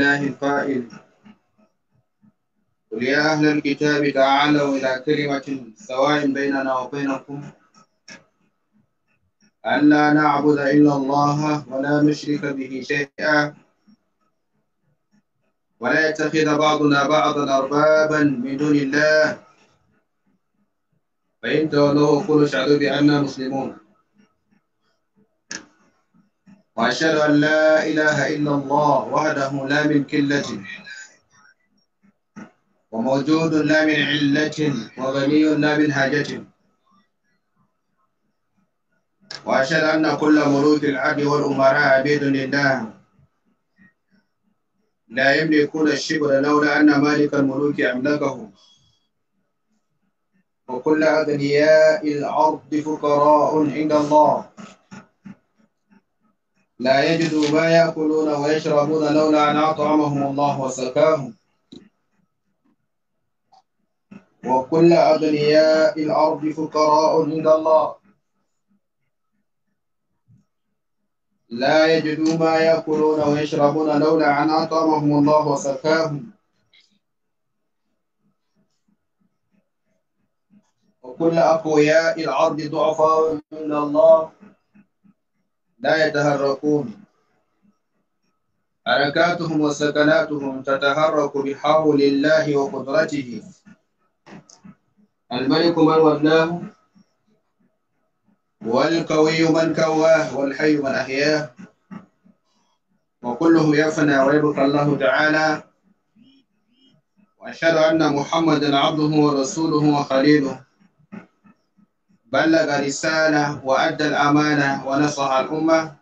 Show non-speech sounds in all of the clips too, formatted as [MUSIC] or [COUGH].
الله قائل قل يا أهل الكتاب تعالوا إلى كلمة سواء بيننا وبينكم أن لا نعبد إلا الله ولا نشرك به شيئا ولا يتخذ بعضنا بعضا أربابا من دون الله فإن تولوا قولوا اشهدوا بأننا مسلمون وأشهد أن لا إله إلا الله وحده لا من كلة وموجود لا من علة وغني لا من حاجة وأشهد أن كل ملوك العبد والأمراء عبيد لله لا يملكون الشبر لولا أن مالك الملوك أملكه وكل أغنياء الأرض فقراء عند الله لا يجدوا ما يأكلون ويشربون لولا أن أطعمهم الله وسقاهم وكل أغنياء الأرض فقراء عند الله لا يجدوا ما يأكلون ويشربون لولا أن أطعمهم الله وسقاهم وكل أقوياء الأرض ضعفاء عند الله لا يتحركون حركاتهم وسكناتهم تتحرك بحول الله وقدرته الملك من ولاه والقوي من كواه والحي من أحياه وكله يفنى ويبقى الله تعالى وأشهد أن محمدا عبده ورسوله وخليله بلغ رسالة وأدى الأمانة ونصح الأمة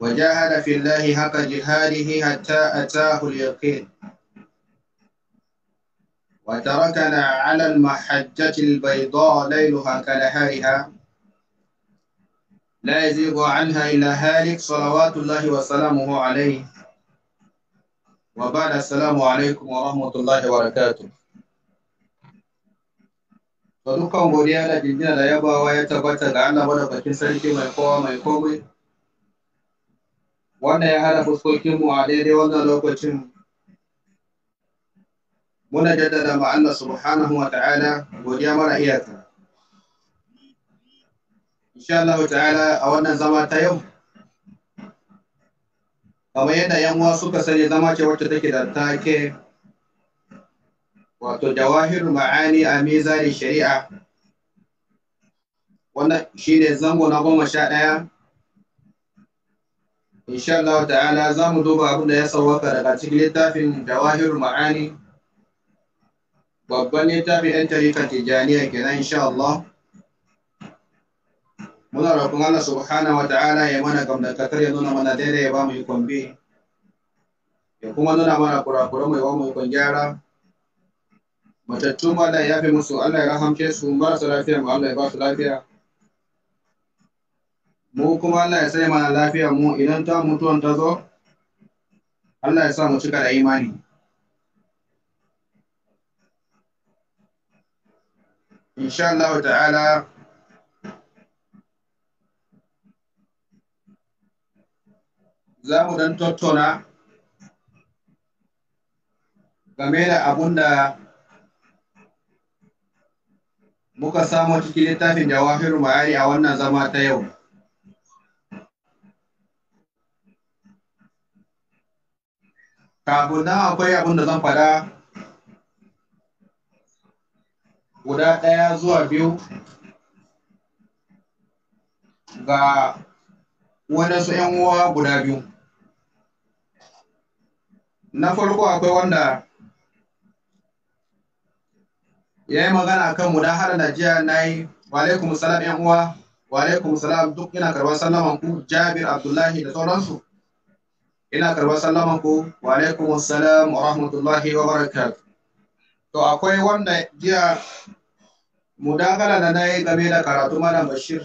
وجاهد في الله حق جهاده حتى أتاه اليقين وتركنا على المحجة البيضاء ليلها كنهارها لا يزيغ عنها إلا هالك صلوات الله وسلامه عليه وبعد السلام عليكم ورحمة الله وبركاته dukkan godiya da jinjina da yabawa ya tabbata ga Allah madaukakin sarki mai kowa mai komai wanda ya hada fuskokin mu a daidai wannan lokacin muna jaddada ma Allah subhanahu wa ta'ala godiya mara iyaka insha Allah ta'ala a wannan zama ta yau kamar yadda yan uwa suka sani zama ce wacce take da take wato jawahirul ma'ani a mizanin shari'a wannan shine ne zango na goma sha ɗaya insha Allah ta'ala za mu duba abin da ya sauwaka daga cikin littafin jawahirul ma'ani babban littafin yan tarikan tijjaniya kenan insha Allah muna roƙon Allah subhanahu wa ta'ala ya mana gamdakatar ya nuna mana daidai ya ba mu ikon bi ya kuma nuna mana kurakuran mai ba mu ikon gyara matattu ba da ya fi musu Allah ya rahamce su su lafiya ba Allah ya ba su lafiya mu kuma Allah ya sai mana lafiya mu idan ta mutuwan ta zo Allah ya sa mu cika da imani insha Allah ta'ala za mu dan tattauna game da abun da muka samu cikin littafin jawahiru ma'ari a wannan zama ta yau kafin nan akwai abin da zan fada guda ɗaya zuwa biyu ga waɗansu 'yan uwa guda biyu na farko akwai wanda ya yi magana kan mu da jiya na yi walaikum salam yan uwa walaikum salam duk ina karɓar sallaman ku jabir abdullahi da sauransu ina karɓar sallaman ku walaikum salam wa rahmatullahi wa barakat to akwai wanda jiya mu da na yi game da karatu malam bashir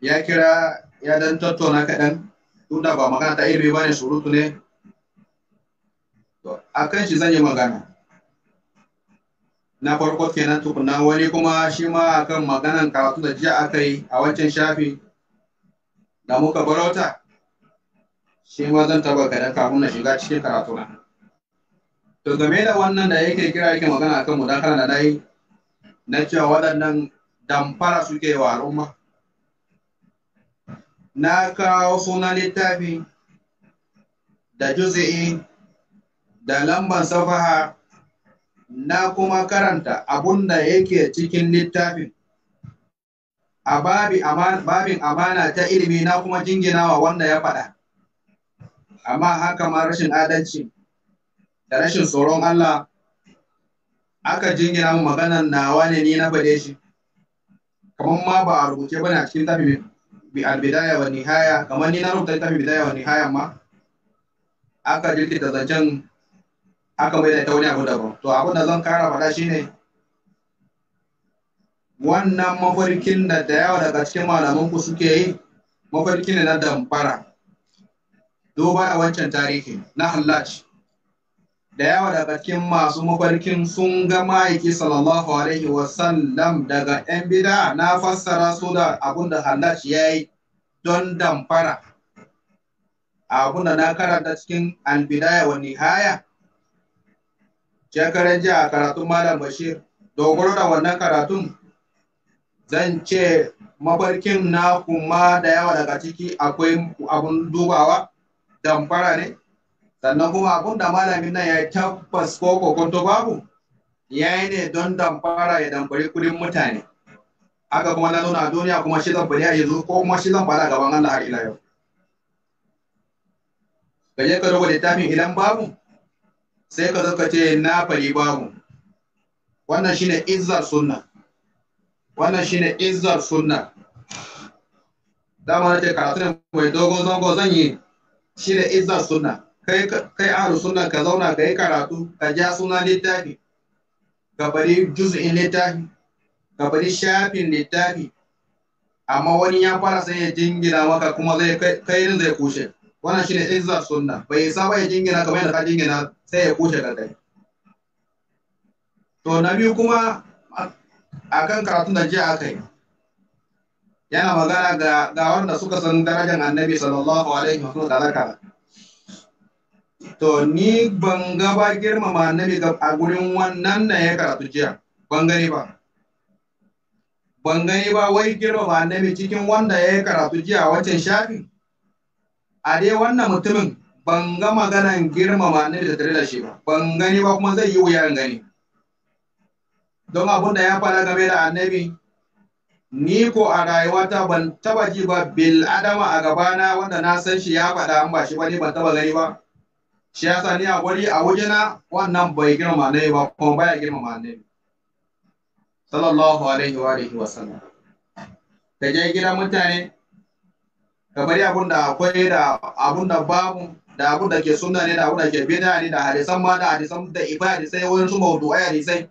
ya kira ya dan tattauna kaɗan duk da ba magana ta ilimi ba ne surutu ne to akan shi zan yi magana na farko kenan tukunna wani kuma shi ma akan maganan karatu da jiya aka yi a wancan shafi da muka barauta shi ma zan taba kaɗan kafin na shiga cikin karatu na. To game da wannan da yake kira yake magana akan mu da na yi na cewa waɗannan damfara suke wa al'umma. Na kawo sunan littafi da juzi'i da lamban safaha na kuma karanta abun da yake cikin littafin a babin amana ta ilimi na kuma jinginawa wanda ya faɗa amma haka ma rashin adalci da rashin tsoron Allah aka jingina mu maganan nawa ne ni na faɗe shi kamar ma ba a rubuce ne a cikin tafi bi albidaya wa nihaya kamar ni na rubuta tafi bidaya wa nihaya ma aka jirkita zancen aka bai da ta wani abu daban to abin da zan kara faɗa shine wannan mafarkin da da yawa daga cikin malaman ku suke yi mafarki ne na damfara duba a wancan tarihi na hallaj da yawa daga cikin masu mafarkin sun ga ma'aiki sallallahu alaihi sallam daga yan bida na fassara su da abin da hallaj ya yi don damfara abin da na karanta cikin albidaya wa nihaya shekaran jiya karatun malam bashir dogaro da wannan karatun zan ce mafarkin na kuma da yawa daga ciki akwai abun dubawa damfara ne sannan kuma abun da malamin nan ya tabbas ko kokonto babu ya yi ne don damfara ya damfari kudin mutane haka kuma na nuna duniya kuma shi zan bari a yanzu ko kuma shi zan fara gaban Allah har ila yau. Gaje ka rubuta littafin ilan babu sai ka zo ka ce na fari babu wannan shine izzar sunna wannan shine izzar sunna dama na ce ne mai dogon zango zan yi shine izzar sunna kai kai ahlus sunna ka zauna ka yi karatu ka ja suna littafi ka bari juz'in littafi ka bari shafin littafi amma wani ya fara sai ya jingina maka kuma zai kai zai kushe wannan shine izzar sunna bai sa ba ya jingina kamar yadda ka jingina sai ya kushe da kai to na biyu kuma a kan karatun da jiya aka yi yana magana ga, ga wanda suka san darajar annabi sallallahu alaihi wa sallam kaza to ni ban ga ba girmama annabi a gurin wannan na ya karatu jiya ban gani ba ban gani ba wai girmama annabi cikin wanda ya karatu jiya wancan shafin a dai wannan mutumin ban ga maganan girmama ne da tare da shi ba ban gani ba kuma zai yi wuya in gani don abin da ya faɗa game da annabi ni ko a rayuwata ban taba ji ba bil adama a gabana wanda na san shi ya faɗa an ba shi ba ni ban taba gani ba shi yasa ni a wuri a wajena wannan bai girmama ne ba kuma baya girmama ne sallallahu alaihi wa alihi wa sallam ka je gidan mutane ka bari abun da akwai da abun da babu da abun da ke sunna ne da abun da ke bid'a ne da hadisan ma da hadisan da iba hadisai wani su mawdu'ai hadisai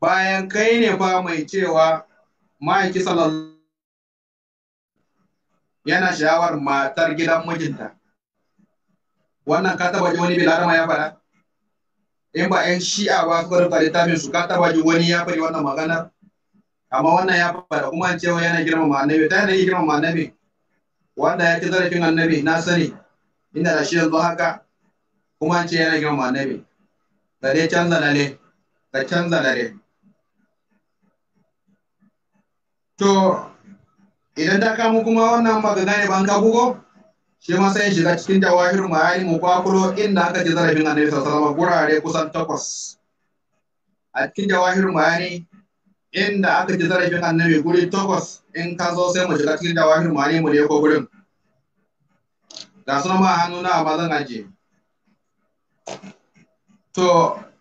bayan kai ne fa mai cewa ma'aiki sallallahu yana shawar matar gidan mijinta wannan ka taba ji wani bilarama ya faɗa in ba yan shi'a ba suka rufa littafin su ka taba ji wani ya fari wannan maganar amma wannan ya fara kuma cewa yana girmama annabi ta yana girmama annabi wanda ya ci zarafin annabi na sani inda da shi yanzu haka kuma ce yana girma annabi da dai canza ne, da canza ne. to idan ta kamu kuma wannan magana ne ban ka bugo shi ma sai shiga cikin jawahirul ma'ani mu kwakuro inda aka ji zarafin annabi sallallahu alaihi wasallam gurare kusan takwas a cikin jawahirul ma'ani inda aka ji zarafin annabi guri takwas in ka zo sai mu shiga cikin jawahirul ma'ani mu ne ko gurin gasar ma hannu na ba zan aje to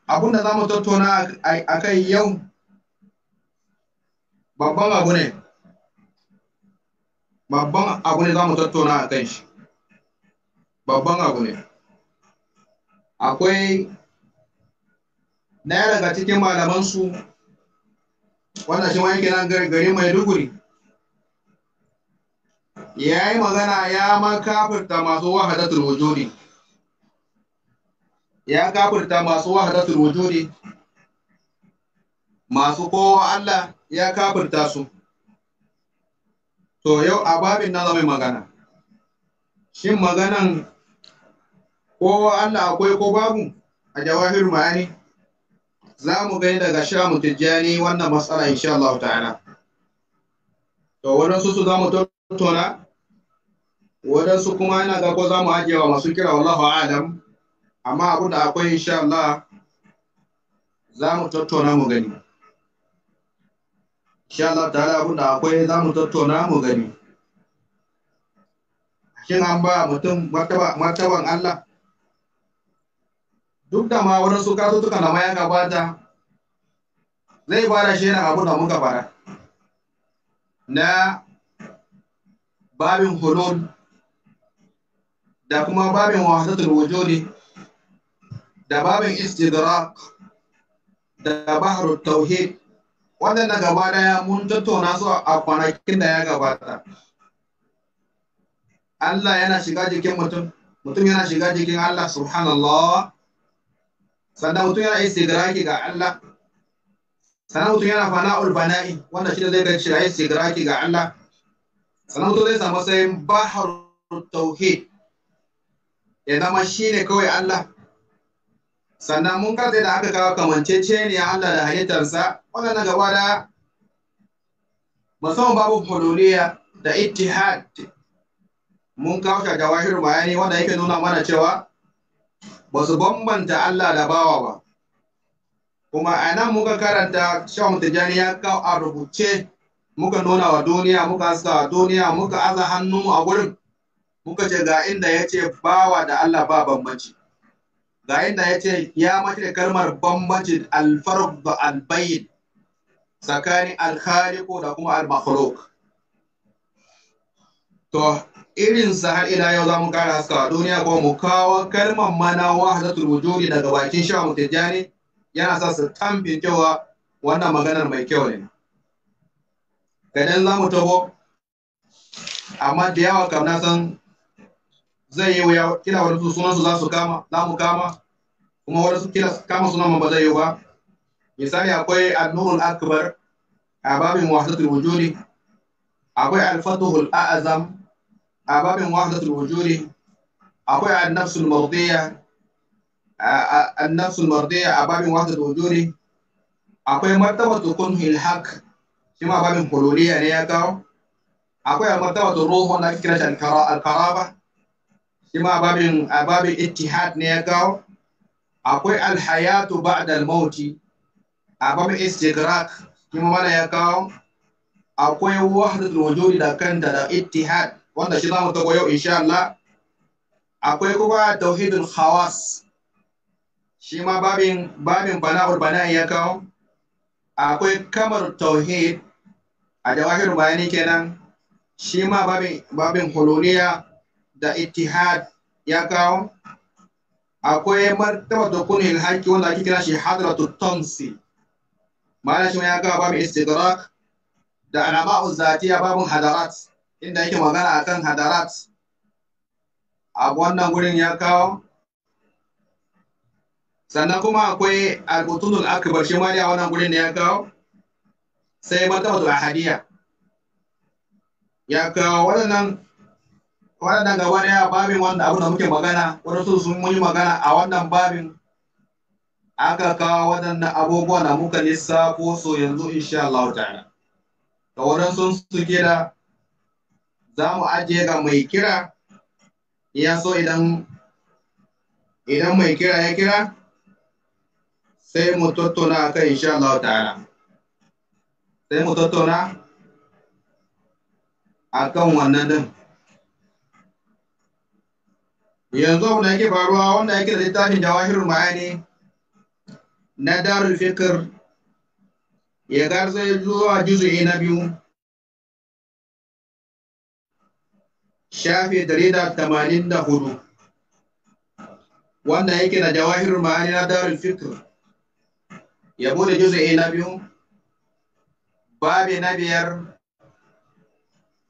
abinda za mu tattauna a kai yau babban abu ne babban abu ne za mu tattauna a kan shi babban abu ne akwai na daga cikin malamansu wanda shi ma yake nan gari mai duguri ya yi magana ya ma kafirta masu wahadatul wujudi ya kafirta masu wahadatul wujudi masu kowa Allah ya kafirta su to yau a babin na zama magana shin maganan kowa Allah akwai ko babu a jawahir ma'ani za mu gani daga shamu tijjani wannan matsala insha Allah ta'ala to wannan su su za mu tattauna waɗansu kuma yana ga ko za mu ajiye wa masu kira wallahu alam amma abu da akwai insha Allah za mu tattauna mu gani insha Allah tare abu da akwai za mu tattauna mu gani shin an ba mutum martaban Allah duk da ma waɗansu kasutuka na mayan ya gabata zai fara shi yana abu da muka fara na babin hulul da kuma babin wahasatul wujudi da babin istidrak da bahrut tauhid waɗanda gaba daya mun tattauna su a kwanakin da ya gabata Allah yana shiga jikin mutum mutum yana shiga jikin Allah subhanallah sannan mutum yana istidraki ga Allah sannan mutum yana fana'ul bana'i wanda shi zai ga shiga istidraki ga Allah sannan mutum zai samu sai bahrut tauhid ya zama shi ne kawai Allah sannan mun karta da aka kawo kamancece ne Allah da halittarsa waɗanda gaba da musamman babu huluniya da ittihad mun kawo shi shirin bayani wanda yake nuna mana cewa ba su bambanta Allah da bawa ba kuma a nan muka karanta shan tijani ya kawo a rubuce muka nuna wa duniya muka haska wa duniya muka aza hannu a gurin muka ce ga inda ya ce bawa da Allah ba bambanci ga inda ya ce ya mace kalmar bambanci alfarq da albayin tsakanin alkhaliqu da kuma al-makhluq to irin sa har ila yau za mu kara haska duniya ko mu kawo kalmar mana wahdatul wujudi daga bakin shamu tijani yana sa su tambe cewa wannan maganar mai kyau ne kadan za mu tabo amma da yawa kam na san zai yi wuya kila wani su sunan su za su kama za mu kama kuma wani su kila kama sunan ba zai yi ba misali akwai annurul akbar a babin wahdatul wujudi akwai alfatuhul a'azam a babin wahdatul wujudi akwai annafsul mardiya annafsul mardiya a babin wahdatul wujudi akwai martabatu kunhil haq shi ma babin hululiyya ne ya kawo akwai martabatu ruhu na kira shi al-karaba kima ababin babin ittihad ne ya kawo akwai alhayatu ba'da al-mauti a babin istighraq mana ya kawo akwai wahdatul wujudi da kanta da ittihad wanda shi zamu tago yau insha Allah akwai kuma tauhidul khawas shi ma babin babin bana'ul bana'i ya kawo akwai kamar tauhid a jawahirul bayani kenan shi ma babin babin hululiya da ittihad ya kawo akwai martaba da kuni ilhaki wanda ake kira shi hadratu tonsi ma'ana shi ya kawo babu istidrak da alama uzati ya babun hadarat inda yake magana akan hadarat a wannan gurin ya kawo sannan kuma akwai albutunul akbar shi ma a wannan gurin ne ya kawo sai martaba da hadiya ya kawo waɗannan waɗannan gaba ya babin wanda abu da muke magana waɗansu sun muni magana a wannan babin aka kawo waɗannan abubuwa na muka lissafo so yanzu insha Allah ta'ala da sun su kira za mu ajiye ga mai kira ya so idan idan mai kira ya kira sai mu tattauna a kan insha Allah ta'ala sai mu tattauna a kan wannan din yanzu abu da yake faruwa wanda yake da littafin jawahirul ma'ani na darul fikir ya garza zuwa yi na biyu shafi dari da tamanin da hudu wanda yake da jawahirul ma'ani na darul fikir ya bude yi na biyu babi na biyar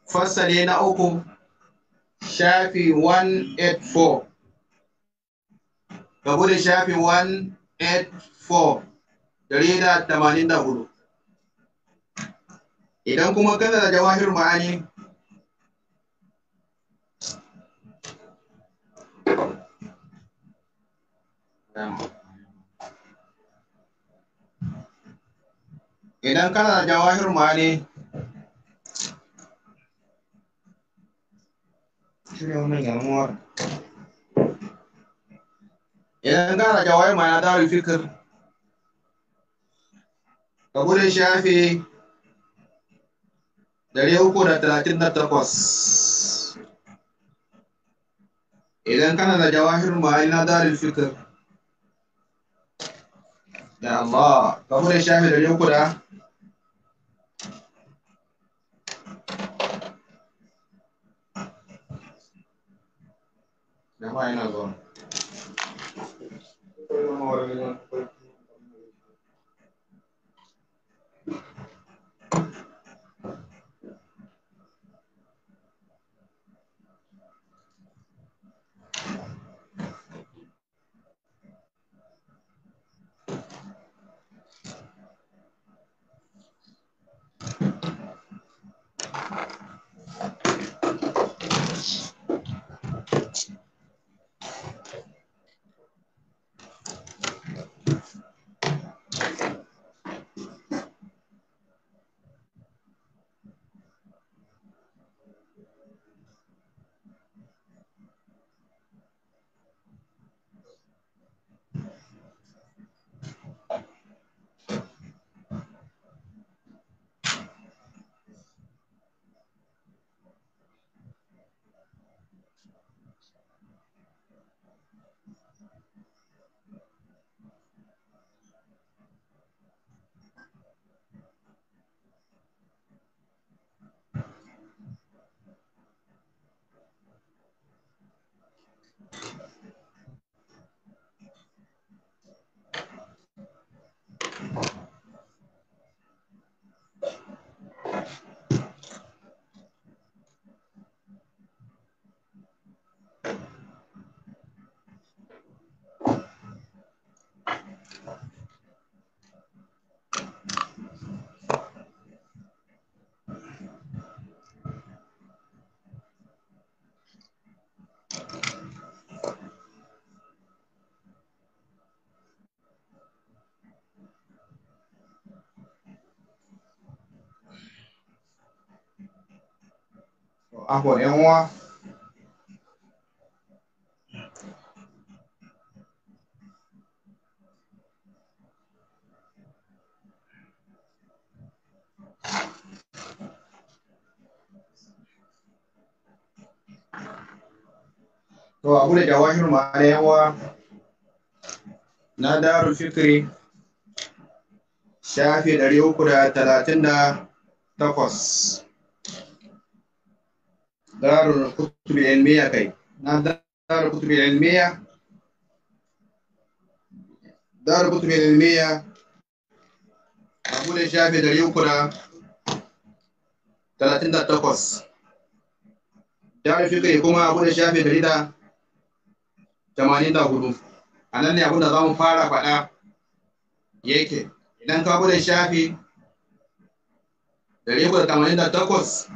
fasali na uku shafi 184 ka bude shafi 184 da jarida 84 idan kuma kada da jawahir ma'ani idan kana da jawahir ma'ani شنو الأمور ya, dari uku da talatin da takwas idan kana da jawahir ma'ani na fikir Ya Allah kafu shafi dari uku Não é na zona. Foi uma hora, né? Foi afon yan uwa To abu da jawahir ma'ana yawa na daru fikiri shafi ɗari uku da talatin da takwas. darul kutub ilmiya kai na darul kutub ilmiya darul kutub ilmiya abu ne shafi da yunkuna 38 darul kai kuma abu ne shafi da rida 84 a nan ne abin da zamu mu fara faɗa yake idan ka bude shafi takwas.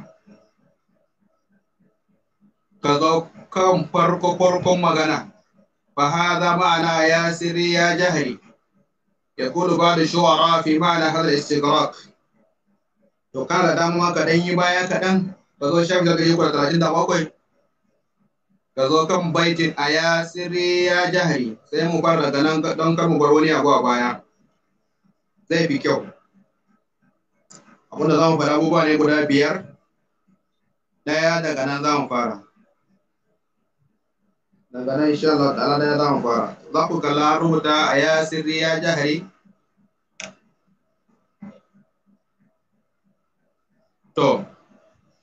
ka zo kan farko farkon magana fa hadha ma'ana ya sirri ya jahri yaqulu ba'd shu'ara fi ma'ana hadha istighraq to kala dan ma ka dan yi baya kaɗan ka zo shafi da kai talatin da bakwai ka zo kan baitin a ya sirri ya jahili sai mu bar daga nan don kar mu bar wani abu a baya zai fi kyau abinda za mu faɗa abubuwa ne guda biyar ɗaya daga nan za mu fara daga nan insha Allah ta'ala da za mu fara za ku kalla rubuta a ya sirri ya jahari to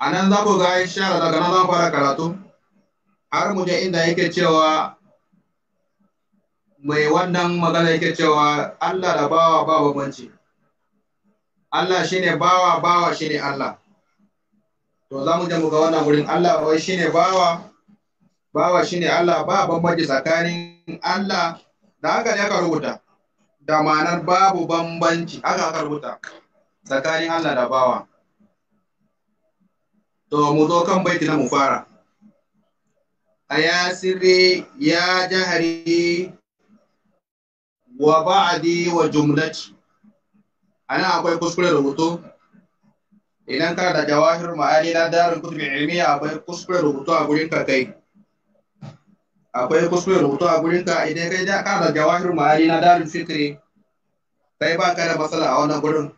a nan za ku ga insha Allah daga nan za mu fara karatu har mu je inda yake cewa mai wannan magana yake cewa Allah da bawa ba babanci? Allah shine bawa bawa shine Allah to za mu je mu ga wannan wurin Allah wai shine bawa bawa shine Allah ba bambanci tsakanin Allah da haka ne aka rubuta da ma'anar babu bambanci aka aka rubuta tsakanin Allah da bawa to mu zo kan baiti na mu fara a ya sirri ya jahari wa ba'adi wa jumlati ana akwai kuskure rubutu idan kana da jawahir ma'ani na darin kutubin ilmiya akwai kuskure rubutu a gurin ka kai akwai kuskure rubutu a gurin idan kai ja kada jawahir ma'ani na darul fikri Sai ba ka da matsala a wannan gurin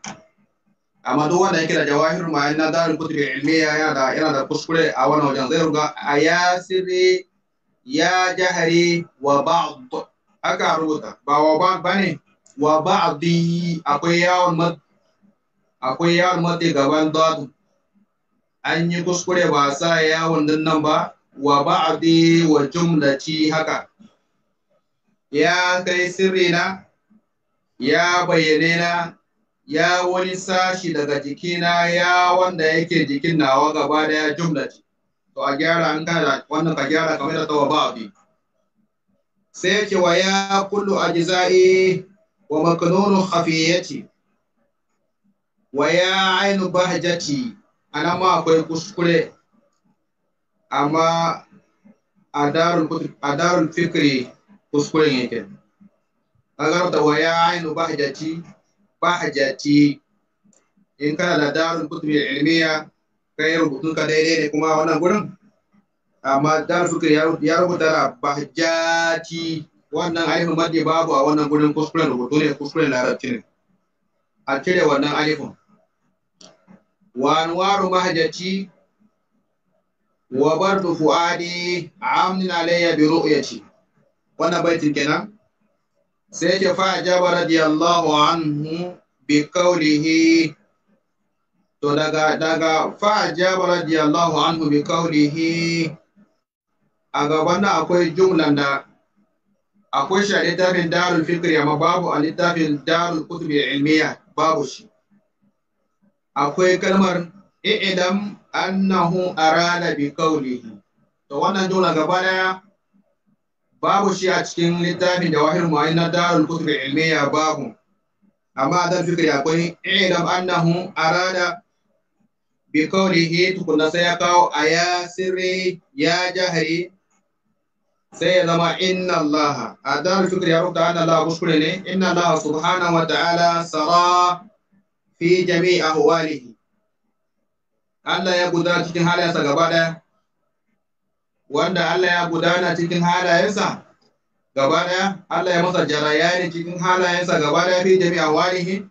amma duk wanda yake da jawahir ma'ani na darul kutubi ilmiya yana da yana da kuskure a wannan wajen zai ruga a yasiri ya jahari wa ba'd aka rubuta ba wa ba bane wa ba'di akwai yawon mad akwai yawon mad gaban dadu an yi kuskure ba sa yawon din nan ba wa ba'di wa jumlati haka ya kai sirrina ya bayyane na ya wani sashi daga jikina ya wanda yake jikin nawa gaba daya jumlati to a gyara an kana wannan ka gyara kamar da wa ba'di sai ce wa ya kullu ajza'i wa maknunu khafiyati wa ya ainu bahjati anama akwai kuskure amma a darul fikri kuskuren yake agarta da waya ainihin ba hajati ba hajati in kana da darul mai ilmiya kai rubutun ka daidai ne kuma wannan gurin amma darul fikri ya rubuta da ba hajati wannan alifin madde babu a wannan gurin kuskuren rubutu ne kuskuren larabci ne a cire wannan alifin wani waru mahajjaci wa bartu fuadi amnin alayya bi ru'yati wannan baitin kenan sai ke fa jaba radiyallahu anhu bi qawlihi to daga daga fa jaba radiyallahu anhu bi qawlihi a gaban nan akwai jumlan da akwai shi a littafin darul fikri amma babu a littafin darul kutubi ilmiya babu shi akwai kalmar i'lam annahu arada bi qawlihi to wannan jumla gaba daya babu shi a cikin littafin da wahir mu'ayyin na darul kutub ilmiya babu amma dan fikri akwai ilam annahu arada bi qawlihi tukunna sai ya kawo aya sirri ya jahri sai ya zama inna allaha a darul fikri ya rubuta anna allaha kuskure ne inna allaha subhanahu wa ta'ala sara fi jami'i ahwalihi Allah ya gudana cikin halayensa gaba ɗaya wanda Allah ya gudana cikin halayensa gaba ɗaya Allah ya masa jaraya ne cikin halayensa gaba ɗaya fi jami'a warihi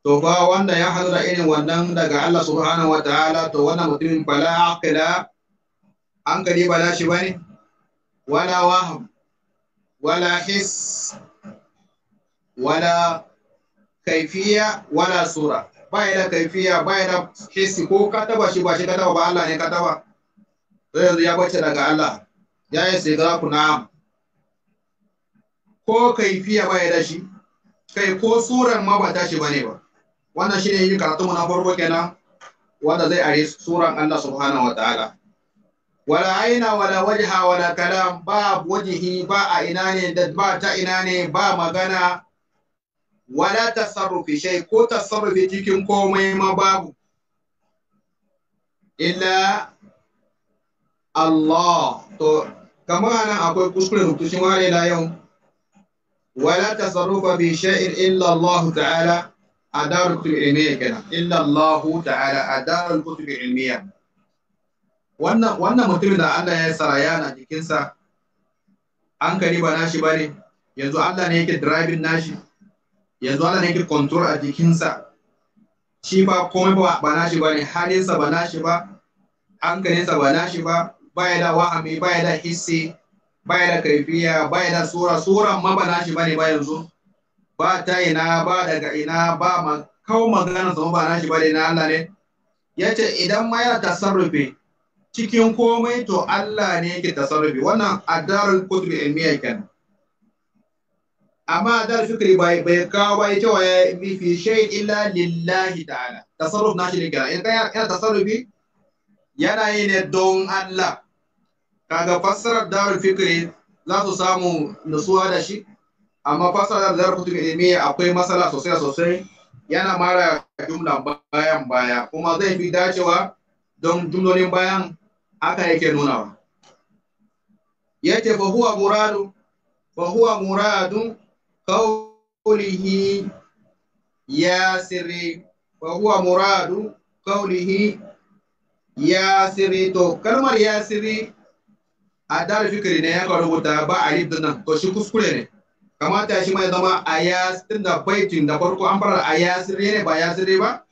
to ba wanda ya haɗu irin wannan daga Allah subhanahu wa ta'ala to wannan mutumin bala aqila hankali ba shi ba ne, wala waham wala his wala kaifiya wala sura ba ya da kaifiya ba ya da kisi ko ka taba shi ba shi ka taba ba Allah ne ka taba to yanzu ya bace daga Allah ya yi sai ga kuna ko kaifiya ba ya da shi kai ko suran ma ba ta shi bane ba wannan shine yin karatu mu na farko kenan wanda zai are suran Allah subhanahu ta'ala wala aina wala wajha wala kalam ba wajhi ba a ina ne da ba ta ina ne ba magana wala tasarrufi shai ko tasarrufi cikin komai ma babu illa Allah to kamar ana akwai kuskure rubutun wani la yau wala tasarrufa bi shay'in illa Allah ta'ala a darul ilmiya kenan illa Allah ta'ala a darul kutub ilmiya wannan wannan mutumin da Allah ya saraya na jikinsa an kariba nashi bane yanzu Allah ne yake driving nashi yanzu Allah ne control a jikinsa shi ba komai ba ba nashi ba ne halinsa ba nashi ba hankalinsa ba nashi ba ya da wahami ya da hissi ya da kaifiya ya da sura suran ma ba nashi ba ne ba yanzu ba ta ina ba daga ina ba ma kawo magana zama ba nashi ba ne na Allah ne ya ce idan ma yana tasarrufi cikin komai to Allah ne yake tasarrufi wannan adarul kutubi ilmiya kenan amma dar fikri bai bai kawo bai cewa ya yi fi shai illa lillahi ta'ala tasarruf na shi ne kira in yana tasarrufi yana yi ne don Allah kaga fassarar dar fikri za su samu nutsuwa da shi amma fassarar dar fikri ilmiya akwai masala sosai sosai yana mara jumla bayan baya kuma zai fi dacewa don jumlolin bayan aka yake nunawa yace fa huwa muradu huwa muradun قوله يا سري وهو مراد قوله يا سري تو كلمه يا سري adar ne ya faru da ba a yi kuskure ne kamata shi mai zama a ya sirrin da baitin da farko an fara a ya sirri ne ba ya sirri ba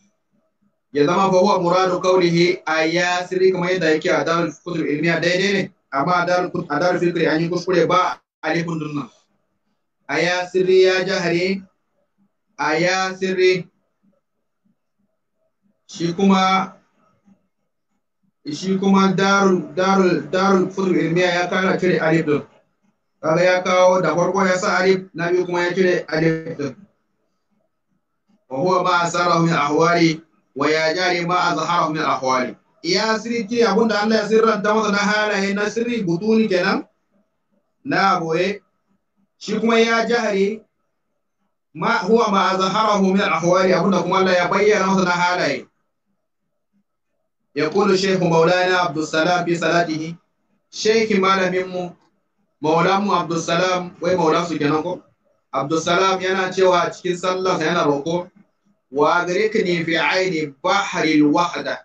ya zama ba wa muradu kaurihi a ya sirri kamar yadda yake a dar fikri ilmiya daidai ne amma a dar fikri an yi kuskure ba a yi dinnan aya sirri ya jahare aya sirri shi kuma shi kuma darul darul darul ilmiya ya kara cire alif din kaga ya kawo da farko ya sa alif na biyu kuma ya cire alif din wa huwa ma asarahu min ahwali wa ya jari ma azharahu min ahwali ya sirri abunda Allah ya sirranta masa na halaye na sirri butuni kenan na boye shi kuma ya jahare ma huwa ma zaharahu min ahwali abunda kuma Allah ya bayyana masa na halaye يقول شيخ مولانا عبد السلام في صلاته شيخ مالا ممو مولام عبد السلام وي مولا سجنكو عبد cewa cikin sallar yana roko wa gare ka ne fi aini bahril wahda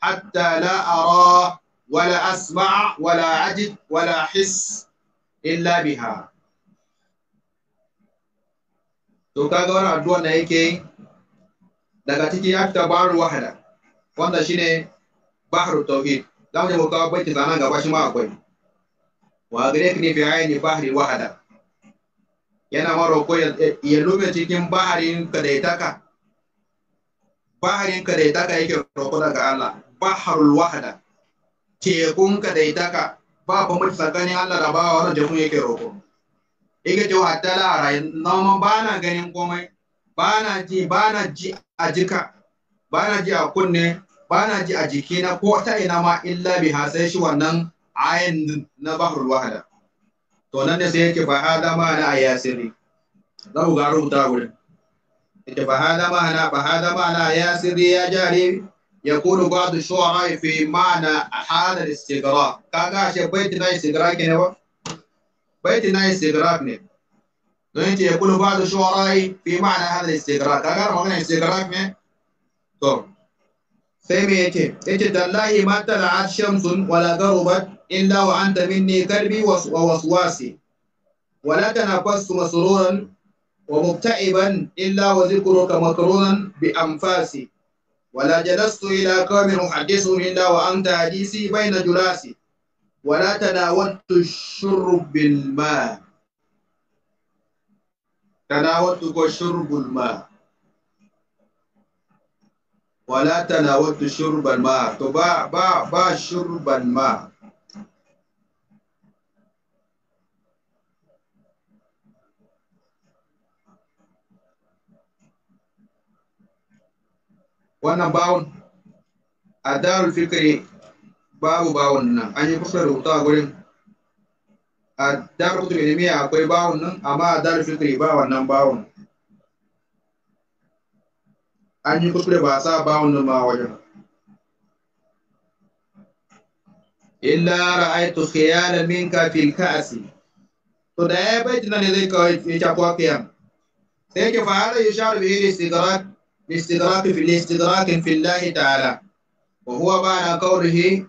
hatta la ara wala asma wala ajid wala his illa biha to kaga wannan addu'a da yake yi daga ciki ya fita bahar wahada wanda shine bahar tauhid za mu je mu kawo zanan gaba shi ma akwai wa gare ni fi ayni bahri wahada yana maroko ya lume cikin baharin kadaitaka baharin kadaitaka yake roko daga Allah baharul wahada tekun kadaitaka ba ba mutu tsakanin Allah da bawa wannan jahun yake roko yake cewa hatta lahara zama ba na ganin komai ba na ji ba na ji a jika ba na ji a kunne ba na ji a jikina ko ta ina ma illa bi sai shi wannan ayin na bahrul wahada to nan ne sai yake fa hada ma na ayasiri za ku ga rubuta gurin yake fa hada ma na fa hada ma na ayasiri ya jari يكون بعض الشعراء في معنى Ka ga كاغا شي بيت لا استقراء ba? baiti na istighraq ne don yace ya kullu ba'd shu'ara'i fi ma'na hadha istighraq kaga magana istighraq ne to sai me yace yace tallahi ma tala'at shamsun wala garubat illa wa na minni wa ولا تنافست مسرورا ومبتئبا إلا وذكرك مكرونا بأنفاسي ولا جلست إلى قوم أحدثهم إلا وأنت حديثي بين جلاسي ولا تناولت الشرب بالماء تناولت شرب الماء ولا تناولت شرب الماء تباع باع باع شرب الماء وانا باون ادار الفكري babu bawon nan an yi kusa rubutu a gurin a darar kutu ilmiya akwai bawon nan amma a darar fikiri ba wannan bawon an yi kuskure ba sa bawon nan ma wajen illa ra'aytu khiyalan minka fil ka'si to da ya bai tunan ne zai kawai ya chakwa kiyan sai ke fara yusharu bi istidrak bi istidrak fil istidrak fillahi ta'ala wa huwa ba'da qawlihi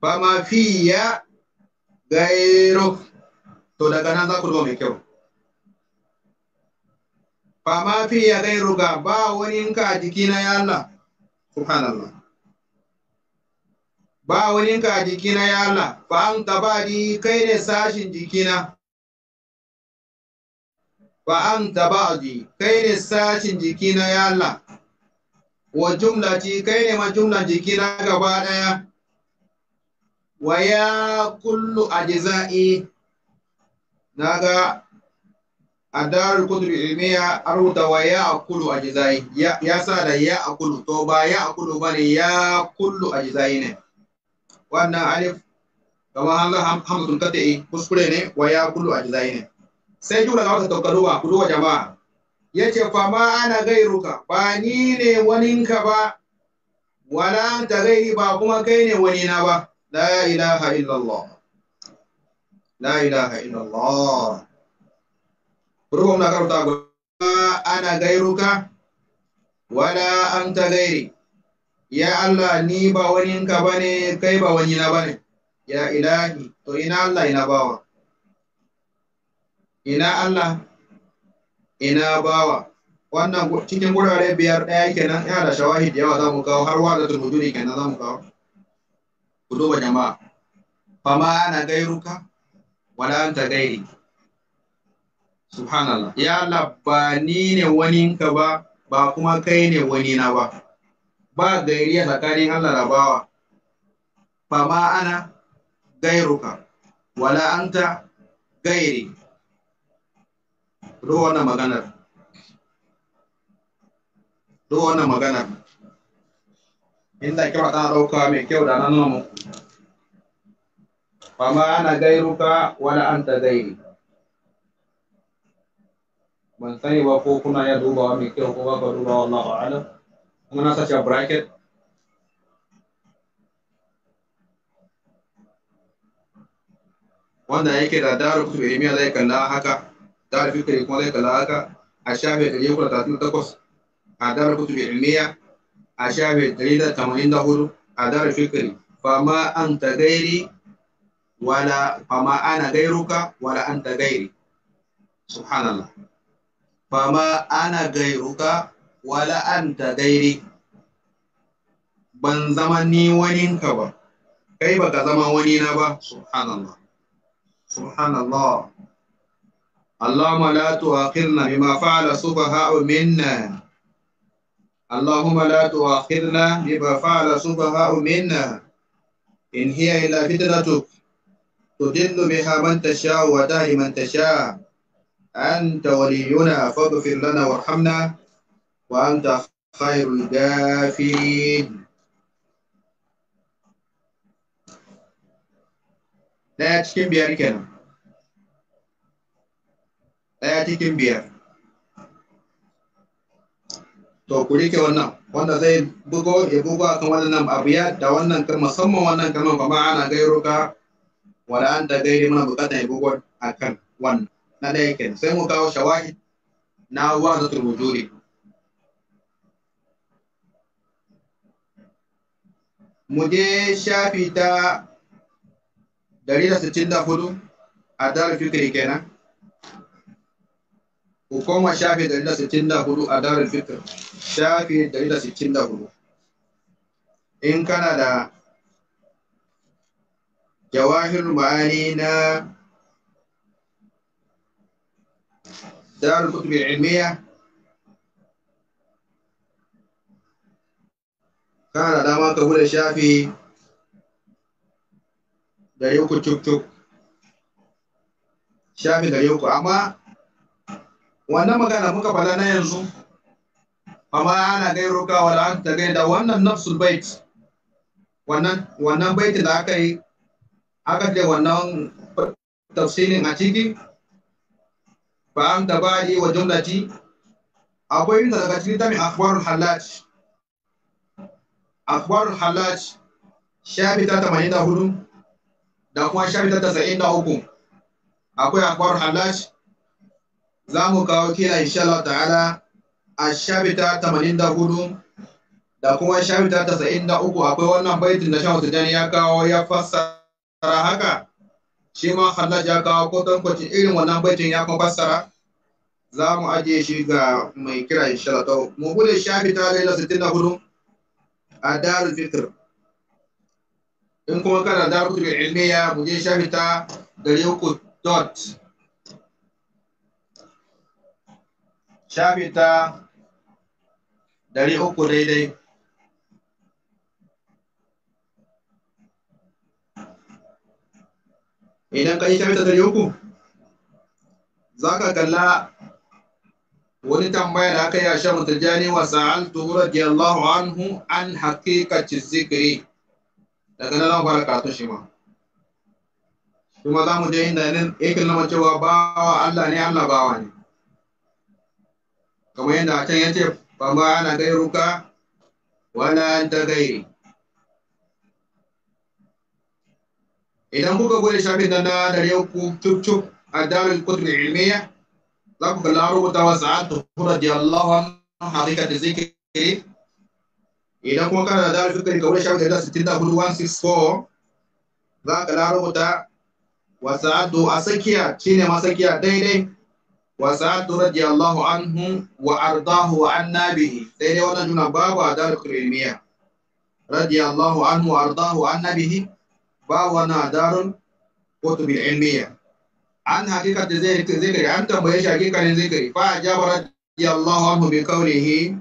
fama fiya gairo to daga nan za ku zo mai kyau fama fiya gairo ga ba wani ka a jikina ya Allah subhanallah ba wani ka a jikina ya Allah fa an gaba di kai ne sashin jikina Ba an gaba di kai ne sashin jikina ya Allah wa jumla ci kai ne ma jumlan jikina gaba daya wa ya kullu ajza'i naga ga darul kudur ilmiya a rubuta wa ya akulu ajza'i ya sa da ya akulu to ba ya akulu ne ya kullu ajza'i ne wannan alif kamar hanga hamzatul qat'i kuskure ne wa ya kullu ajza'i ne sai jura ga wata tawakkaluwa kudu wa jama'a yace fa ma ana gairuka ba ni ne waninka ba wala ta gairi ba kuma kai ne wani na ba La ilaha illallah. La ilaha illallah. Berhubung nakar tabu. Ana gairuka. Wala anta gairi. Ya Allah, ni bawani wani ka kai ba na bani. Ya ilahi, to ina Allah ina bawa. Ina Allah ina bawa. Wanda, cikin gurare biyar biar kenan, yana da shawahid yawa za mu kawo har wa da turmuduri ku duba jama'a fama ana gairuka wala anta gairi subhanallah ya Allah ba ni ne wani ka ba ba kuma kai ne wani na ba ba gairi a tsakanin Allah da bawa fama ana gairuka wala anta gairi duba wannan maganar duba wannan maganar inda kyau tana ɗauka mai kyau da nan namu ma ana gairuka wala an ta gairi ban sani ba ko kuna ya dubawa mai kyau ko ba ka dubawa Allah ba'ala kuma na sace bracket wanda yake da daru kutu miya zai kalla haka daru fikiri kuma zai kalla haka a shafe 138 a daru kutu miya. a shafe 184 a dar fikri fama anta gairi wala fama ana gairuka wala an ta gairi subhanallah fama ana gairuka wala an ta gairi ban zama ni waninka ba kai baka zama wani na ba subhanallah subhanallah اللهم لا تؤاخذنا بما فعل السفهاء منا اللهم لا تؤاخذنا بما فعل سفهاء منا إن هي إلا فتنتك تضل بها من تشاء وتهدي من تشاء أنت ولينا فاغفر لنا وارحمنا وأنت خير الغافرين لا cikin biyar لا ɗaya cikin to ku rike wannan wanda zai bugo ya bugo akan wannan abu? ya da wannan kalma musamman wannan kalma ba ma'ana gairuka wala anta gairi mana bukata ya bugo akan wannan na ɗaya kenan sai mu kawo shawahi na wazatul wujudi mu je shafi ta 164 a dar fikri kenan ku koma shafi hudu a darul fitr shafi da da sittin hudu. in kana da jawahir ma'ani na darul kutub ilmiya kana da dama ka bude shafi da uku cuk cuk shafi da uku amma wannan magana muka faɗa na yanzu amma ana gairuka wala an ta gaida wannan nafsul bait wannan wannan baitin da aka yi aka ce wannan tafsirin a ciki ba an da ba wa jumlati akwai yin daga cikin tamin akhbarul halaj akhbarul halaj shafi ta tamanin da hudu da kuma shafi ta tasa'in da uku akwai akhbarul halaj za mu kawo kila insha Allah ta'ala a shabita 84 da kuma shabita 93 akwai wannan baitin da Shehu Tijani ya kawo ya fassara haka shi ma Hallaj ya kawo ko tankwacin irin wannan baitin ya kuma fassara za mu ajiye shi ga mai kira insha Allah mu bude shabita laila 64 a darul fitr in kuma kana darul ilmiya mu je shabita 300 dot shafi ta dari uku daidai idan ka yi shafi ta dari uku za ka kalla wani tambaya da aka yi a shan jani wa sa'al tuhura radiyallahu anhu an haqiqati zikiri daga nan an fara karatu shi ma kuma za mu je inda yake nuna cewa bawa Allah ne Allah bawa ne kamar yadda can ya ce ba ma ana ka wala ta gairi idan kuka gode shafin da na dare ku cuk a darul kutub ilmiya za ku kalla rubuta wa sa'atu radiyallahu anhu haqiqatu zikri idan kuma kana da darul fikri kawai shafin da 64164 za ka rubuta wa sa'atu a tsakiya shine ma tsakiya daidai wa sa'adu radiyallahu anhu wa ardahu wa annabihi sai dai wannan juna babu adar kirimiya radiyallahu anhu wa ardahu wa annabihi bihi babu wani adarun kotu kutub ilmiya an hakika da zai zikiri an tambaye shi hakika ne zikiri fa ajaba radiyallahu anhu bi qawlihi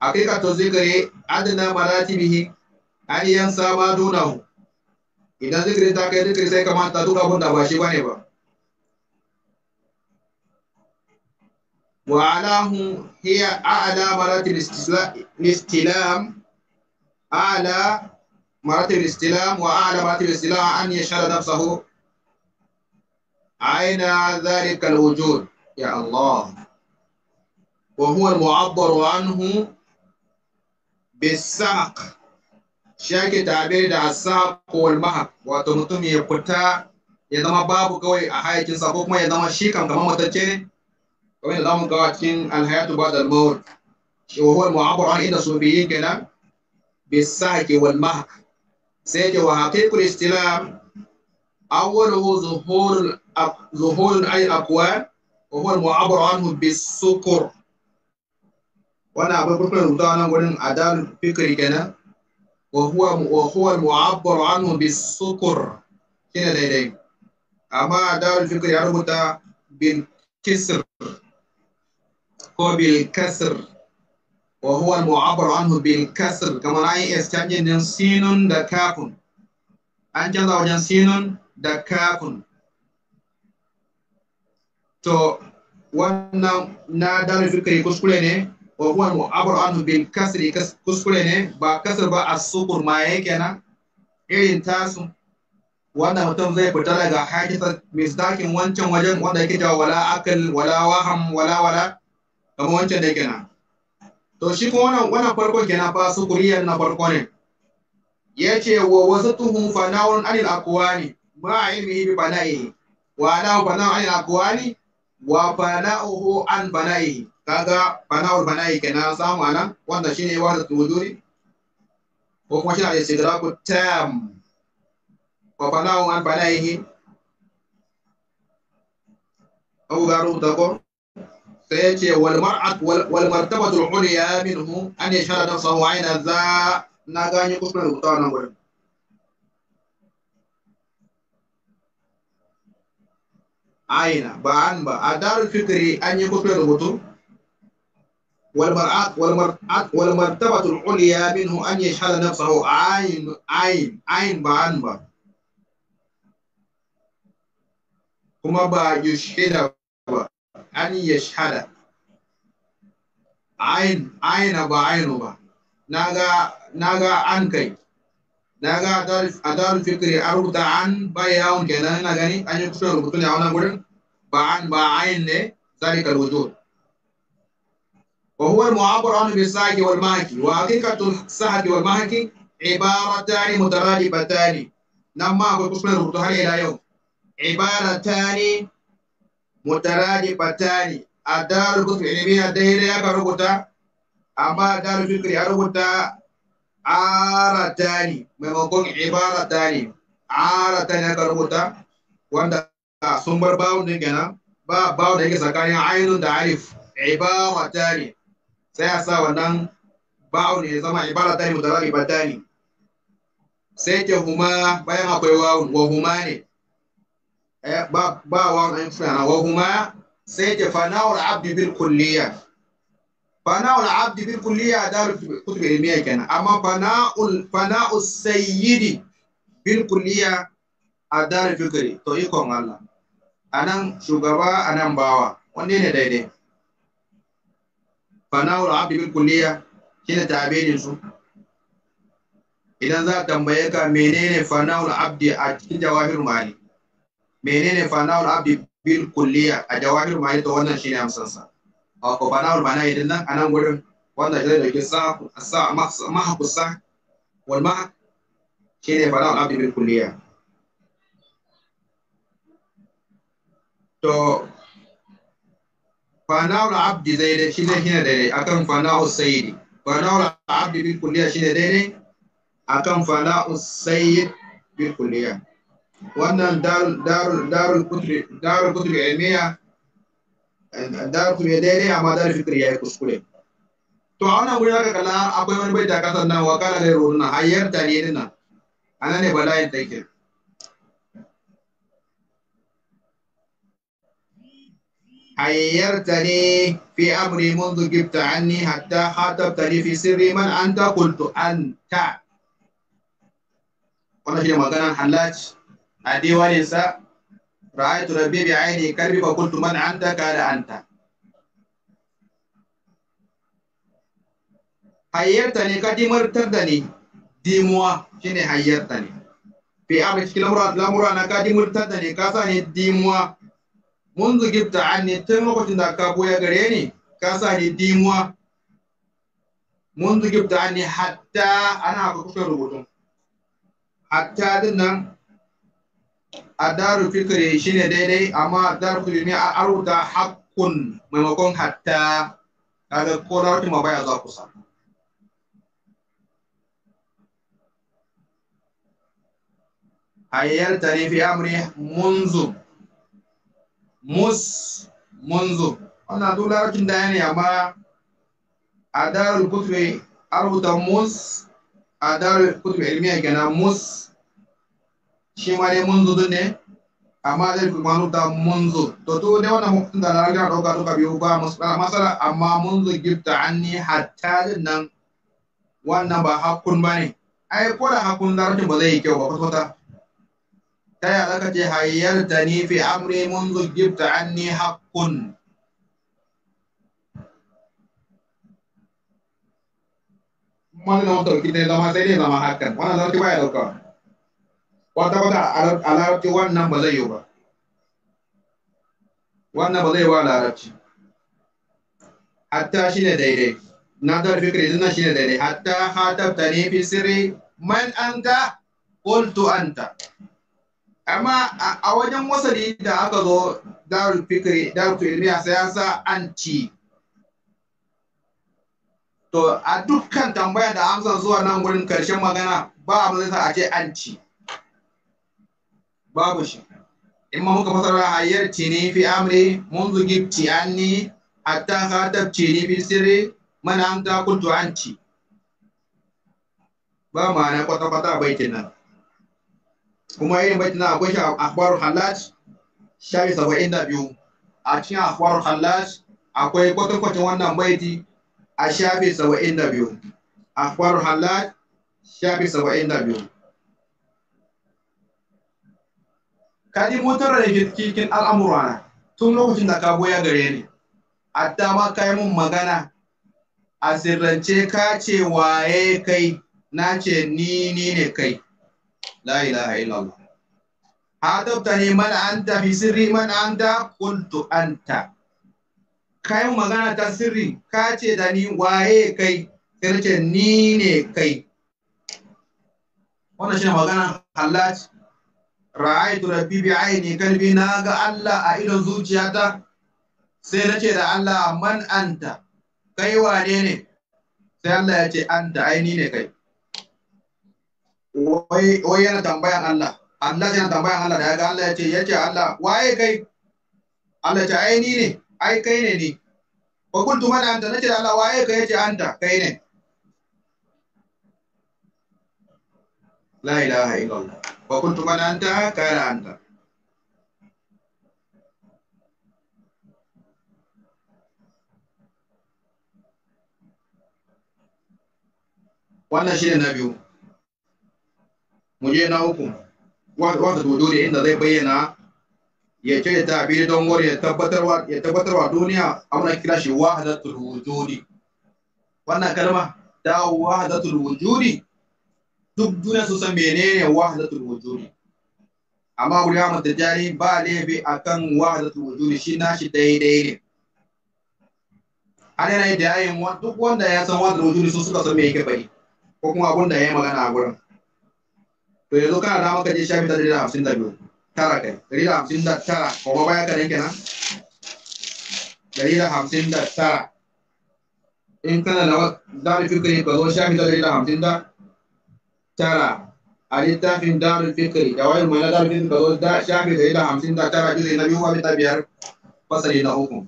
hakika to zikiri adana maratibihi an yansa ma dunahu idan zikiri ta kai zikiri sai kamata duk abun da ba shi bane ba وأعلاه هي أعلى مراتب الاستلام أعلى مراتب الاستلام وأعلى مراتب الاستلام أن يشهد نفسه عين ذلك الوجود يا الله وهو المعبر عنه بالساق شاكي تعبير da الساق والمهق wato mutum ya fita ya zama babu kawai a hayakinsa ko kuma ya zama shi kan kamar matacce ne ومن الأمر قاتين الحياة بعد الموت وهو المعبر عن عند الصوفيين كده بالسعي والمهك سيد وحقيق الاستلام أول هو ظهور ظهور أي أقوال وهو المعبر عنه بالسكر وأنا أقول لكم أنا أقول أدال فكري كده وهو وهو المعبر عنه بالسكر كده دايما أما أدال الفكري يعني أنا بالكسر هو بالكسر وهو المعبر عنه بالكسر كما رأي استمجي ننسينون دكاكون أنجا دعو ننسينون دكاكون تو وانا نادان فكري كسكوليني وهو المعبر عنه بالكسر كسكوليني با كسر با السكر ما يكينا إيه انتاسم وانا هتم زي بتلقى حاجة مصداكي وانشان وجن وانا كجا ولا أكل ولا وهم ولا ولا, ولا kamar wancan dai kenan to shi kuma wannan wannan farkon kenan fa sukuriyar na farko ne yace wa wasu wasatuhu fana'un anil aqwani ma ilmihi bi bana'ihi wa ana fana'un anil aqwani wa fana'uhu an bana'ihi kaga fana'ul bana'i kenan samu anan wanda shine wahdatul wujudi ko kuma shi ne sidraku tam wa fana'un an bana'ihi au garu da ko سيأتي والمرأة والمرتبة العليا منه أن يشهد نفسه عين ذا نغاني كسنا لغتانا ولم عين بان با أدار الفكر أن يكسنا لغتو والمرأة والمرأة والمرتبة العليا منه أن يشهد نفسه عين عين عين بان با كما با يشهد با أن يشهد عين عين عين با ناغا ناغا عن كي ناغا أدار أدار فكري أروح دا عن كي نعاني أني كنا نغني أن يكسر بطل با عن با عين نه ذلك الوجود وهو المعبر عن بالساك والماكي وحقيقة الساك والماكي عبارة تاني عبارتان تاني نما أقول كسر بطل لا يوم عبارة تاني Patani a darul ilimi a daidai ya ka rubuta amma a daru fikri ya rubuta aratani maimakon ibaratani aratani ya ka rubuta wanda sun bar bawon din kenan ba bawon da yake tsakanin ainihin da alif tani sai a sa wannan bawon ya zama tani mutaraji Patani sai ke huma bayan akwai wawun wa huma ne Eh, ba wa infina wa huma sai ke fana'ul abdi bil kulliya fana'ul abdi bil kulliya da kutub ilmiya kenan amma fana'ul fana'ul sayyidi bil kulliya a dar fikri to ikon Allah a nan shugaba a nan bawa wanne ne daidai fana'ul abdi bil kulliya shine tabirin su idan za a tambaye ka menene fana'ul abdi a cikin jawahir mali menene fanawul abdi bil kulliya a jawahir ma'ani to wannan shine amsar sa ko fanawul bana idan nan anan gurin wanda zai dauki sa sa ha kusa wal ma shine fanawul abdi bil kulliya to fanawul abdi zai da shi ne shine da akan fanawul sayyidi fanawul abdi bil kulliya shine daidai akan fanawul sayyid bil kulliya وانا دار دار دار القطري دار القطري علمية دار القطري دينية اما دار فكرية يعني كسكولي تو انا بوجا كلا ابو من بيتا كاتنا وقال لي رونا هاير تاليرنا انا لي بلاي تيكي حيرتني في امري منذ جبت عني حتى خاطبتني في سري من انت قلت انت وانا هي مكان حلاج أديوانيسا رأيت ربي بعيني كربي فقلت من أنت قال أنت hayyartani ka dimartar da ni dimuwa shine hayyartani fi amri cikin lamura lamura na ka dimartar da ni ka sa ni dimuwa mun zugibta an ne tun lokacin da ka boya gare ni ka sa ni dimuwa mun zugibta an ne hatta ana haka kusa rubutun hatta din Adaru daru fikiri shine daidai amma adaru fikiri ne a aruta hakkun maimakon hatta kaga ko na ma baya za ku samu hayyar tare fi amri munzu mus munzu wannan duk larabcin da ne amma a darul kutube a rubuta mus a darul kutube ilmiya gana mus shi ma dai munzu ne amma zai fi manuta munzu to to dai wannan hukuncin da na ragar ɗauka suka biyu ba masala amma munzu gifta anni hatta din nan wannan ba hakun ba ne ai ko da hakun zarafin ba zai yi kyau ba kwata-kwata ta yaya zaka ce hayyarta ni fi amri munzu gifta anni hakun mana na wata wakil ne zama sai ne zama hakan wannan zarafi ba ya ɗauka wata kwata a larabci wannan ba zai yi ba wannan ba zai wa larabci hatta shi ne daidai na da fikir idan shi ne daidai hatta hatabta ne fi sirri man anta qultu anta amma a wajen wasali da aka zo darul fikri darul ilmiya sai ya sa anti to a dukkan tambaya da amsa zuwa nan gurin karshen magana ba a zai sa a ce anti babu shi in ma muka fasara hayyarci ni fi amri mun gibti anni hatta khatabci ni fi sirri mana an ta kuntu ci. ba ma'ana kwata-kwata baitin nan kuma yin baitin nan akwai shi a kwaru halat shafi saba da biyu a cikin kwaru halat akwai kwatankwacin wannan baiti a shafi saba da biyu kwaru halat shafi saba da biyu ka motar da ke cikin al'amurana tun lokacin da ka goya gare ni hatta ma ka yi mun magana a sirrance ka ce waye kai na ce ni ni ne kai la ilaha illallah hadabta ne man anta fi sirri man anta qultu anta kai magana ta sirri ka ce da ni waye kai sirrance ce ni ne kai wannan shi magana hallaci ra'aytu rabbi bi aini kalbi na ga Allah a idon zuciyata sai na ce da Allah man anta kai wane ne sai Allah ya ce anta aini ne kai wai yana tambayan Allah Allah yana tambayan Allah da ya ga Allah ya ce ya ce Allah waye kai Allah ce aini ne ai kai ne ni wa kuntu man anta nace da Allah waye kai ya ce anta kai ne la ilaha illallah وكنت من أنت كان أنت وانا شيء نبيو مجينا حكم وهذا دوري عند ذي بينا يجي تعبير دونغور يتبتر يتبتر الدنيا أمنا كلاش واحدة الوجود وانا كلمة دا واحدة الوجود duk duniya sun san menene wahdatul wujudi amma wuri Ahmad Tijani ba laifi akan wahdatul wujudi shi nashi daidai ne An yana da yayin duk wanda ya san wahdatul wujudi sun suka san me yake bari ko kuma abun da ya yi magana a gurin to yanzu kana da maka je shafi ta da hamsin da biyu tara kai dari da hamsin da tara ko ba baya kadan kenan dari da hamsin da tara in kana da zamu fikiri ka zo shafi ta dari da hamsin da tara a littafin darul fikri da wai mai darul fikri da da shafi da ila hamsin da tara juzi na biyu wani ta fasali na uku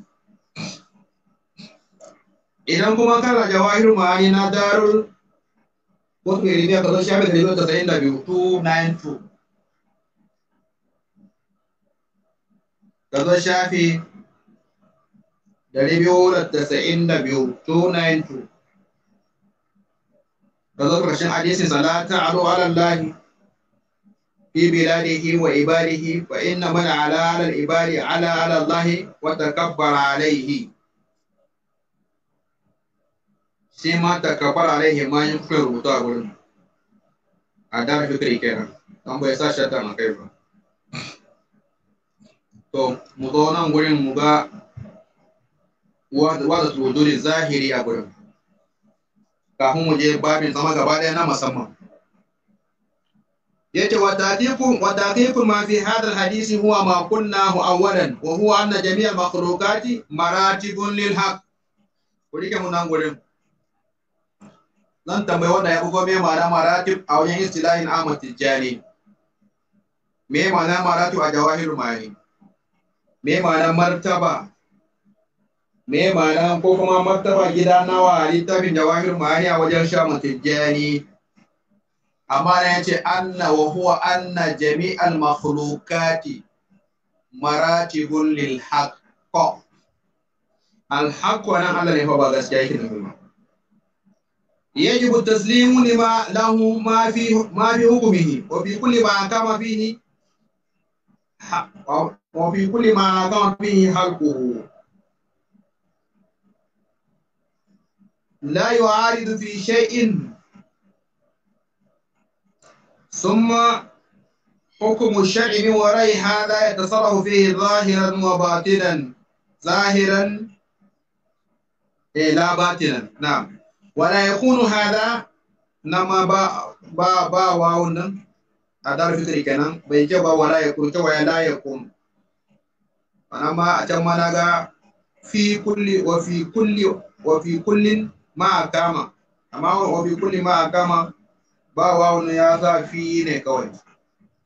idan kuma kana jawahir ma'ani na darul wasu mai ribiya shafi da da biyu shafi da ribiyo da tasa'in da biyu da zo ƙarshen hadisin salata aro alallahi fi biladihi wa ibadihi fa inna man ala alal ibadi ala alallahi wa takabbara alaihi sai ma takabbara alaihi ma yin kuka rubutu a gurin a dar fikiri kenan don bai sa shata ma kai ba to mu zo nan gurin mu ba, wa da wuduri zahiri a wurin. kafin mu je babin zama gaba ɗaya na musamman yace wa taqiqu wa taqiqu ma fi hadha alhadisi huwa ma kunnahu awwalan wa huwa anna jami' makhluqati maratibun lil haqq kurike mun nan gurin nan tambayi wanda ya bugo me ma'ana maratib a wajen istilahin Ahmad Tijjani me ma'ana maratib a jawahirul ma'ani me ma'ana martaba me ma'ana ko kuma martaba gida nawa littafin jawahir ma'ani a wajen sha mutujjani amma na yace anna wa huwa anna jami'al makhluqati maratibun lil haqq al haqq wa nan Allah ne fa ba gaskiya yake nufi ba يجب التسليم لما له ما في ما في حكمه وفي كل ما حكم فيه وفي كل ما حكم فيه حقه la yu aridu fi shay'in summa hukumu shay'in wa ra'i hada yatasarahu fihi zahiran wa zahiran ila batinan na'am wa hada nama ba ba ba wa wannan kenan bai ke ba wa ra'i ko to ya da ya kun anama a can ma naga fi kulli kullin ma kama amma wa obi kulli ma kama ba wawun ya za fi ne kawai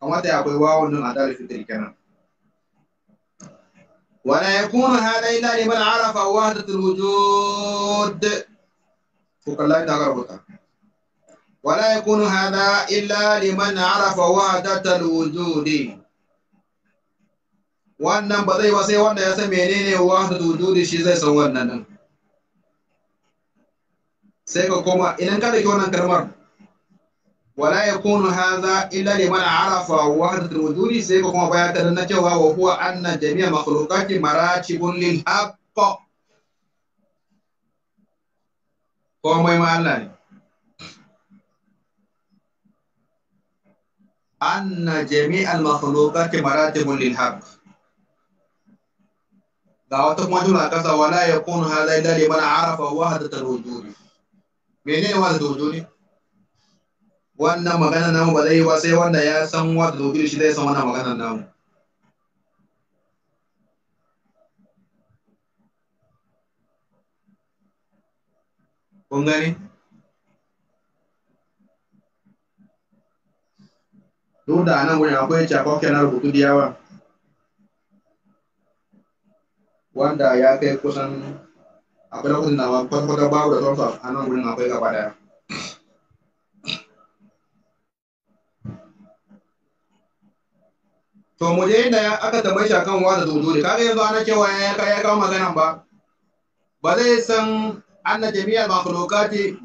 amma ya akwai wawun nan a dalil fitri kenan wala yakunu hada illa liman arafa wahdat alwujud ko kallai da garbuta wala yakunu hada illa liman arafa wahdat alwujud wannan ba zai ba sai wanda ya san menene wahdat alwujud shi zai san wannan nan سيكون إن كان يكون كرمر ولا يكون هذا إلا لمن عرف واحد المدور سيكون بيات النجوى وهو أن جميع مخلوقات مراتب للحق كما ما الله أن جميع المخلوقات مراتب للحق دعوتك ما جونا كذا ولا يكون هذا إلا لمن عرف واحدة الوجود menene wada dodo ne wannan magana namu ba zai yi ba sai wanda ya san wada dodo shi zai san wannan magana namu kun gani duk da nan wurin akwai cakokin na rubutu diyawa. wanda ya kai kusan akwai lokacin da ma kwata babu da source a nan wurin akwai gaba daya to mu je da aka tambaye shi akan wa da dodori kaga yanzu ana cewa ya kai ya kawo maganan ba ba zai san anna jami'al makhluqati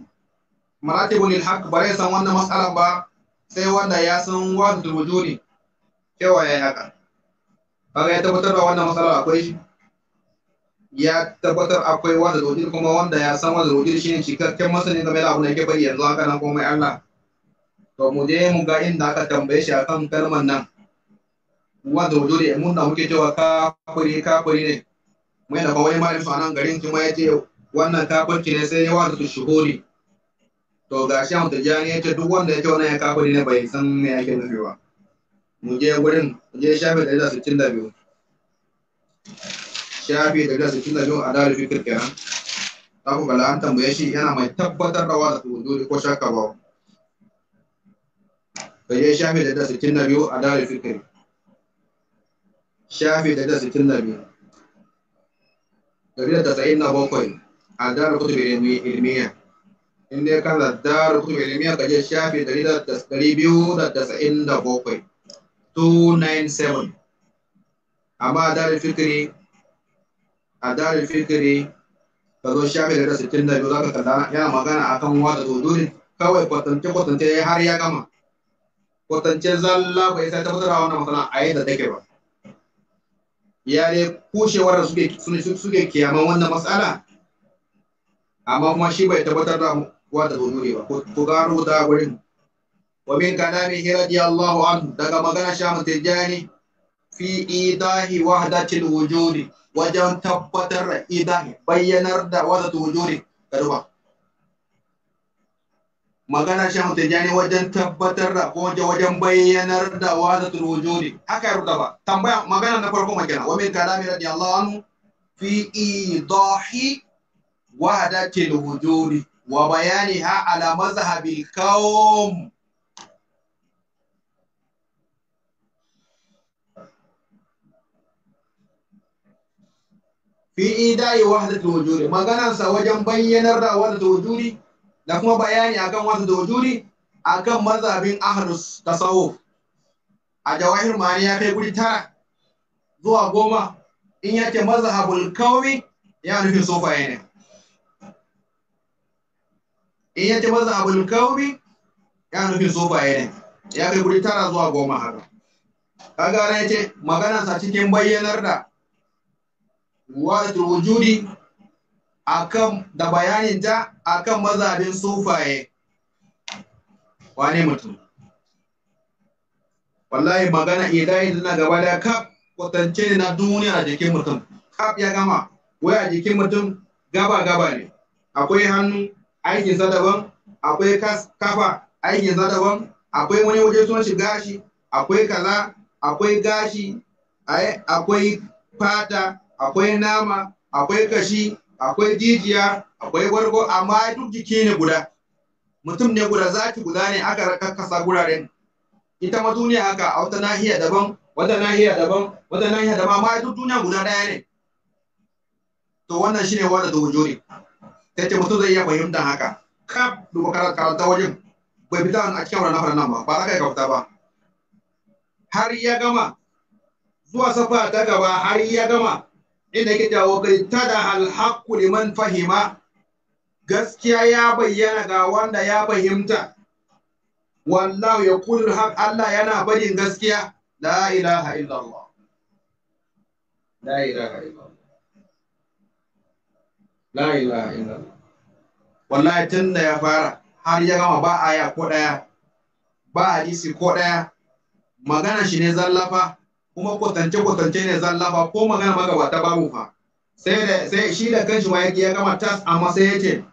maratibun alhaq ba zai san wannan matsalan ba sai wanda ya san wa da dodori cewa ya haka kaga ya tabbatar da wannan matsalar akwai shi ya tabbatar akwai wanda zojir kuma wanda ya san wanda shi ne, cikakken masanin game da abin da yake bari yanzu haka nan komai Allah to mu je mu ga inda aka tambaye shi akan kalmar nan wanda zojir mun da muke cewa kafiri kafiri ne mai da kawai ma su nan garin kuma ya ce wannan kafirci ne sai ya wada su shuhuri to ga shi amta jani ya ce duk wanda ya ce wannan ya kafiri ne bai san me yake nufi ba mu je gurin je da 62. shafi da da sittin da biyu a dalil fikir kenan ta ku bala an tambaye shi yana mai tabbatar da wata wuduri ko shakka ba ka je shafi da da sittin da biyu a dalil fikir shafi da da sittin da biyu dari da tasa'in na bakwai a dalil kutubi ilmiya in dai kana kutu kutubi ilmiya ka je shafi dari da dari biyu da tasa'in da bakwai 297 amma dalil fikiri a darin fikiri ka zo shafi da sittin da biyu za ka kalla yana magana akan wata zudurin kawai kwatance kwatance har ya gama kwatance zalla bai sai tabbatar da wannan matsala a yadda take ba ya dai kushewar da suke suke kiyaman wannan matsala amma kuma shi bai tabbatar da wata zuduri ba ku gano da gurin wa min kalamihi Allahu anhu daga magana shamu tijjani fi idahi wahdatil wujudi wajen tabbatar da idan bayyanar da wata tujuri ga duba magana shan ne wajen tabbatar da ko wajen bayyanar da wata tujuri haka ya rubuta tambaya magana na farko magana wa min kalami radiyallahu anhu fi idahi wahdatil wujudi wa ha ala mazhabil kaum fi idai wahdatul wujudi maganansa wajen bayyanar da wahdatul wujudi da kuma bayani akan wahdatul wujudi akan mazhabin ahlus tasawuf a jawahir ma'ani ya kai guri tara zuwa goma in yake mazhabul kawmi ya nufi sufaye ne in yake mazhabul kawmi ya nufin sufaye ne ya kai guri tara zuwa goma haka kaga ne ce sa cikin bayyanar da wadatul wujudi akan da ta akan mazabin sufaye wane mutum wallahi magana idan na gaba da kap kwatance ne na duniya a jikin mutum kap ya gama wai a jikin mutum gaba gaba ne akwai hannu aikin sa daban akwai kafa aikin sa daban akwai wani waje sun shiga shi akwai kaza akwai gashi akwai fata akwai nama akwai kashi akwai jijiya akwai gwargo amma duk jiki ne guda mutum ne guda zaki guda ne aka kakkasa guraren ita ma duniya haka a wata nahiya daban wata nahiya daban wata nahiya daban amma duk duniya guda daya ne to wannan shine wanda da wujuri ce mutum zai iya fahimtar haka kaf duba karanta wajen bai fita a cikin wannan nan ba ba za ka yi kafuta ba har ya gama zuwa safa ta gaba har ya gama inda yake jawo da tada alhaqqu liman fahima gaskiya ya bayyana ga wanda ya fahimta wallahu yaqulu haq Allah yana barin gaskiya la ilaha illallah la ilaha illallah la ilaha illallah wallahi tun da ya fara har ya gama ba aya ko daya ba hadisi ko daya magana shi ne zallafa kuma kwatance kwatance ne zan lafa ko magana magabata babu fa sai da sai shi da kanshi ma yake ya gama tas amma sai yace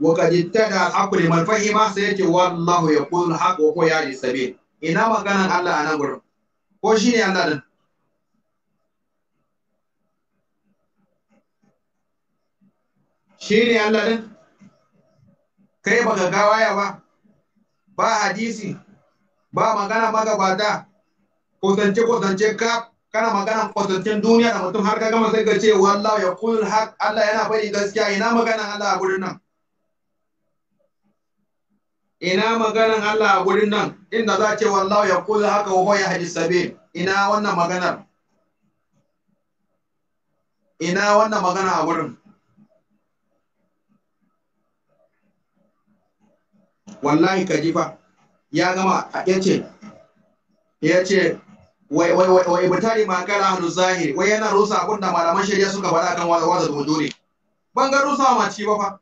wa qad ittada aqul man fahima sai yace wallahu yaqul haqq wa huwa yahdi sabil ina magana Allah anan gurin ko shi ne Allah din shi ne Allah din kai baka ga waya ba ba hadisi ba magana magabata kwatance kwatance ka kana magana kwatancen duniya da mutum har ka gama sai ka ce wallahi ya kul haq Allah yana faɗi gaskiya ina maganan Allah a gurin nan ina maganan Allah a gurin nan inda za ce wallahi ya kul haka wa ya hadis sabi ina wannan maganar ina wannan magana a gurin wallahi kajifa fa ya gama ya ce ya ce wai wai wai wai mutari ma zahiri wai yana rusa abin da malaman shari'a suka faɗa kan wada wada dojore ban ga rusa ma ci ba fa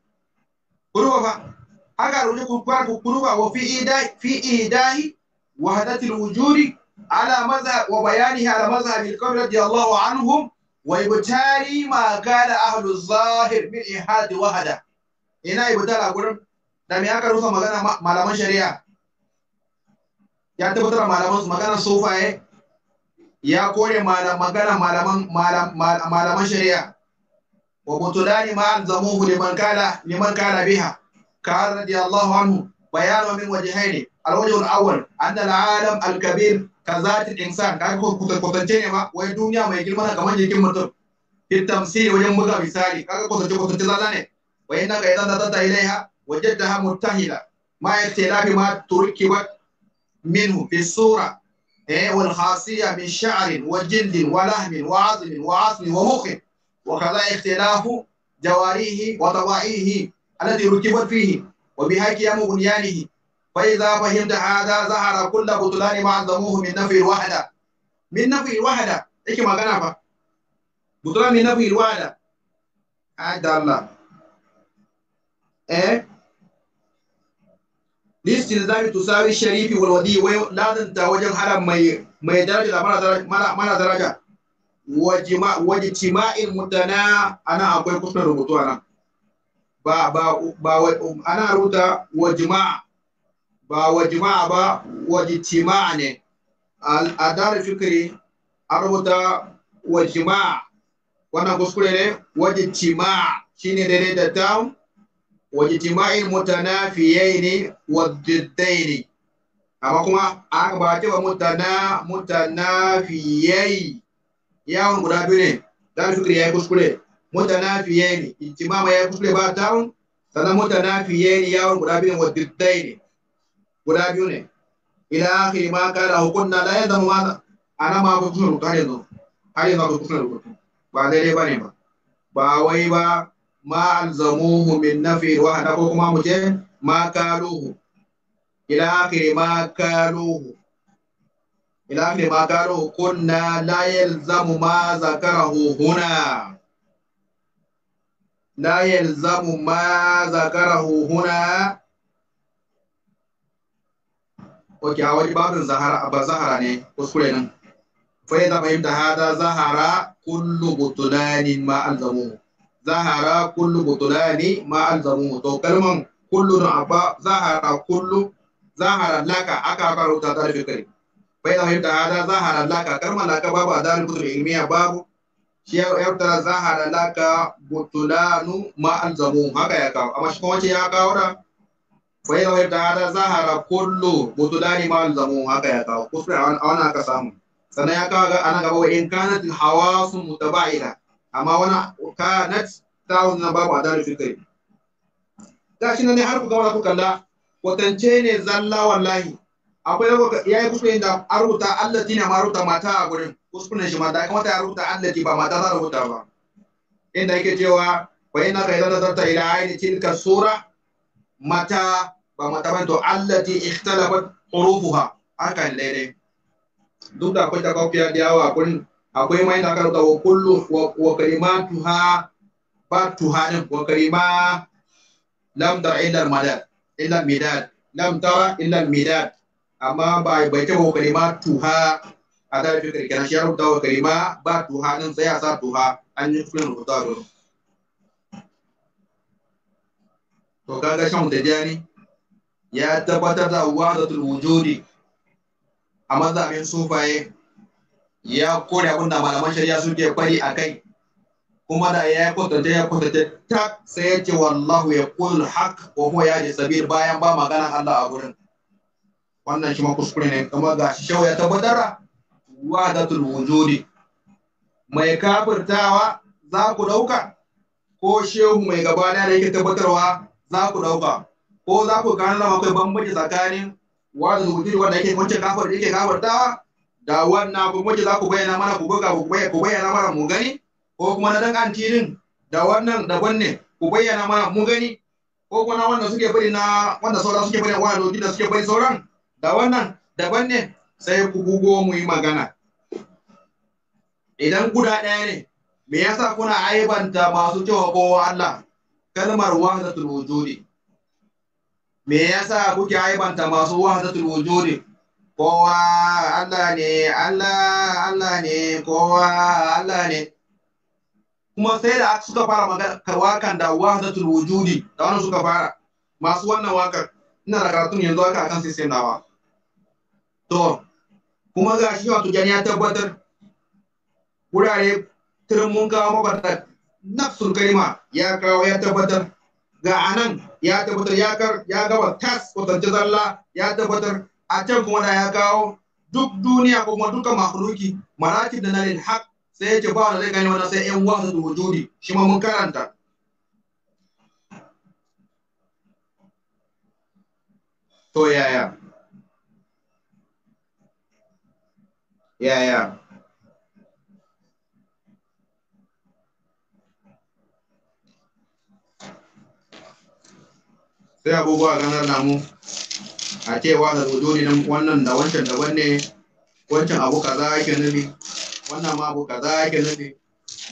ba fa haka ruji ku far ku kurba wa fi idai fi idai wahdati al-wujuri ala maza wa bayanihi ala madhhab al-qawm radiyallahu anhum wa ibtari ma kana ahlu zahir min ihad wahda ina ibtara gurin da me aka rusa magana malaman shari'a ya tabbatar malaman su magana sofaye ya kore malam magana malaman shari'a wa butulani ma alzamuhu liman kana liman kana biha ka radiyallahu anhu bayanu min wajhaini alwajh alawwal an alalam alkabir ka zat alinsan ka ko kuta ne ma wai duniya mai girma ka manje kin mutum fit tamsil wajen buga misali kaga kuta kuta ta zalane wa inna ka idan tata ilaiha wajadtaha muttahila ma yatilafi ma turkiwat minhu fi surah إيه؟ والخاصية من شعر وجلد ولحم وعظم وعصم ومخ وكذا اختلاف جواريه وطواعيه التي ركبت فيه وبها قيام بنيانه فإذا فهمت هذا ظهر كل بطلان ما عظموه من نفي الوحدة من نفي الوحدة إيش ما كان بطلان من نفي الوحدة عند الله إيه listilzami tusawi sharifi walwadi wai lazanta wajen haram mai mai daraja mara mara daraja waje tima'in mutana ana akwai kusurin rubutu ana ba ba ba ana rubuta wajima ba wajima ba wajtima'a ne a dar fikri a rubuta wajima wannan kuskure ne wajtima'a shine daidai da ta wajtima'i almutanafiyaini waddiddaini amma kuma aka ba ce ta mutana mutanafiyai yawon guda biyu ne dan shukri yayi kuskure mutanafiyaini ijtima ya yi kuskure ba ta tawun sannan mutanafiyaini yawon guda biyu ne waddiddaini guda biyu ne ila akhiri ma kala hukunna la yadamu ma ana ma ba kuskure har yanzu har yanzu ba zai kuskure ba daidai bane ba ba wai ba ma alzamuhu min nafi wahda ko kuma muje ma kaluhu ila akhiri ma kaluhu ila akhiri ma kaluhu kunna la yalzamu ma zakarahu huna la yalzamu ma zakarahu huna Oke, a wani babin zahara ba zahara ne kuskure nan. Fa yadda fahimta hada zahara kullu butulanin ma alzamuhu. zahara kullu butulani ma alzamu to kalman kullu na abba zahara kullu zahara laka aka karuta ta rufe kare bai da hidda hada zahara laka kalman laka babu a kutubi ilmiya babu shi ya yarda zahara laka butulanu ma alzamu haka ya kawo amma shi kuma ce ya kawo da bai da hidda hada zahara kullu butulani ma alzamu haka ya kawo kuskure a wannan aka samu sannan ya kawo ga ana gaba in kanat hawasu mutaba'ila amma wani na ta'un na babu adalu fikri shi nan ne har ku gama ku kalla kwatance ne zalla wallahi akwai ya yi kuskure da an rubuta allati ne ma rubuta mata a gurin kuskuren shi mata kamata ya rubuta allati ba mata za a rubuta ba inda yake cewa wa na ka idan zarta ila aini tilka sura mata ba mata ba to allati ikhtalabat hurufuha haka ne dai duk da akwai kwafiya da yawa gurin akwai mai da aka rubuta wa kullu wa kalimatuha ba tuhanin wa kalima lam da ila madad ila midad lam tara ila midad amma ba bai ta wa tuha a da fi kirkira shi ya rubuta wa kalima ba tuha din sai ya sa tuha an yi kullu rubuta gurin to kaga shan tajani ya tabbatar da wadatul wujudi a mazamin sufaye ya kore abin da malaman shari'a suke fari a kai kuma da ya kwatanta ya kwatanta tak sai ya ce wallahu ya kullu haq wa huwa ya sabir bayan ba magana Allah a gurin wannan shi ma kuskure ne kuma ga shi shawaya ta badara wadatul wujudi mai kafirtawa za ku dauka ko shehu mai gaba da yake tabbatarwa za ku dauka ko za ku gano lamakai bambanci tsakanin wadatul wujudi wanda yake kwance kafir yake kafirtawa da wannan abubuwan za ku bayyana mana ku buga ku bayyana mana mu gani ko kuma na dan antirin da wannan da wanne ku bayyana mana mu gani ko kuma na wanda suke bari na wanda sauran suke bari wa'adoji da suke bari sauran da wannan da wanne sai ku bugo mu yi magana idan guda ɗaya ne me yasa kuna aibanta masu cewa kowa Allah kalmar wahdatul wujudi me yasa kuke aibanta masu wahdatul wujudi kowa Allah ne Allah Allah ne kowa Allah ne kuma sai da suka fara magana wakan da wahdatul wujudi da wannan suka fara masu wannan wakan ina da karatun yanzu haka akan sai nawa to kuma ga shi wato jani ya tabbatar wurare turin mun kawo mabata nafsul kalima ya kawo ya tabbatar ga anan ya tabbatar ya kar ya gaba tas kwatance zalla ya tabbatar a can kuma da ya kawo duk duniya ko kuma dukkan makhluki maraki da nalin haq sai yake ba wanda zai gani wannan sai yan wasu da wujudi shi ma mun karanta to yaya yaya sai abubuwa ganar namu a cewa da wujudi nan wannan da wancan daban ne wancan abu kaza yake nufi wannan ma abu kaza yake nufi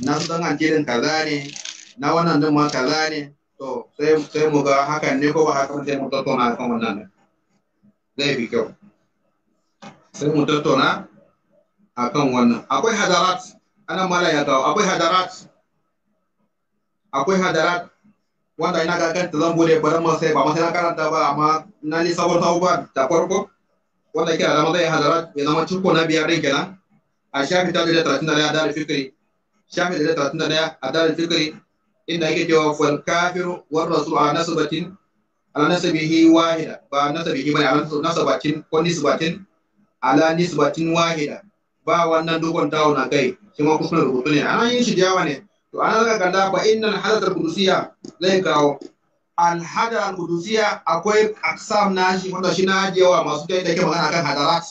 na san antirin kaza ne na wannan din ma kaza ne to sai sai mu ga hakan ne ko ba hakan sai mu tattauna kan wannan zai fi kyau sai mu tattauna akan wannan akwai hadarat anan mala ya akwai hadarat akwai hadarat wanda ina ga kanta zan bude baran ma sai ba masai na karanta ba amma na ni sabon abubuwa da farko wanda ke zama zai hadara ya zama cirko na biyar rinke kenan a shafi ta da tattun da daya a dalil Fikiri. shafi da tattun da daya a dare Fikiri. inda yake cewa fal kafir war rasul a nasabatin ala nasabihi wahida ba nasabihi bane a nasabatin ko nisbatin ala nisbatin wahida ba wannan dogon dawo na kai shi ma kusurin rubutu ne ana yin shi jawa ne to an ga kada ba innal hadathul qudusiyya zai kawo al hadathul qudusiyya akwai aksam nashi wanda shi na jewa masu kai da ke magana kan hadarat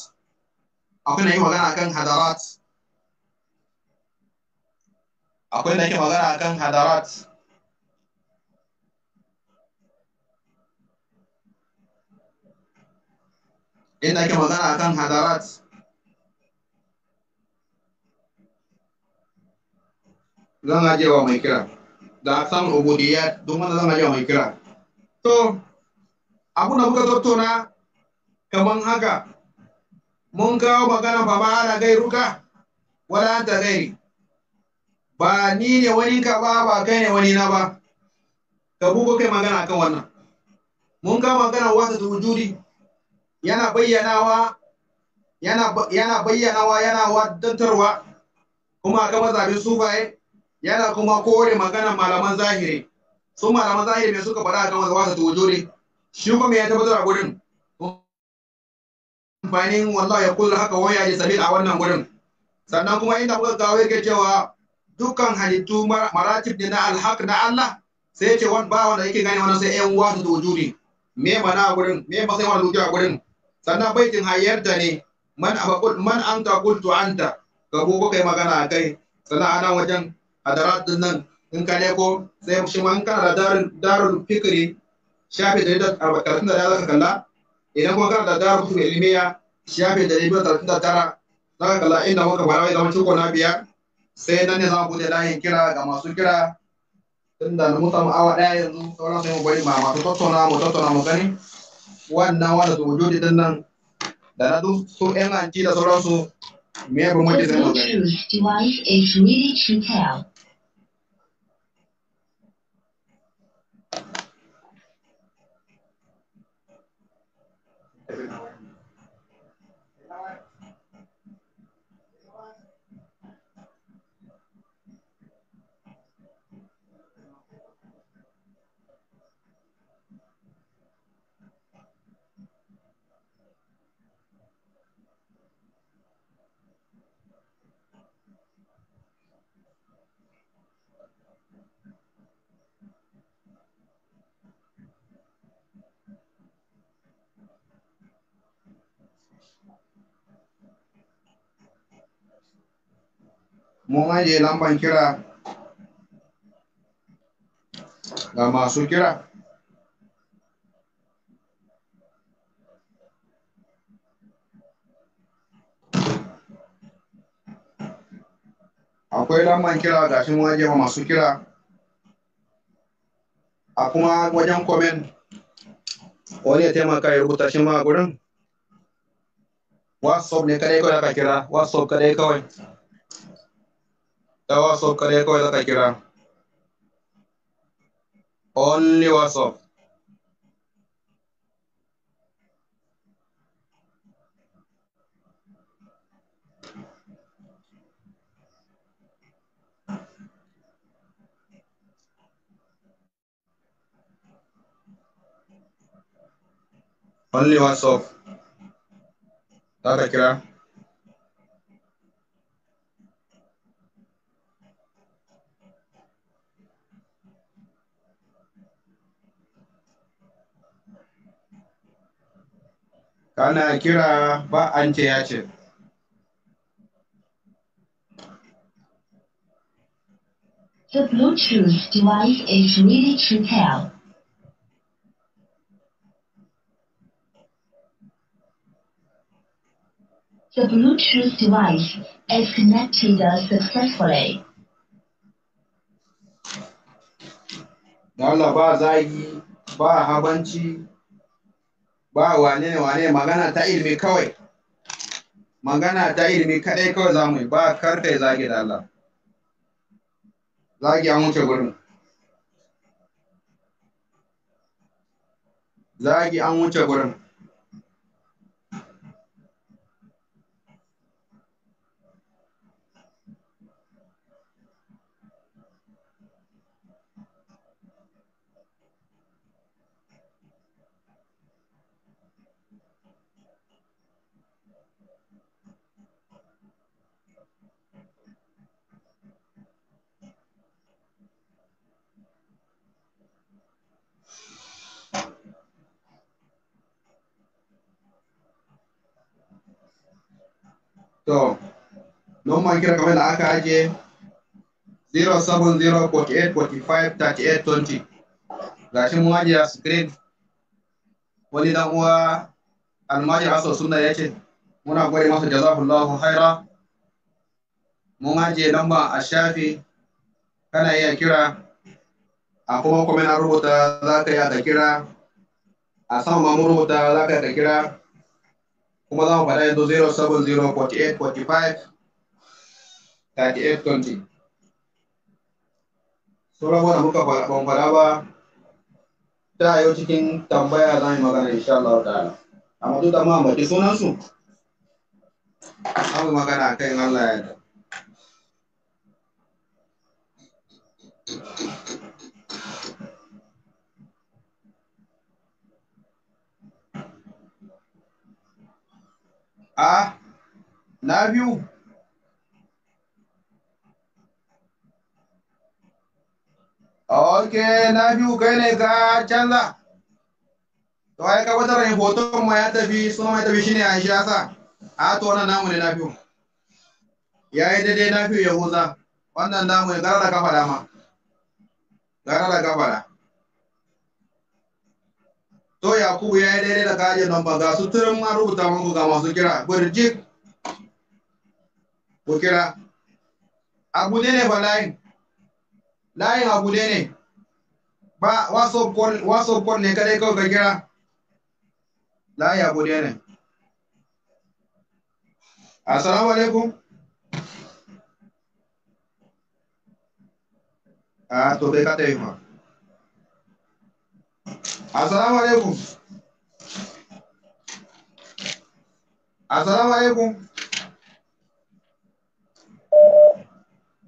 akwai na yi magana kan hadarat akwai na yi magana kan hadarat inda ke magana kan hadarat zan ajiye wa mai kira da samun ubudiyya don wanda zan ajiye wa mai kira to abu da muka tattauna kaman haka mun kawo magana ba ba ala gairuka wala ta gairi ba ni ne wani ka ba ba kai ne wani na ba ka bugo kai magana akan wannan mun kawo magana wata wujudi yana bayyanawa yana bayyanawa yana wadantarwa kuma akan mazabin sufaye yana kuma kore magana malaman zahiri su malaman zahiri mai suka faɗa kan wasa ta wujuri shi kuma ya tabbatar a gurin amfanin wallahi ya kullu haka waya ji sabil a wannan gurin sannan kuma inda kuka kawo yake cewa dukkan halittu maratib ne na alhaq na Allah sai ce wani ba wanda yake gane wannan sai 'yan wasu ta wujuri me mana a gurin me ba sai wani dukiya a gurin sannan baitin hayyarta ne man an man anta qultu anta ka gogo kai magana a kai sannan ana wajen a darar din nan in ka leko sai shi ma in kana da darul fikri shafe da da arba'in da zaka kalla idan kuma kana da darul fikri ilmiya shafe da ribar talatin da tara zaka kalla inda muka fara wai zaman cikon na biyar sai nan ne za mu bude layin kira ga masu kira tunda na musamman awa ɗaya yanzu sauran sai mu bari ma masu tattauna mu tattauna mu gani wannan wanda su wujudi din nan da na su yan anti da sauransu Mehr über Motivation. Bluetooth device is ready to tell. mun ajiye lamban kira ga masu kira akwai lamban kira ga shi waje ma masu kira a kuma wajen komen wani ya taimaka ya rubuta shi ma gurin whatsapp ne kadai kawai ka kira whatsapp kadai kawai Tawassof kadai kawai za ya, ka kira. Only WhatsApp. Only WhatsApp. Za kira? kana kira ba an ya ce The Bluetooth device is really to pair. The Bluetooth device is connected successfully. Da ba zagi, ba habanci, ba wane ne wane magana ta ilimi kawai magana ta ilimi kadai kawai za mu yi ba karfe zagi da Allah zage an wuce gurin zagi an wuce gurin to nomban kira kamar da aka aje 07048453820 gashi mun aje a screen wani dan uwa almajir aso sunna ya ce muna gwada masa jazakallahu khaira mun aje namba a shafi kana iya kira a kuma kuma na rubuta za ka yi ka kira a sama ma rubuta za ka yi ka kira kuma za mu faɗa yanzu 0 7 0 48 45 38 20 sauran wanda muka ban faɗa ba ta yau cikin tambaya za mu magana insha Allah wa ta'ala amma duk da ma ambaci sunan su za mu magana kai Allah ya yarda a na biyu ok na biyu kai ne ka canza to ai ka wata rai hoton ma ya tafi suna mai tafi shine an sha sa a to wannan namu ne na biyu ya yi daidai na biyu huza. wannan namu ne gara da kafa dama gara da kafa to yakubu ya yi daidai da kaje nan ba ga suturin ma rubuta muku ga masu kira gurjik ku kira abu ne ne ba layin layin abu ne ne ba waso kwan ne kadai kawai ka kira layin abu ne ne assalamu alaikum Ah, tô bem, cadê, irmão? Assalamu alaikum. Assalamu alaikum.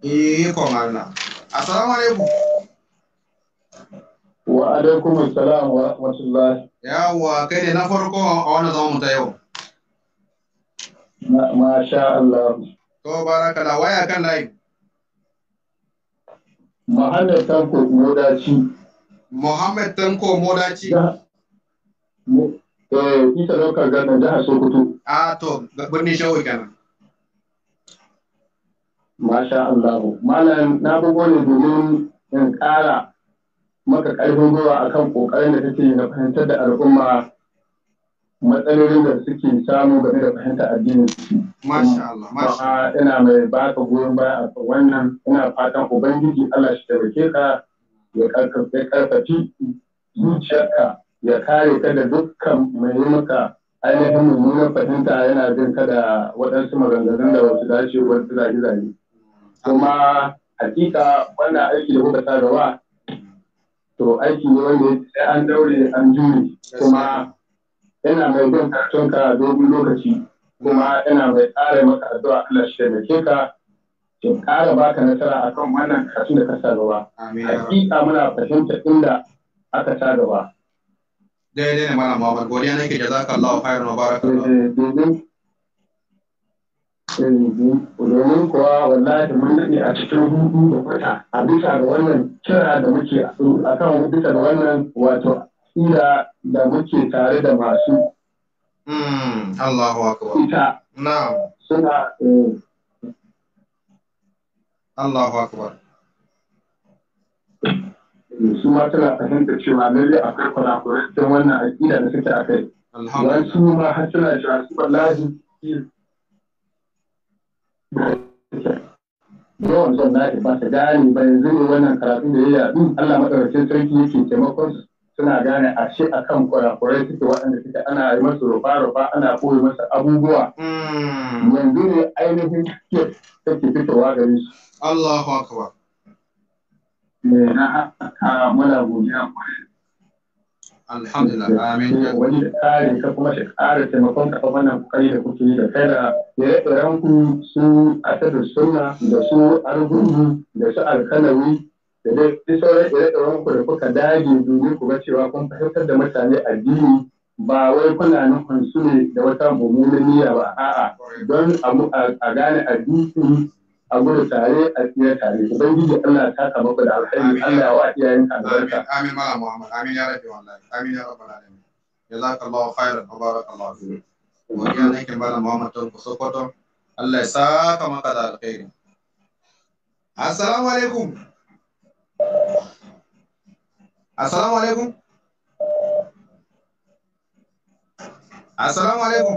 Eh, komanna. Assalamu alaikum. Wa alaikum assalam wa rahmatullahi. Yawwa kai ne na farko a wannan zaman ta yau. Masha Allah. To da waya kan layi. Muhammad Tanko shi. Muhammad Tanko Modaci. Eh, ita lokal gana jihar Sokoto. Ah, to, birnin Shehu kenan. Masha Allah. Malam, na bugo ne domin in ƙara maka ƙarfin gwiwa akan ƙoƙarin da kake na fahimtar da al'umma matsalolin da suke samu game da fahimtar addinin su. Masha Allah, masha Allah. Ina mai baka goyon baya a wannan, ina fatan Ubangiji Allah shi tabbake ka ya karfafi zuciyarka ya kare ka da dukkan mai yi maka ainihin mummunan fahimta yana jin ka da waɗansu maganganun da wasu dace wasu zaje-zaje. kuma hakika wannan aiki da kuka sa gaba to aiki ne wanda sai an daure an jure kuma yana mai bin karton ka dogon lokaci kuma yana mai tsara maka addu'a Allah shi da ka ya ƙara ka nasara akan wannan kasu da ka sa gaba. Hakika muna fahimta inda aka sa gaba. Daidai ne mana Muhammad godiya nake da zaka Allah khairan wa barakallahu. Eh, eh, eh, domin kuwa wallahi mun daɗe a cikin hudu da kwata a bisa ga wannan kira da muke a kan bisa ga wannan wato ira da muke tare da masu. Hmm, Allahu akbar. Ita. Na'am. Suna Allahu akbar. Su ma tana fahimtar cewa lalle akwai kurakurai don wannan aƙida da suke a kai. Alhamdulillah. Su ma har suna cewa su wallahi yawan son na ba su gane ba yanzu ne wannan karatu da ya yadu Allah madaukakin sarki yake taimakon su suna gane ashe akan kurakurai suke waɗanda suke ana yi masu rufa-rufa ana koyi masa abubuwa hmm. yanzu ne ainihin suke fitowa gare su Allahu akbar na haka muna amin wani da kuma taimakon da da ku da su da su da dai da kuka dage domin ku ga cewa kun fahimtar da mutane addini ba wai kuna nufin su ne da wata mummunan niyya ba a'a don a gane addini a gudu tare a tsira tare ubangiji Allah ta saka maka da alkhairi Allah ya wa iyayen ka albarka amin mala muhammad amin ya rabbi wallahi amin ya rabbal alamin jazakallahu khairan wa barakallahu fiik godiya nake mala muhammad tanko sokoto Allah ya saka maka da alkhairi assalamu alaikum assalamu alaikum assalamu alaikum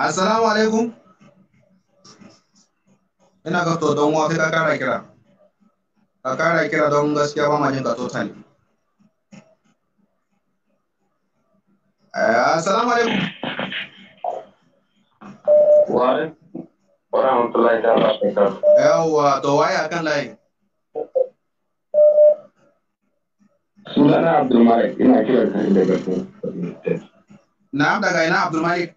Assalamu alaikum. Ina ga to don wa ka kara kira. Ka kara kira don gaskiya ba ma jin ka totally. Eh, assalamu alaikum. Wa alaikum. Wa rahmatullahi ta'ala wa barakatuh. Yawwa to waye akan layin? Sunana Abdulmalik ina kira daga Kaduna State. Na daga ina Abdulmalik.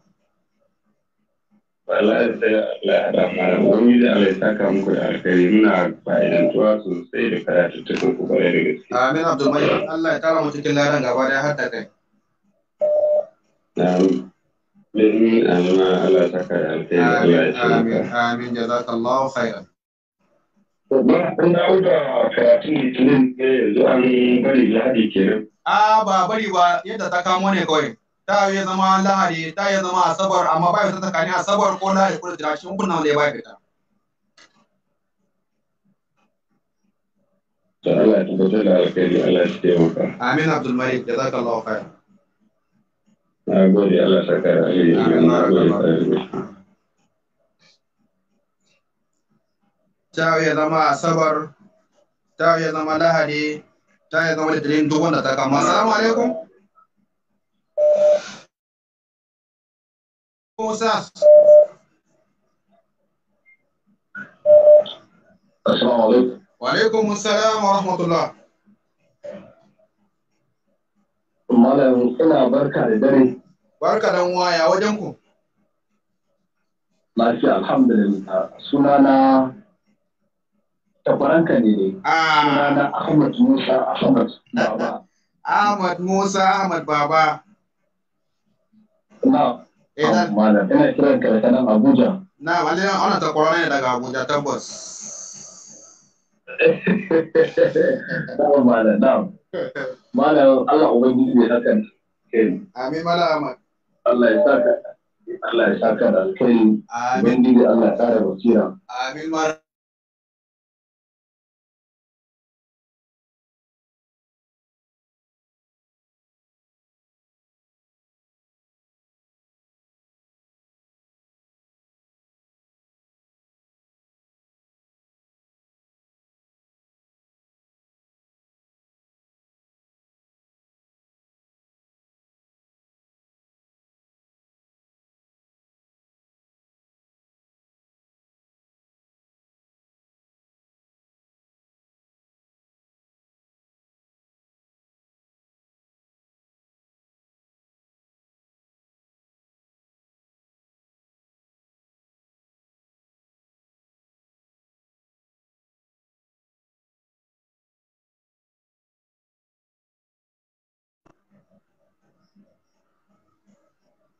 wallahi sai Allah ya da mara wani da Allah ya saka muku da alkhairi muna fa'idantuwa sosai da karatuttukan ku kwarai da gaske amin abdulmai Allah ya tara mu cikin laran gaba da har da kai na'am Amin, amin, Allah ya saka da alkhairi, Allah ya saka. Amin, amin, jazakallahu khairan. Babban kun dawo da karatun litinin ne eh, yanzu an bari lahadi kenan. A ah, ba bari ba yadda ta kamo ne kawai. ta ya zama lahari ta ya zama asabar amma ba ta tsakanin asabar ko lahari ko da jira shi mun nan ba fita to Allah ya tabbata da alkhairi Allah ya taimaka amin abdul malik jazakallahu khair na gode Allah saka da alheri na gode ta ya zama asabar ta ya zama lahari ta ya zama litinin duk wanda ta kama assalamu alaikum Musa. Assalamu alaikum. Wa alaikum assalam wa rahmatullah. Malam ina barka da dare. Barka dan waya wajen ku. Lafiya alhamdulillah sunana tabaranka ne ne. Ah. Sunana Ahmad Musa Ahmad Baba. Ahmad Musa Ahmad Baba. Na'am. ina kiran ka daga nan Abuja. Na'am, wani ana ta ne daga Abuja tabbas. Na'am malam, na'am. Malam Allah ubangiji ne hakan. Amin malam Ahmad. Allah ya saka. Allah ya saka da alkhairi. Allah ya kare basira. Amin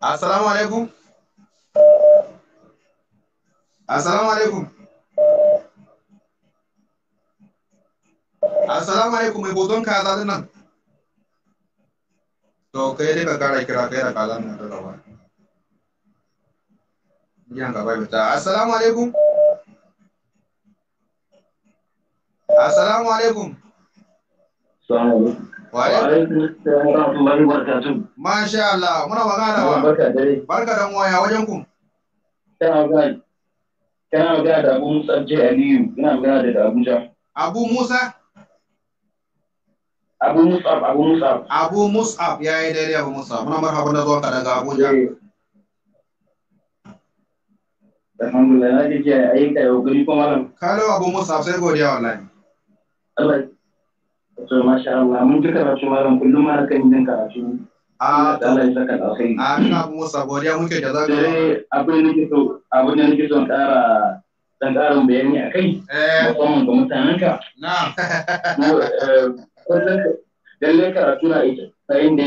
Assalamu alaikum. Assalamu alaikum. Assalamu alaikum mai hoton ka din nan. To kai dai ka kara kira kai da kaza nan da rawa. Yan gaba bita. Assalamu alaikum. Assalamu alaikum. Assalamu alaikum. Waye Masha Allah, muna magana wa. Barka da waya wajen ku. Kana magana da Abu Musa J. Aliyu, kana magana da Abuja. Abu Musa? Abu Musab, Abu Musab. Abu Musab, ya yi daidai Abu Musab. Muna marhaban da zuwa daga Abuja. Alhamdulillah, na ji jiya ayyuka yau gari kuma malam. Kalau Abu Musab sai godiya wallahi. Allah to masha Allah mun ji karatu malam kullum ma kan yin karatu a Allah ya saka alkhairi a ina kuma musa godiya muke da zaka eh abin da nake so abin da nake so ƙara dan ƙarin bayani a kai eh. musamman ga mutanen ka na'am eh, lallai karatu na ita sayin da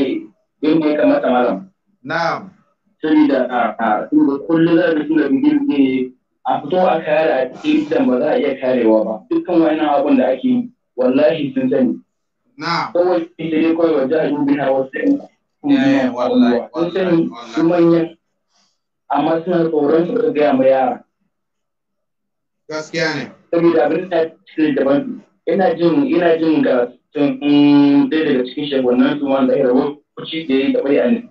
yanda ya kamata malam na'am sabida a kullum za a suna bigin ne a fito a kare a cikin ba za a iya karewa ba dukkan wani abin da ake wallahi sun sani Na'am. Kawai ita ne kawai wajen ajin biya wasu yan. Eh, wallahi. Sun sani amma suna gaya yara. da ina jin ina jin ga tun mm, ɗaya daga cikin shagonan su wanda ya rabu kuci da ya taɓa yi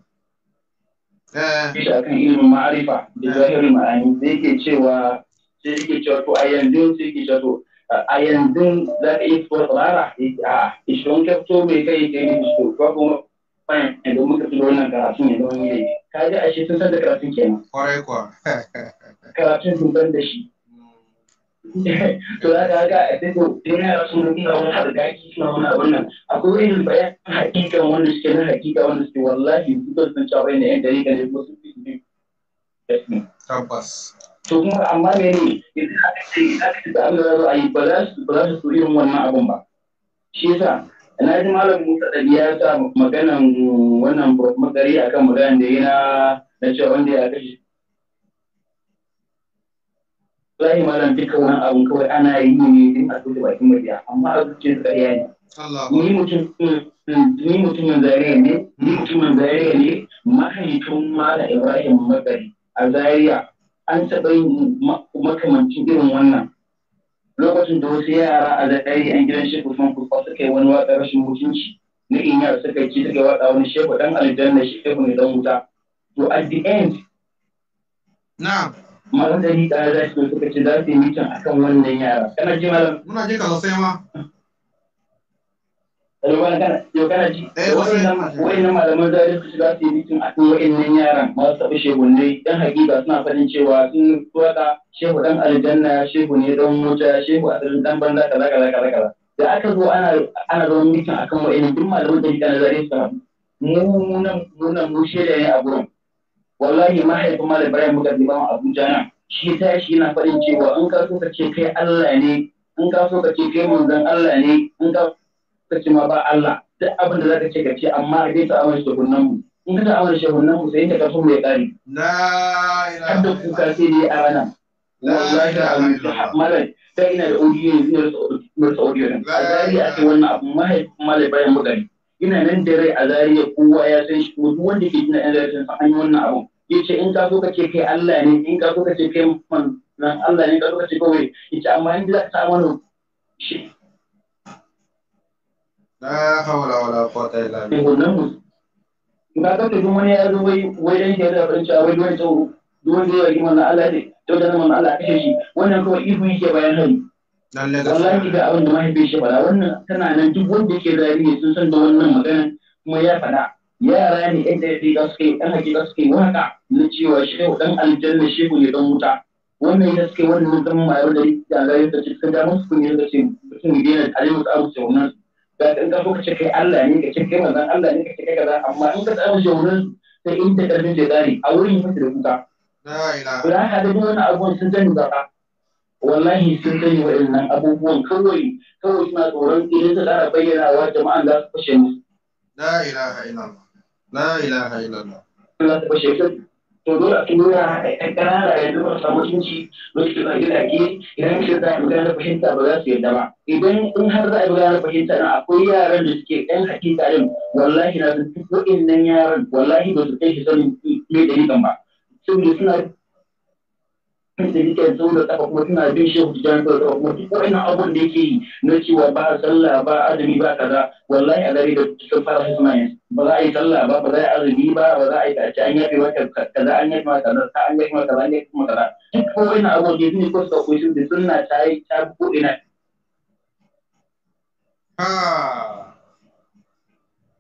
Bisa eh. kan ilimin ma'arifa da zahirin ma'ani sai yake cewa sai yake cewa to a yanzu sai yake cewa to a yanzu za ka iya tuwa tsara a ishirin kyafto mai kai kai ne su ba kuma bayan yanzu muka fi wannan karatun ne wani ne ka ji ashe sun san da karatun kenan kwarai kwa karatun sun san da shi to za ka ga a duk da yara sun nuna wani hargaki suna wani abin nan akwai irin bayan hakika wanda suke na hakika wanda suke wallahi dukkan sun cewa bayan da ne dare ne ko sun fi su tabbas to kuma amma me ne idan aka ce aka ce abin da za a yi ba za su ba za su so irin wannan abun ba shi yasa na ji malam Musa da ya sa maganan wannan magari akan maganan da yana na cewa wanda ya kashe wallahi malam duka wani abu kawai ana yi ne din a tuka bakin mabiya amma a zuciyar ƙarya ne ni mutum ni mutumin zariya ne ni mutumin zariya ne mahaifin malam Ibrahim Magari a Zariya an taɓa yin makamancin irin wannan lokacin da wasu yara a zaɗari an gidan shekwa fan kufa suka yi wani waƙa rashin mutunci na yara suka ci suka waƙa wani shehu dan aljanna shehu ne ɗan wuta to at the end na Malam dari ɗaya za su suka ce za su yi mitin akan wannan yara kana ji malam muna je ka sosai ma Ɗaliban kana, yau kana ji, eh, wa'in malaman zalunci za su yi bitin a kan wa'in yaran masu taɓa shehunai, ɗan hakika suna faɗin cewa sun tuwaɗa shehu ɗan aljanna, ya shehu ne ɗan wuta, shehu a tsirin ɗan banza kaza kaza kaza kaza. Da aka zo ana zama bikin a kan wa'in duk malaman da kana zalunci su haɗu. Mu nan mu nan mu shaida ne a gurin. Wallahi mahaifin Malam Ibrahim muka liman Abuja nan. Shi ta shi na faɗin cewa in ka so ka ce kai Allah ne, in ka so ka ce kai manzon Allah ne, in ka kace ma ba Allah duk abin da zaka ce ka ce amma a gaisa awon shehunan mu in ka awon shehunan mu sai ka kaso mai kari la ilaha da kuka sai dai a rana wallahi da malai sai ina da audio yanzu ina da audio nan a zari a ce wannan abu malai bayan mugari ina nan da rai a zariya kowa ya san shi duk wanda ke jina yan zariya san an yi wannan abu yace in ka so ka ce kai Allah ne in ka so ka ce kai man nan Allah ne ka so ka ce kawai yace amma in za ka samu shi la haula wala quwwata illa wannan ga ka duk wani ya zo wai wai dan ke da farin cewa wai dole to dole zai yi wannan Allah ne to da Allah kashe shi wannan kawai e ihu yake bayan hari wallahi ga abin da mahaifin shi fara wannan tana nan duk wanda yake ne sun san da wannan magana kuma ya faɗa yara ne yan dariƙa suka gaske. ɗan hakika suka waka na cewa ne ɗan aljanna shehu ne ɗan wuta wannan wannan da da zai ta cikin damar su ne da ce mutum a yau ta abu ce wannan da in ka so ka ce Allah ne ka ce kai manzon Allah ne ka ce kai kaza amma in ka tsaya jawurin sai in ta karfin da zari a wurin musu da kuka da haka da duk wani abubuwan sun sani ba wallahi sun sani waɗannan abubuwan kawai kawai suna tsoron idan su tsara bayyana wa jama'an za su fashe musu la ilaha illallah la ilaha illallah Allah ta fashe to dole a nuna ɗan ƙanana yanzu ba samu mutunci lokacin a gidaje idan shi za a yi gudanar fahimta ba za su yarda ba idan in har za a yi gudanar fahimta na akwai yaran da suke ɗan hakika ɗin wallahi na sun fi nan yaran wallahi ba su kai ɗari ba suna kan da rike sau da kafa kuma tana bin shehu tijjani sau da kafa kuma duk wa'annan abun da yake yi na cewa ba sallah ba azumi ba kaza wallahi a gare da sun fara su suna yin ba za a yi sallah ba ba za a yi azumi ba ba za a yi kaci an yafe maka kaza an yafe maka kaza ta an yafe maka kaza an yafe maka kaza duk wa'annan abun da yake ko suka koyi su da sunna ta yi ta buɗe na. Ah.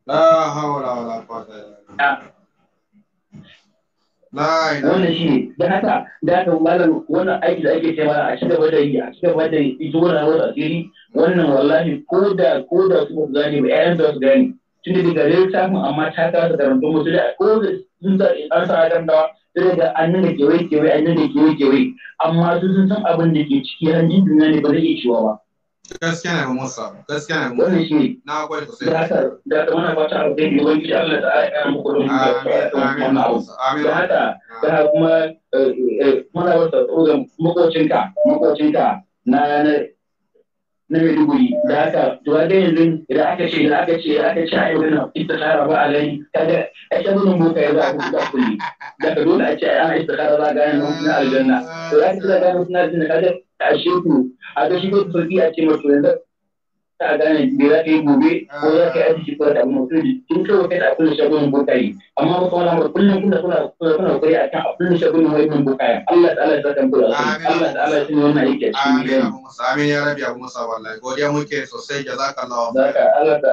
La hawla wala quwwata illa billah. Ah. wannan shi ne da haka da aka malam wannan aiki da ake cewa a cikin gaba yi a cikin gaba da ita wannan wani asiri wannan wallahi ko da ko da su ba gane ba ƴaƴan da su gane tunda daga zai samu amma ta kasa karantun musu da ko da sun sa an sa adam dawa, sai daga an nuna kewaye kewaye an nuna kewaye kewaye amma su sun san abin da ke ciki an jin duniya ne ba zai iya ciwa ba gaskiya ne musa gaskiya ne musa na gwai sosai da haka wani fata abu da yiwuwa ji Allah da aya kan muku don amin da haka da kuma eh, eh, eh, muna wata tsoron makocinka makocinka na na Maiduguri da haka to ga yanzu idan aka ce idan aka ce idan aka ce ai wannan istikhara ba alai kaga ai ta gudun boka ya za ku da kulli dole a ce ai istikhara za a nan na aljanna to ya ce da ga nan na aljanna kaga a sheku a ga shi zai sauki a ce masu yanzu ta gane me za ka yi gobe ko za ka yi aiki ko da abin mutum tun kawai kai da abin shagunan bukari amma ba kuma lamar kullum kuna kuna kuna kuri akan abin shagunan wa'ibin bukari Allah da Allah ya kula Allah da Allah shi ne wannan aiki a cikin gidan amin ya rabi abu musa wallahi godiya muke sosai jazakallahu zaka Allah da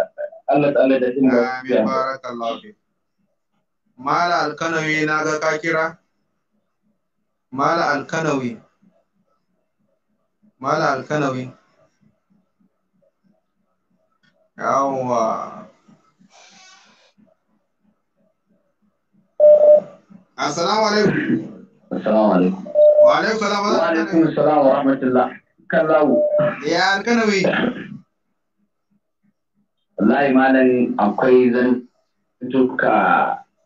Allah da Allah da jin amin barakallahu fi mala alkanawi na ga ka kira mala alkanawi Mala alkanawi. Yawwa. Assalamu alaikum. Assalamu alaikum. Wa alaikum salam. Wa alaikum salam wa rahmatullah. Kan Ya alkanawi. Wallahi malam akwai zan tuka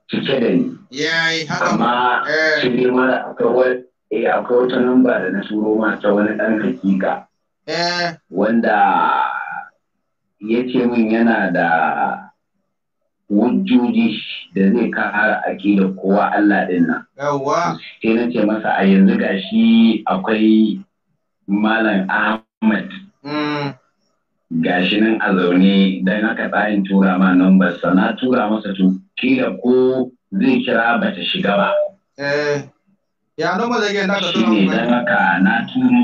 cike da ni. Yayi haka. Amma eh. shi ne mara akwai eh akwai wata mamba da na turo ma ta wani ɗan hakika eh. wanda ya ce min yana da wujjuji da zai kara da kowa Allah ɗin nan. Yawwa. Sai na ce masa a yanzu ga shi akwai Malam Ahmad. Mm. Ga shi nan a zaune don haka tsarin tura ma nambar na tura masa to kila ko zai kira bata shiga ba. Eh. ya nomba zai yana ka tura mu dan haka na turo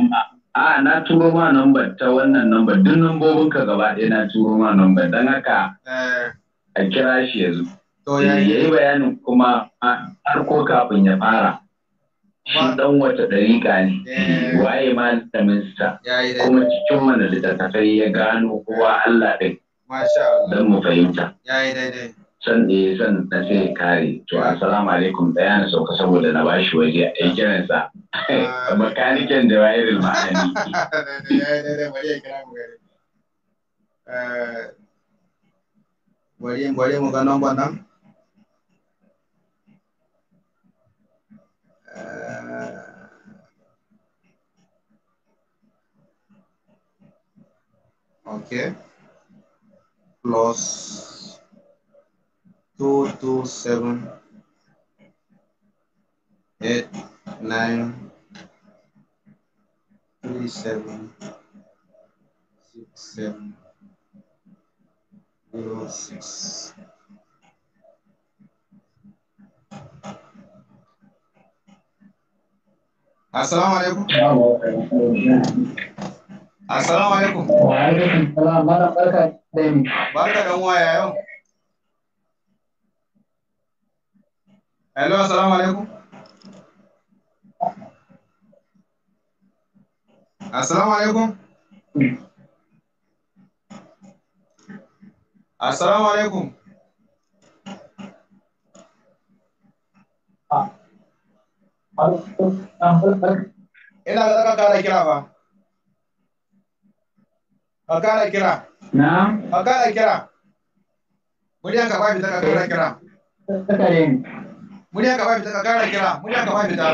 a na turo ma number ta wannan number duk nambobin ka gaba ɗaya na turo ma number dan haka eh. a kira shi yanzu to ya yi bayanin kuma harko kafin ya fara shi dan wata dariƙa ne eh. waye ma malamin sa kuma cikin mana littattafai ya gano kowa Allah ɗin don mu fahimta ya daidai san eh san na sai kare to assalamu alaikum da yana sauka saboda na bashi waje a kiran sa ah. makaniken da wayarul ma'ani eh, bari bari mu ga number nan eh, Okay. Plus two two seven eight nine three seven six seven zero six. Assalamu alaikum. Assalamu alaikum. Wa alaikum salam. Barka da mu. Barka Hello, assalamu alaikum. Assalamu alaikum. Assalamu alaikum. Ah. Ina da ka kara kira ba. Ka kara kira. Na? Ka kara kira. Muryar ka ba fita ka kara kira. Kare murya ka fita ka kara kira murya ka fita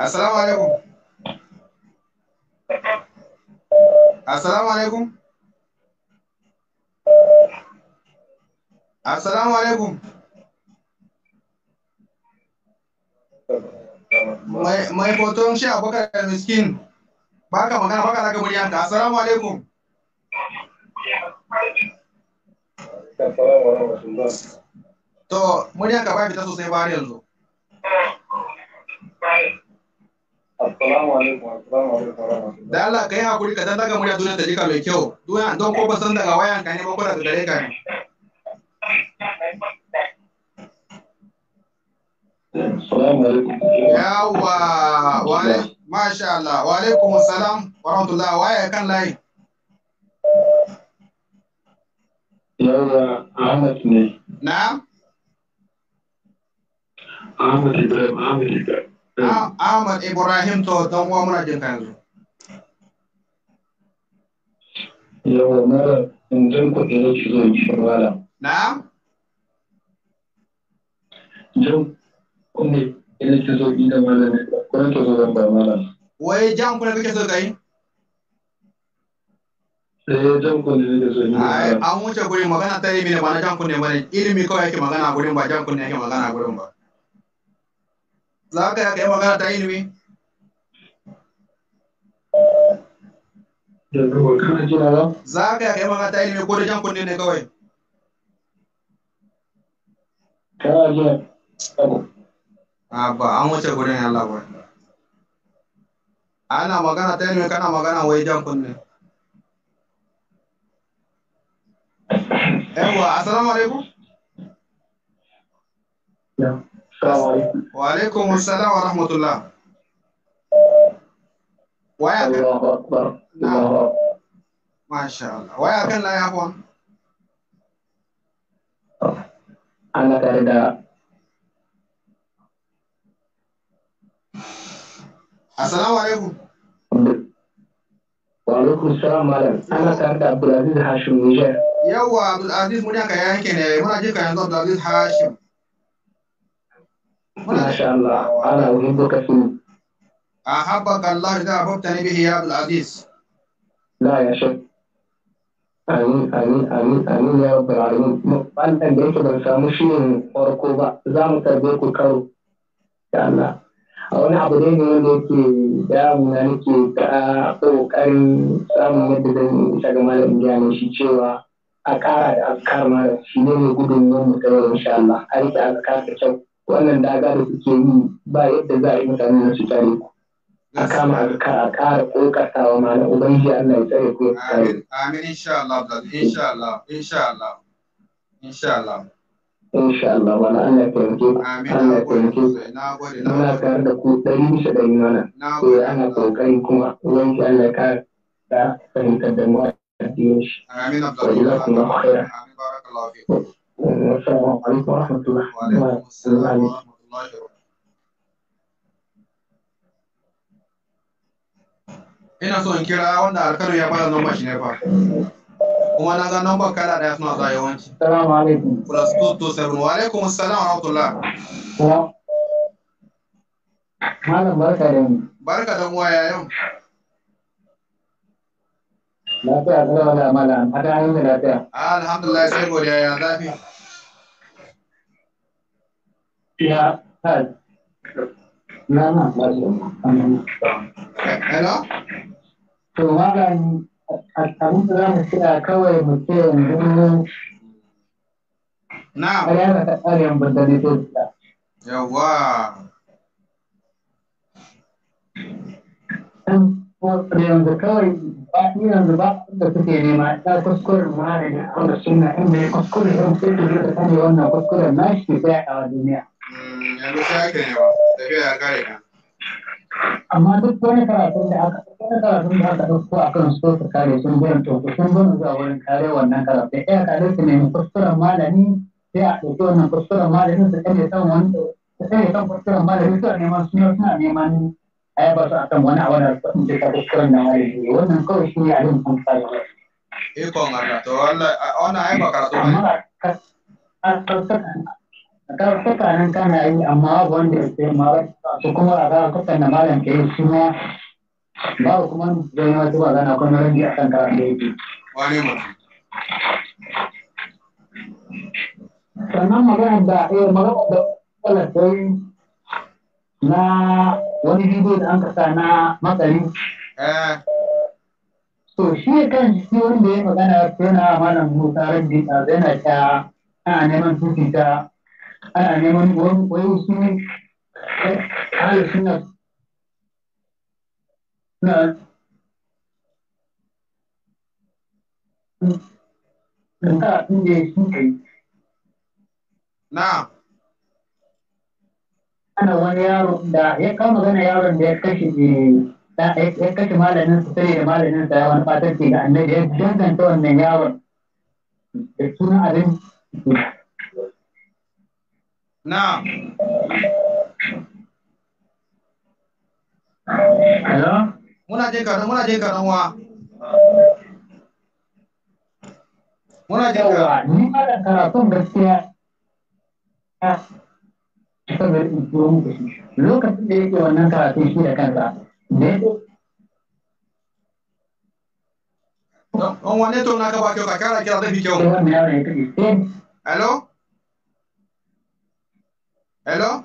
Assalamu alaikum. Assalamu alaikum. Assalamu alaikum. Mai foton shi abokan miskin. baka magana baka daga murya ta assalamu alaikum to murya ka ba fita sosai ba yanzu Assalamu alaikum, assalamu alaikum. Da Allah kai hakuri ka dan daga murya duniya ta jika mai kyau. Duniya don ko ba san daga wayan ka ne ba ko daga gare ka ne. Assalamu alaikum. Yawa, wa alaikum Masha Allah, wa alaikum salam wa rahmatullah wa ya kan layi. Yawwa Ahmad ne. Na? Ahmad Ibrahim, Ahmad Ibrahim. Ahmad Ibrahim to dan uwa muna jin ka yanzu. Yawwa mara indin kuɗi ne ki zo ki shirwala. Na? Jan kunne Ina ki zo inda malami kuran ta zo zan ba malam. Wai jan kuna kake so kai? Eh jan kunne ne da so ni. Ai an wuce gurin magana ta yi mene ba na jan kunne bane ilimi kawai yake magana gurin ba jan kunne yake magana gurin ba. Za ka yi magana ta ilimi? Za ka yi magana ta ilimi ko da jan kunne ne kawai? Ka Kana jin Ah, ba an wuce gurin Allah ba ana magana ta ilimi kana magana wai jan kunne yawa assalamu alaikum wa alaikum assalam wa rahmatullah waya kan na masha Allah waya kan la ya ana tare da Assalamu alaikum. Wa alaikum salam malam. Ana tare da Abdulaziz Hashim Niger. Yawwa Abdulaziz muna ka yanke ne muna jin ka yanzu Abdulaziz Hashim. Masha Allah, ana wurin bukatu. أحبك الله إذا أحببتني به يا عبد العزيز. لا يا شيخ. Amin, amin, amin, amin ya rabbal alamin. Wannan da yake ban samu shi ne farko ba, za mu tarbe ku karo. Ya Allah. wani abu ne da yake damu na nake ta kokarin samun yadda zan ga malam gane shi cewa a ƙara da azkar malam shi ne mai gudun yin in insha Allah a rike azkar da kyau wannan daga da suke yi ba yadda za a yi mutane su tare ku a kama azkar a ƙara ƙoƙartawa malam ubangiji Allah ya tsare ku ya tsare. Amin insha Allah insha Allah insha Allah insha Allah. insha Allah wani ana taimake muna tare da ku ɗari bisa ɗari wannan to eh, ana kokari kuma ubangiji Allah ya kara da fahimtar da mu addinin shi amin abdullahi khairan barakallahu fikum assalamu alaikum warahmatullahi wabarakatuh ina so in kira wannan alkarin ya bada number shi ne fa kuma na ga number kala daya suna zuwa yawanci Salamu alaikum plus 227 wa alaikum wa rahmatullah malam barka da mu barka da mu ya yau lafiya ta wala malam hada an yi lafiya ah, alhamdulillah sai godiya ya zafi ya hal na na hello to malam abin da za mu kira kawai mu ce yanzu na ƙarya da ƙaryan bandane to yawa yanzu kawai ba ni yanzu ba da suke nema ta kuskure ma ne da wanda suna inda ya kuskure yan sai ku da kane wannan kuskuren nashi sai a duniya yanzu sai aka nema tafiya ya kare ka amma duk wani karatun da aka wani karatun da aka ɗauko a kan so su kare sun gurin to sun gurin zuwa wurin kare wannan karatun ɗaya kare su nemi kuskuren malami sai a ɗauki wannan kuskuren malami su kare san wani su kare san kuskuren malami suna neman suna suna neman a ba su akan wani a wannan in ce ka kuskuren na malami wannan kawai shi ne abin sun kare ikon Allah to wannan ai ba karatu ba karfuka nan kana yi amma babu wanda ya sai ba su kuma a karfukan da malam ke yi shi ma babu kuma da yi wasu magana kuma rage a kan karatu da yake. sannan magana da eh magana da wala sai na wani bidiyo da an kasa na matsari So eh. shi kan shi wanda ya magana yana malam musa rabbi a zai na ta ana neman tuti ta ana neman wani sun hali suna na da ya sun kai na ana wani yaro da ya kama gana yaron da ya kashe ya malamin sai da malamin sa ya wani fatar ke da annabi ya danganta wannan yaron da sunan abin نعم Hello? Muna jin ka, muna jin ka dan wa. Muna jin ka. Ni ma da karatun gaskiya. Lokacin da yake wannan karatun shi da kansa. Dan wane to na ka ba kyau ka kara kira da bi kyau. Hello? Hello?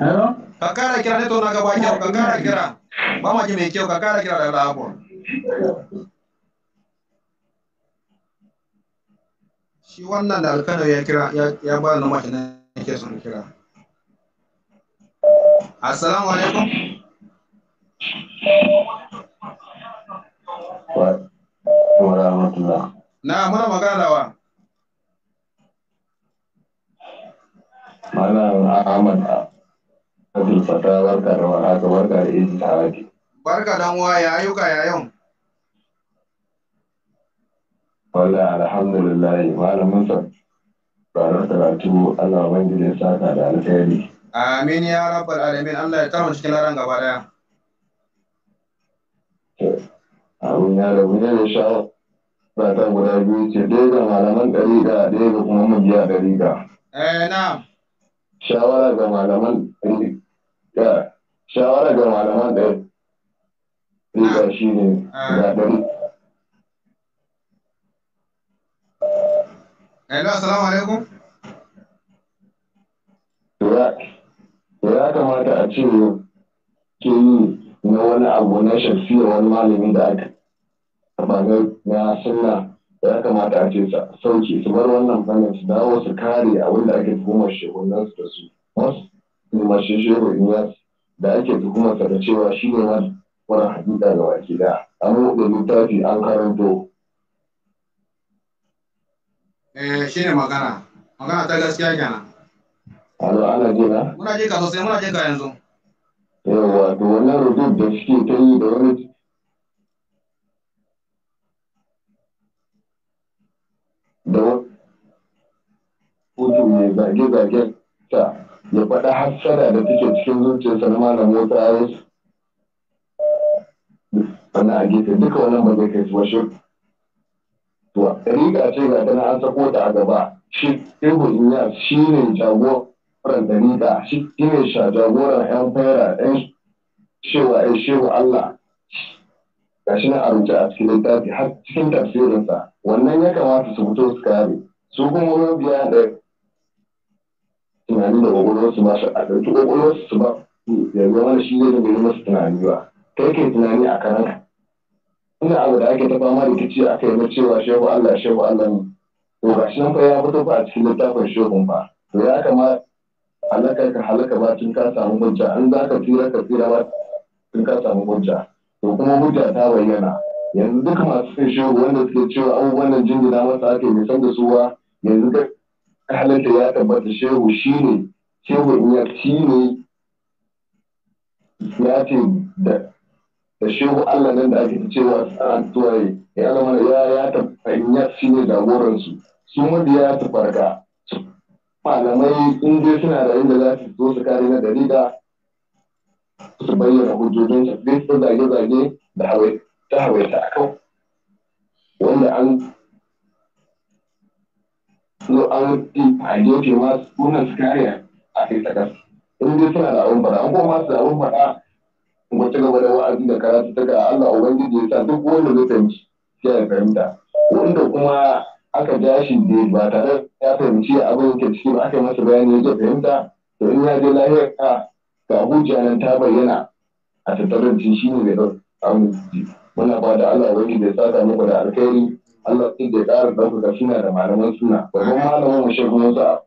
Hello? Ka kara kira ne to na gaba kyau, ka kara kira. Ba ma ji mai kyau, ka kara kira daga abu. Shi wannan da alkano ya kira, ya ba na mashi na yake son kira. Assalamu alaikum. Wa rahmatullah. Na muna magana wa. Malam Ahmad ah. Abdul Fatah barka da barka da Barka dan uwa ya ayyuka ya yau. Wala alhamdulillah malam Musa da karatu Allah ubangiji ya saka da alkhairi. Amin ya rabbal alamin Allah ya tarmu cikin laran gaba daya. Amin ya rabu ne insha ba ta guda biyu ce ɗaya ga malaman ɗariƙa ɗaya ga kuma mabiya ɗariƙa. Eh na'am. shawara ga malaman da shawara ga malaman da riga shi ne zaɓen Hello, assalamu alaikum. Ya kamata a ce ke yi na wani abu na shafi wani malami da aka ba na sunna ya kamata a ce su sauke su bar wannan fannin su dawo su kare abin da ake tuhumar shehunan su da su masu mashin shehu inyas da ake tuhumar sa da cewa shi ne wani wani hakika ga waki da an buɗe littafi an karanto. eh shi ne magana magana ta gaskiya kenan. alo ana gina? muna je ka sosai muna je ka yanzu. yawwa to wannan rubut da suke ta yi da wani zage-zagen ta ya faɗa hassada da take cikin zuciyarsa na malam Musa Ayes wannan a gefe duka wannan ba zai kai su washe to riga ce ga tana an sako ta a gaba shi Ibu Inyas shi ne jagoran dariƙa shi ne jagoran 'yan fara 'yan shewa ya shewa Allah ga shi na a rubuce a cikin littafi har cikin tafsirinsa wannan ya kamata su fito su kare su kuma biya da tunani da gwagwarwar su masu a ɗauki gwagwarwar su ba yanzu zama shi zai zama masu tunani ba kai ke tunani a kanan ina abu da ake ta fama da kici a kai na cewa shehu Allah shehu Allah ne to ga shi nan fa ya fito ba a cikin littafin shehun ba to ya kama halaka ka halaka ba tun ka samu hujja an za ka tsira ka tsira ba tun ka samu hujja to kuma hujja ta bayyana yanzu duka masu fin shehu wanda suke cewa abubuwan nan jingina masa ake nisan da suwa yanzu halatta ya tabbata shehu shi ne shehu ya ci ne ya ce da shehu Allah nan da ake cewa an ah, tuwaye ya alama ya ya tabbata ya ci ne jagoransu su wanda ya tabbata malamai in dai suna da inda za su zo su kare na da su bayyana hujjojinsu duk su zage-zage da hawaita kan wanda an su um, an a gefe ma sunan su kare a kai takas in dai suna da abin faɗa an kuma masu da abin faɗa mu ci gaba da wa'azi da karatu ta ga Allah ubangiji ya sa duk wanda zai fahimci ya fahimta wanda kuma aka ja shi ne ba tare ya fahimci abin yake ciki ba aka yi masa bayani ya fahimta to in ya je lahiyar ka ga hujja nan ta bayyana a tattalin da shi ne mai ɗauka muna ba da Allah ubangiji ya sa muku da alkhairi Allah sun da ya ƙara ɗaukaka suna da malaman suna babban malamin mu shi kuma sa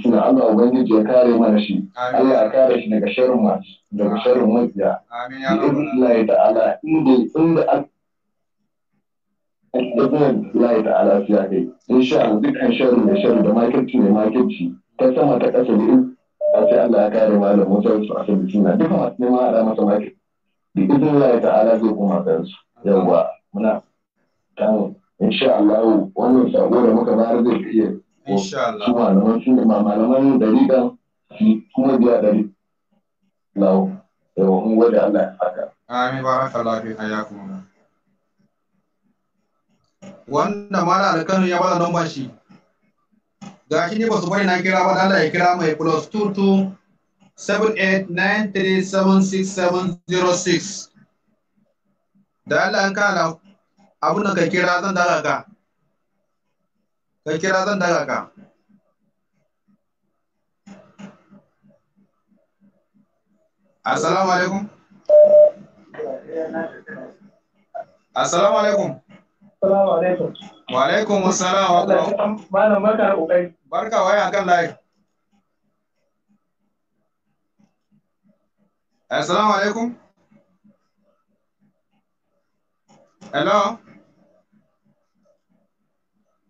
suna Allah ubangiji ya kare mana shi Allah ya kare shi daga sharrin masu daga sharrin mabiya amin ya ta'ala inda inda an ibn Allah ta'ala ya kai insha Allah dukkan sharri da sharri da makirci ne makirci ta sama ta ƙasa ne sai Allah ya kare malamin sai su asali suna duka masu neman a masa makirci bi idin Allah ta'ala zai koma kansu yawwa muna tamu sha Allah wannan sako da muka bayar zai iya insha malaman su ne malaman kuma biya dari lau da mun gode Allah haka amin barakallahu fi hayakum wanda mala alkanu ya bada nomba shi shi ne ba su bari na kira ba Allah ya kira mai plus 22 7893766706 da Allah an kala abin da ka kira zan daga ka ka kira zan daga ka assalamu alaikum assalamu alaikum assalamu alaikum wa alaikum assalam malam barka barka waya kan live assalamu alaikum hello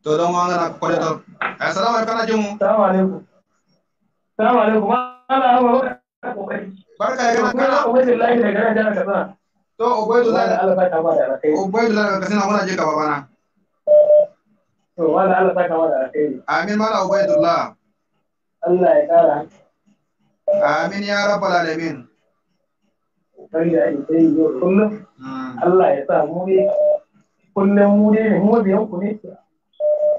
to don wanga na kwale to assalamu alaikum alaikum assalamu alaikum ya barka da kana kana ubaidullahi da garin jihar Katsina to ubaidullahi da Allah ta bada alkai ubaidullahi da Katsina muna je ka babana to wala Allah ta kama da alkai amin mala ubaidullah Allah ya kara amin ya rabbal alamin kariya hmm. Allah ya sa mu ne kullum mu ne mu biyan ku ne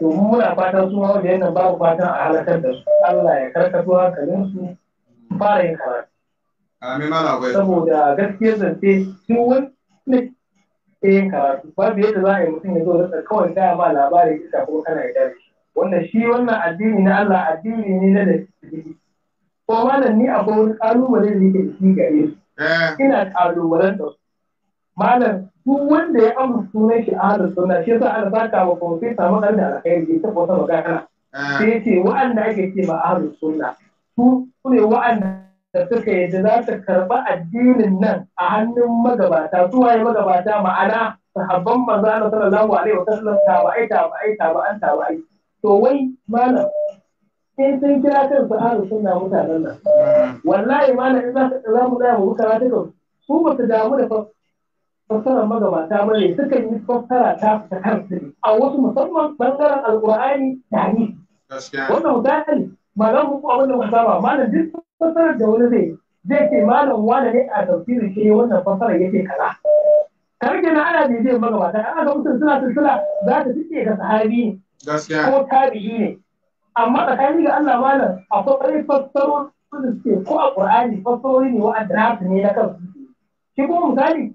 to mu muna fatan su mabiyan nan babu fatan a halakar da su Allah ya karkato hankalin su fara yin karatu amin mala bai saboda gaskiyar zance shi wani yin karatu babu yadda za a yi mutum ya zo da kawai gaya ma labari ita ko kana ya dare wanda shi wannan addini na Allah addini ne na da ko malam ni akwai wani kalubale da yake da shi gare su eh. ina kalubalen da su malam duk wanda ya amsa sunan shi a hadar sunna shi yasa ana saka wa samun masar da alkhairi ya taɓa wata magana ah. sai ya ce wa'anda ake ce ma a hadar sunna su ne wa'anda da suka yadda za ta karɓi addinin nan a hannun magabata su waye magabata ma'ana sahabban manzo Allah sallallahu alaihi wasallam tabi'ai tabi'ai tabi'an tabi'ai to wai malam sai sun kira kan su ahlus sunna mutanen nan hmm. wallahi malam in za ka za mu za mu karatu su ba su damu da fassarar magabata ba ne suka yi fassara ta fita kansu ne a wasu musamman bangaren alkur'ani tari wannan misali malam ku abin da kusa ba malam duk fassarar da wani zai zai ce malam wani ne a tafsirin shi wannan fassarar yake kaza kar ke na ana ne zai magabata ana ga mutum suna silsila za ta fice ga sahabi ne ko tabi'i ne amma tsakani ga Allah malam akwai suke ko a Qur'ani fassarori ne wa'anda ne na kansu shi kuma misali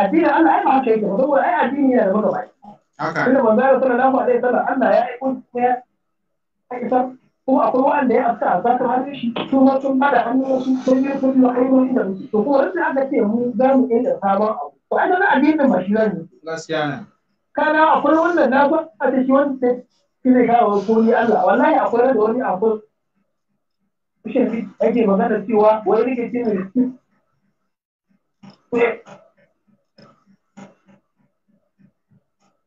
addinin Allah ai ba haka yake saboda ai addini yana da magaba haka inda manzo Allah sallallahu alaihi wasallam Allah ya yi aiko ya aika kuma akwai wanda ya afta za ta hannun shi su ma sun bada hannun su sun yi sun yi hanyoyin da muke to kuma wanda aka ce mu za mu da sabon abu to ai dan addinin ba shi zan gaskiya ne kana akwai wannan na ba a ta shi wanda shi ne gawa ko ni Allah wallahi akwai da wani abu shi ake magana cewa wai rikici ne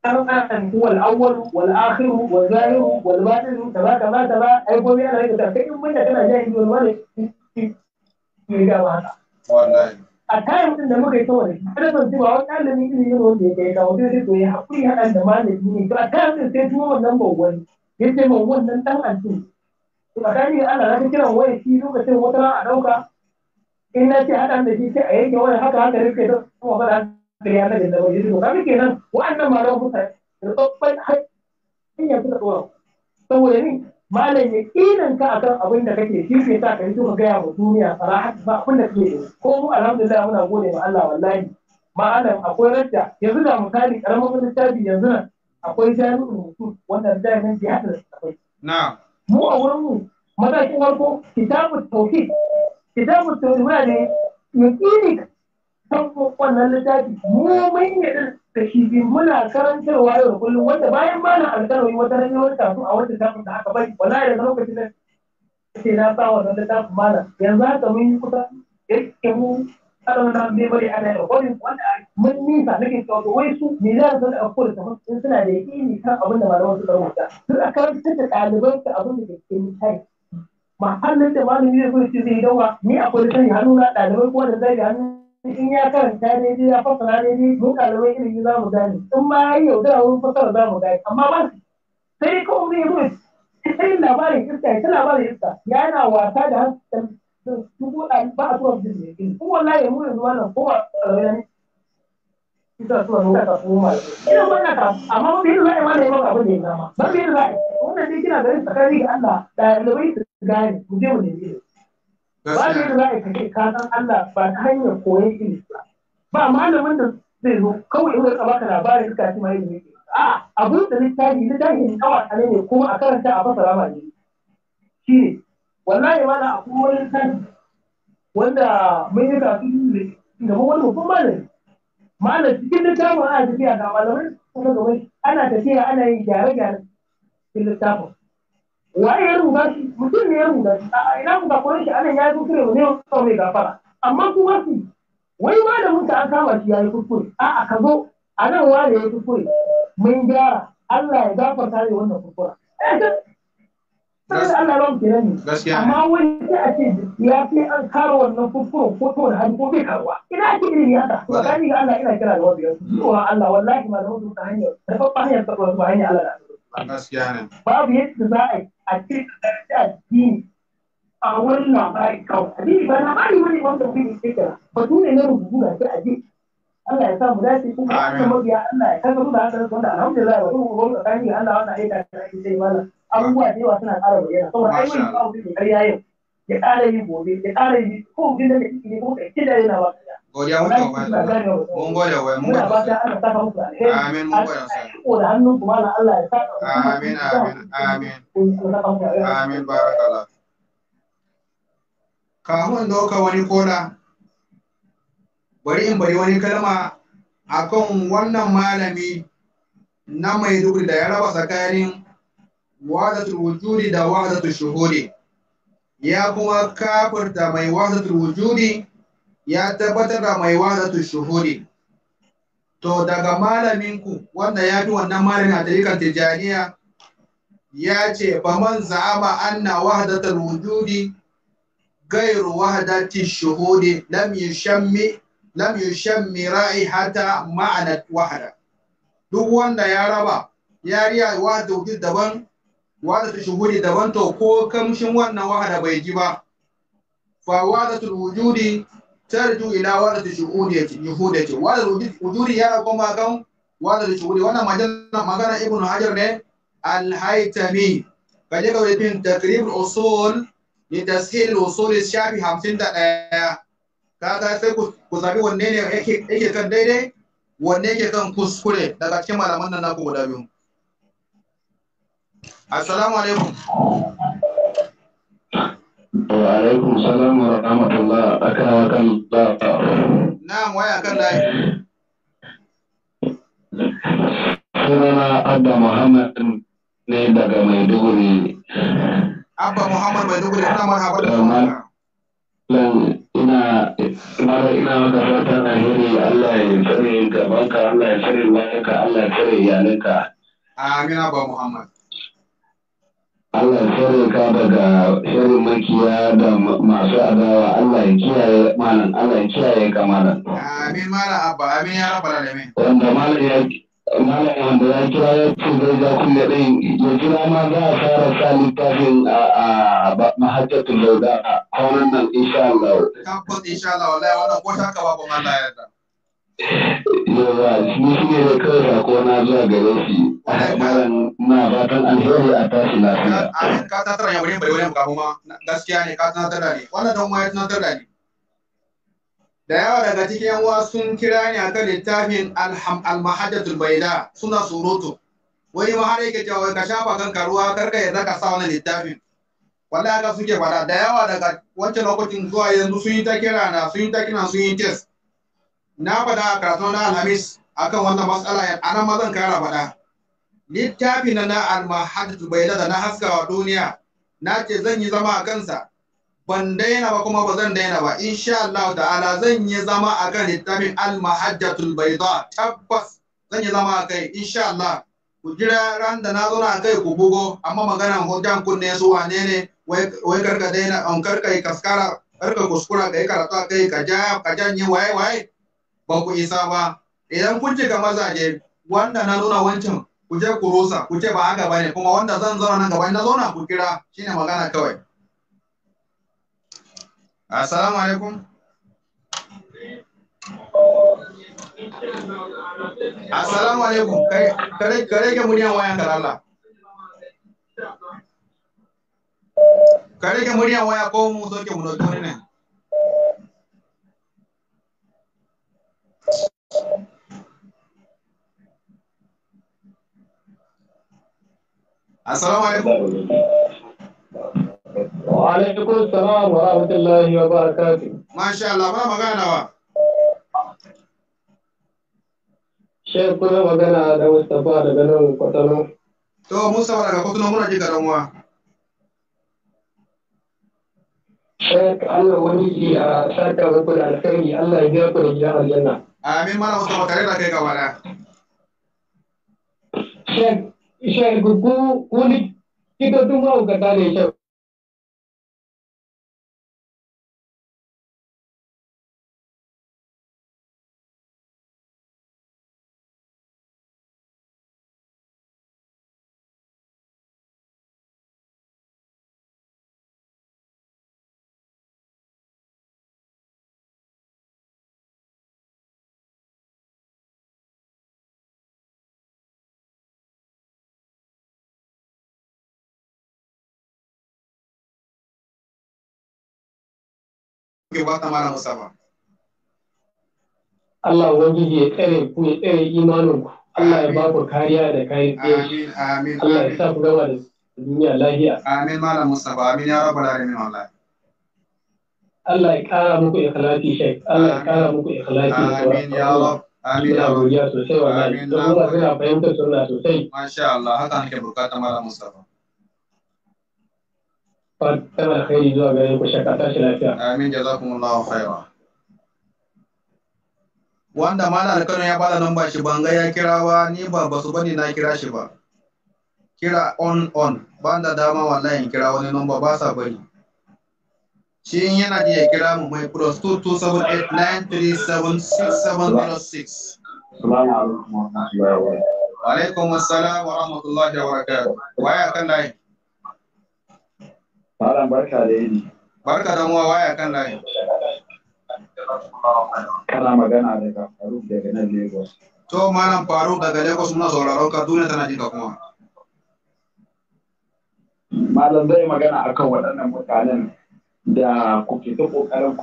an huwa al-awwal wal akhir wal zahir wal batin kaza kaza kaza ai ko mai Allah ya kai in banda kana jahili wal wala ki ga ba a kayan din da muka yi ta wani kada san ba wani ɗalibin ilimi wani da ya kai kawo sai sai to ya hakuri haɗa da malami ne to a kayan din sai tuwo wannan bawwani ya ce ma wannan ɗan antu to a kayan din Allah zaka kiran waya shi lokacin wata a ɗauka in na ce haɗa da shi sai a yanke waya haka haka rike ta kuma faɗa ya na da wani ba kaga kenan wa'annan malaman kuka rubabban hanyar suka tsora saboda ni malam ya kinan ka a kan abin da kake shi ke sa ka yi to gaya ma duniya sarahat ba abin da kake ko mu alhamdulillah muna gode ma Allah wallahi ma'anar akwai rajja yanzu da misali karamin littafi yanzu nan akwai jami'in mutum wannan jami'in ya haɗa hada akwai mu a wurin mu matakin farko kitabut tauhid kitabut tauhid muna da yaqini farko wannan littafi mu mun yi da shi biyu. muna karantarwa yau da kullum wanda bayan ba na alƙalami wata ran yawan tafi a wata tafi da aka bari wala da lokacin da ce na sa wannan littafin mana yanzu haka mun yi kusa yake mu tsaron na bai bari ana yi wani wanda mun nisa nake cewa wai su me za su da akwai da in suna da yaƙini kan abin da malaman suka rubuta duk a karantar da ɗaliban su abin da ke cikin littafi mahallin da malami zai zo ce zai yi dawa ni akwai littafi hannuna ɗalibai ko da zai hannu in ya karanta daidai ya fassara daidai mu ɗalibai ilimi za mu gane in ma ya yi yaudara wurin fassara za mu gane amma ba su sai ko zai zo sai labarin iska ya labarin iska Ya yana wasa da hankali dubu ba a tuwar jirgin ilimi kuma wallahi mu zuwa nan kowa ɗalibai ne ita suwa nuna ka kuma malu ina ba na ka amma ba biyu za'a wanda ya maka abin da ya zama ba biyu za'a wannan ne kina ganin tsakani ga Allah da ɗalibai su gane mu je mu nemi ba ne da za a kake kasan Allah ba ta hanyar koyon ilimi ba ba malamin da zai zo kawai in ka baka labarin suka ci mai ilimi a abin da littafi na ne kawai a ne kuma a karanta a fasara ma ne shi ne wallahi ma na akwai wani littafi wanda mun yi kafin ilimi gaban wani babban malami malam cikin littafin ana tafiya ga malamai kuma gaban ana tafiya ana yin gyare-gyare cikin littafin waye ya ruga shi mutum ne ya ruga shi a ina kuka kore shi anan ya yi kuskure ba zai mai gafara amma ku wasu wai malamin ka an kama shi ya yi kuskure a'a ka zo a nan wani ya yi kuskure mun gyara Allah ya gafarta ne wannan kuskure eh, saboda Allah ran kenan ne amma wani sai a ce ya fi an karo wannan kuskure ko to da hannu ko bai karuwa ina ake irin ya ta ba ga Allah ina kira da wani wanda ya Allah wallahi ma mutu ta hanyar da babban hanyar ta hanyar Allah babu yadda za a ce a addini a wani labari kawai addini ba labari wani wanda wani ne da batu ne na rubutu na ce addini Allah ya sa mu dace kuma ya mabiya Allah ya kasa da haka wanda alhamdulillah wa kuma gobe tsakani Allah wannan aika da ake sai mala abubuwa da yawa suna ƙara bayyana saboda ai wani abu ne har yau, ya ƙara yin gobe ya ƙara yi ko gidan da kike ko kai da yana ba godiya muka mun gode wai mun gode amin mun gode sa amin amin amin amin barakallah kafin doka wani kola bari in bari wani kalma akan wannan malami na mai dubri da ya raba tsakanin wahdatul wujudi da wahdatul shuhudi ya kuma kafirta mai wahdatul wujudi ya tabbatar da mai wazatu shuhuri to daga malaminku wanda ya fi wannan malamin a tarikan tijaniya ya ce ba man za'ama anna wahdatul wujudi gairu wahdati shuhuri lam yushammi lam yushammi ra'ihata ma'ana wahda duk wanda ya raba ya riya wahdatul wujud daban ta shuhuri daban to ko kamshin wannan wahda bai ji ba fa wahdatul wujudi tarju ila wadatu shuhudiyati yuhudati wadatu ya ko ma kan wadatu shuhudi wannan magana magana ibn hajar ne al-haytami kaje ka wajen takrib usul ni tashil usul shafi 51 kaga sai ku ku zabi wanne ne yake yake kan daidai wanne yake kan kuskure daga cikin malaman nan na ku guda biyu assalamu alaikum Wa alaikum salam wa rahmatullah akan Na'am waya kan layi. Sunana Abba Muhammad ne daga Maiduguri. Abba Muhammad Maiduguri ina mara ina maka Allah ya tsare Allah ya tsare bayanka Allah ya tsare iyalinka. Amin Abba Muhammad. Allah ya sarrafa ka daga shirin makiya da masu adawa Allah ya kiyaye malam Allah ya kiyaye ka malam amin malam abba amin ya rabbal alamin wanda malam ya malam wanda ya kira ya ce zai ga kulle din ya kira ma za a fara sa littafin a mahajjatul lauda kwanan nan insha Allah tabbas insha Allah wallahi wannan ko shaka babu Allah ya Yawa, ni shi ne kawai sako na zuwa gare shi. Malam na fatan an alheri a tashi lafiya. Ka tattara ya wurin bai wurin gamu ma gaskiya ne ka tattara ne. Wannan don wani tattara ne. Da yawa daga cikin yan uwa sun kira ni akan littafin Al-Mahaddatul Baida suna surutu. Wani ma har yake cewa ka shafa kanka ruwa karka ya ka sa wani littafin. Wallahi haka suke fada da yawa daga wancan lokacin zuwa yanzu sun yi ta kira na sun yi ta kira sun yi test. na faɗa a karatu na alhamis akan wannan matsala a nan ma zan kara faɗa littafi na na almahadatu bai da na haskawa duniya na ce zan yi zama a kansa ban daina ba kuma ba zan daina ba insha Allah ta'ala zan yi zama a kan littafin almahaddatul bayda tabbas zan yi zama a kai insha Allah ku jira ran da na zauna a kai ku bugo amma maganan hujjan kunne su wane ne wai karka daina an um, karka kaskara karka kuskura kai karatu a kai ka ja ka janye waye waye ba ku isa ba idan kun ga mazaje wanda na nuna wancan ku je ku rusa ku ce ba haka bane kuma wanda zan zauna nan gaba na zauna ku kira shine magana kawai assalamu alaikum assalamu alaikum kare kare ke muryan wayan ka Allah kare ke muryan waya ko mu soke mu dauki ne Assalamu alaikum. Wa alaikum salam wa rahmatullahi wa barakatuh. Masha Allah ba maganawa. Shek kuna magana da Mustapha daga nan Kwatano. To Mustapha daga Kwatano muna ji karan wa. Shek Allah wani ji a saka muku da alkhairi Allah ya biya ku da gidan aljanna. Amin mara Mustapha tare da kai gaba da. Shek, shek, ku wani kitattun ma'aukata ne shek. kuke ba mara musa ba Allah ubangiji ya tsare ku ya tsare imanin ku Allah ya ba ku kariya da kayan tsaye amin Allah ya sa ku gama da duniya lahiya. amin musa ba amin ya wallahi Allah ya kara muku ikhlasi shai. Allah ya kara muku ikhlasi amin ya rab amin ya sosai wallahi don kuma suna fahimtar suna sosai masha Allah haka bukata malam musa fatan alkhairi zuwa gare ku tashi lafiya amin jazakumullahu khaira wanda Malam Kano ya bada lamba shi banga ya kira ba ni ba basu bani na kira shi ba kira on on banda dama wallahi in kira wani lamba ba sa bari shi in yana ji ya kira mu mai plus 22789376706 Assalamu alaikum wa rahmatullahi wa barakatuh. Waya kan layi? Malam barka da yini. Barka da muwa waya kan layin. Kana magana daga Faruk daga nan Lagos. To Malam Faruk daga Lagos muna sauraron ka duniya tana jin ka kuma. Malam zai magana akan waɗannan mutanen da kuke ta ƙoƙarin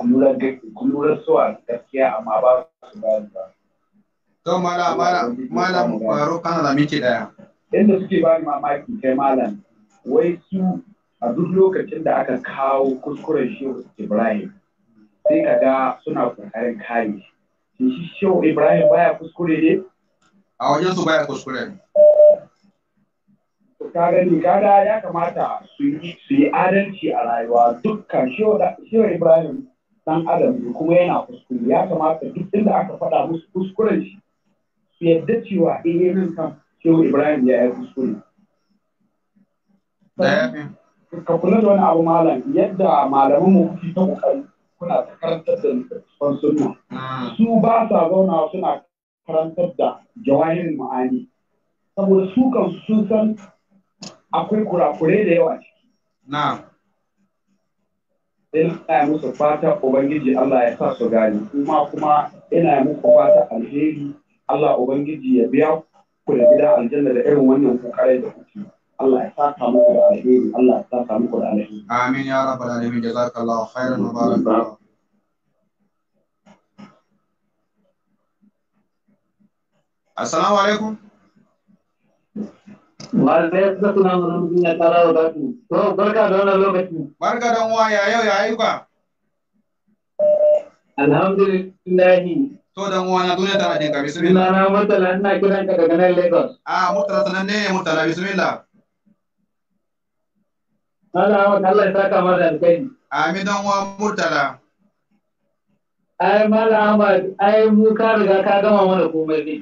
kulurar suwa gaskiya amma ba su gani ba. To Malam Malam Faruk kana da miki daya. Yadda suke ba mamaki kai Malam wai su a duk lokacin da aka kawo kuskuren shehu ibrahim sai ka ga suna kokarin kare shi shi shehu ibrahim baya kuskure ne a wajen su baya kuskure ne ka gani ya kamata su yi su yi adalci a rayuwa dukkan shehu ibrahim dan adam kuma yana kuskure ya kamata duk inda aka faɗa musu kuskuren shi su yadda cewa eh nan kan shehu ibrahim ya yi kuskure ka kula da wani abu malam yadda malaman mu kuke ta kokari kuna ta karantar da littattafan sunna su ba sa zauna suna karantar da jawahirin ma'ani saboda su kansu sun san akwai kurakure da yawa ciki na'am ina musu fata ubangiji Allah ya sa su gani kuma kuma ina muku fata alheri Allah ubangiji ya biya ku da gida aljanna da irin wannan kokarai da ku Allah ya saka muku da alheri Allah ya saka muku da alheri amin ya rabbal alamin jazakallahu khairan wa barakallahu Assalamu alaikum. Oh, barka da wannan lokaci. Barka da uwa ya yau ya ayyuka. Alhamdulillah. To dan uwa na duniya tana jinka bismillah. Ina na mutala ina kiran ka daga nan Lagos. Ah mutala sanan ne mutala bismillah. Allah Allah ya saka mara alkhairi. Amin dan wa murtala. Ai Mala Ahmad, ai mu ka riga ka gama mana komai ne.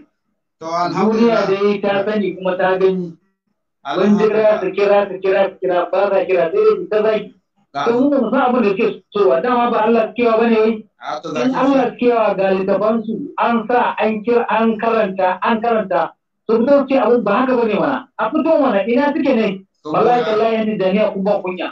To alhamdulillah. Duniya dai ta sani kuma ta gani. Mun jira ta kira ta kira ta kira ba ta kira sai dai ta zagi. To mu ba san abin da suke sowa dama ba Allah kewa bane wai. In Allah kewa ga littafan su an sa an kira an karanta an karanta. Su fito ce abin ba haka bane mana. A fito mana ina suke ne. ya tallahi yanzu jami'a kun kuma kunya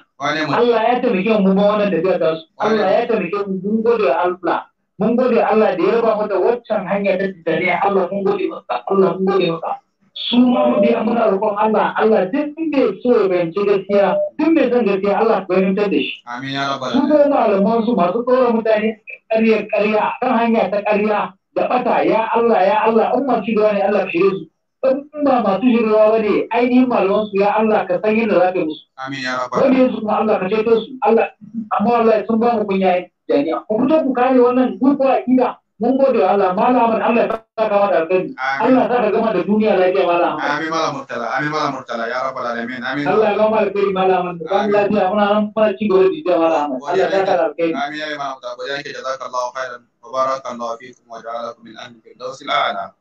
Allah ya taimake mu ba wannan tafiya ta su Allah ya taimake mu mun gode Allah mun gode Allah da ya ba mu da waccan hanya ta jami'a Allah mun gode masa Allah mun gode masa su ma mu biya muna roƙon Allah Allah duk inda so ya bayyance gaskiya duk mai son gaskiya Allah ya fahimtar da shi amin ya rabbal da su malaman su masu tsoron mutane ƙarya ƙarya kan hanya ta ƙarya da bata ya Allah ya Allah umma ci da wani Allah shirye su in ba masu shirya ba ne ainihin malaman su ya Allah ka san yadda za ka musu. Amin ya rabba. Wani yanzu ma Allah ka ceto su Allah amma Allah sun ba mu kunya jami'a. Ku fito ku kare wannan gurbu a kida mun gode wa Allah malam Allah ya saka wa da alƙali. Allah ya saka gama da duniya lafiya malam. Amin malam Murtala amin malam Murtala ya rabbal alamin amin. Allah ya gama alƙali malam kan lafiya muna nan muna ci gaba da jiya malam. Allah ya saka alƙali. Amin ya malam Murtala ya ke jazakallahu khairan wa barakallahu fikum wa ja'alakum min ahli al-firdaus al-a'la.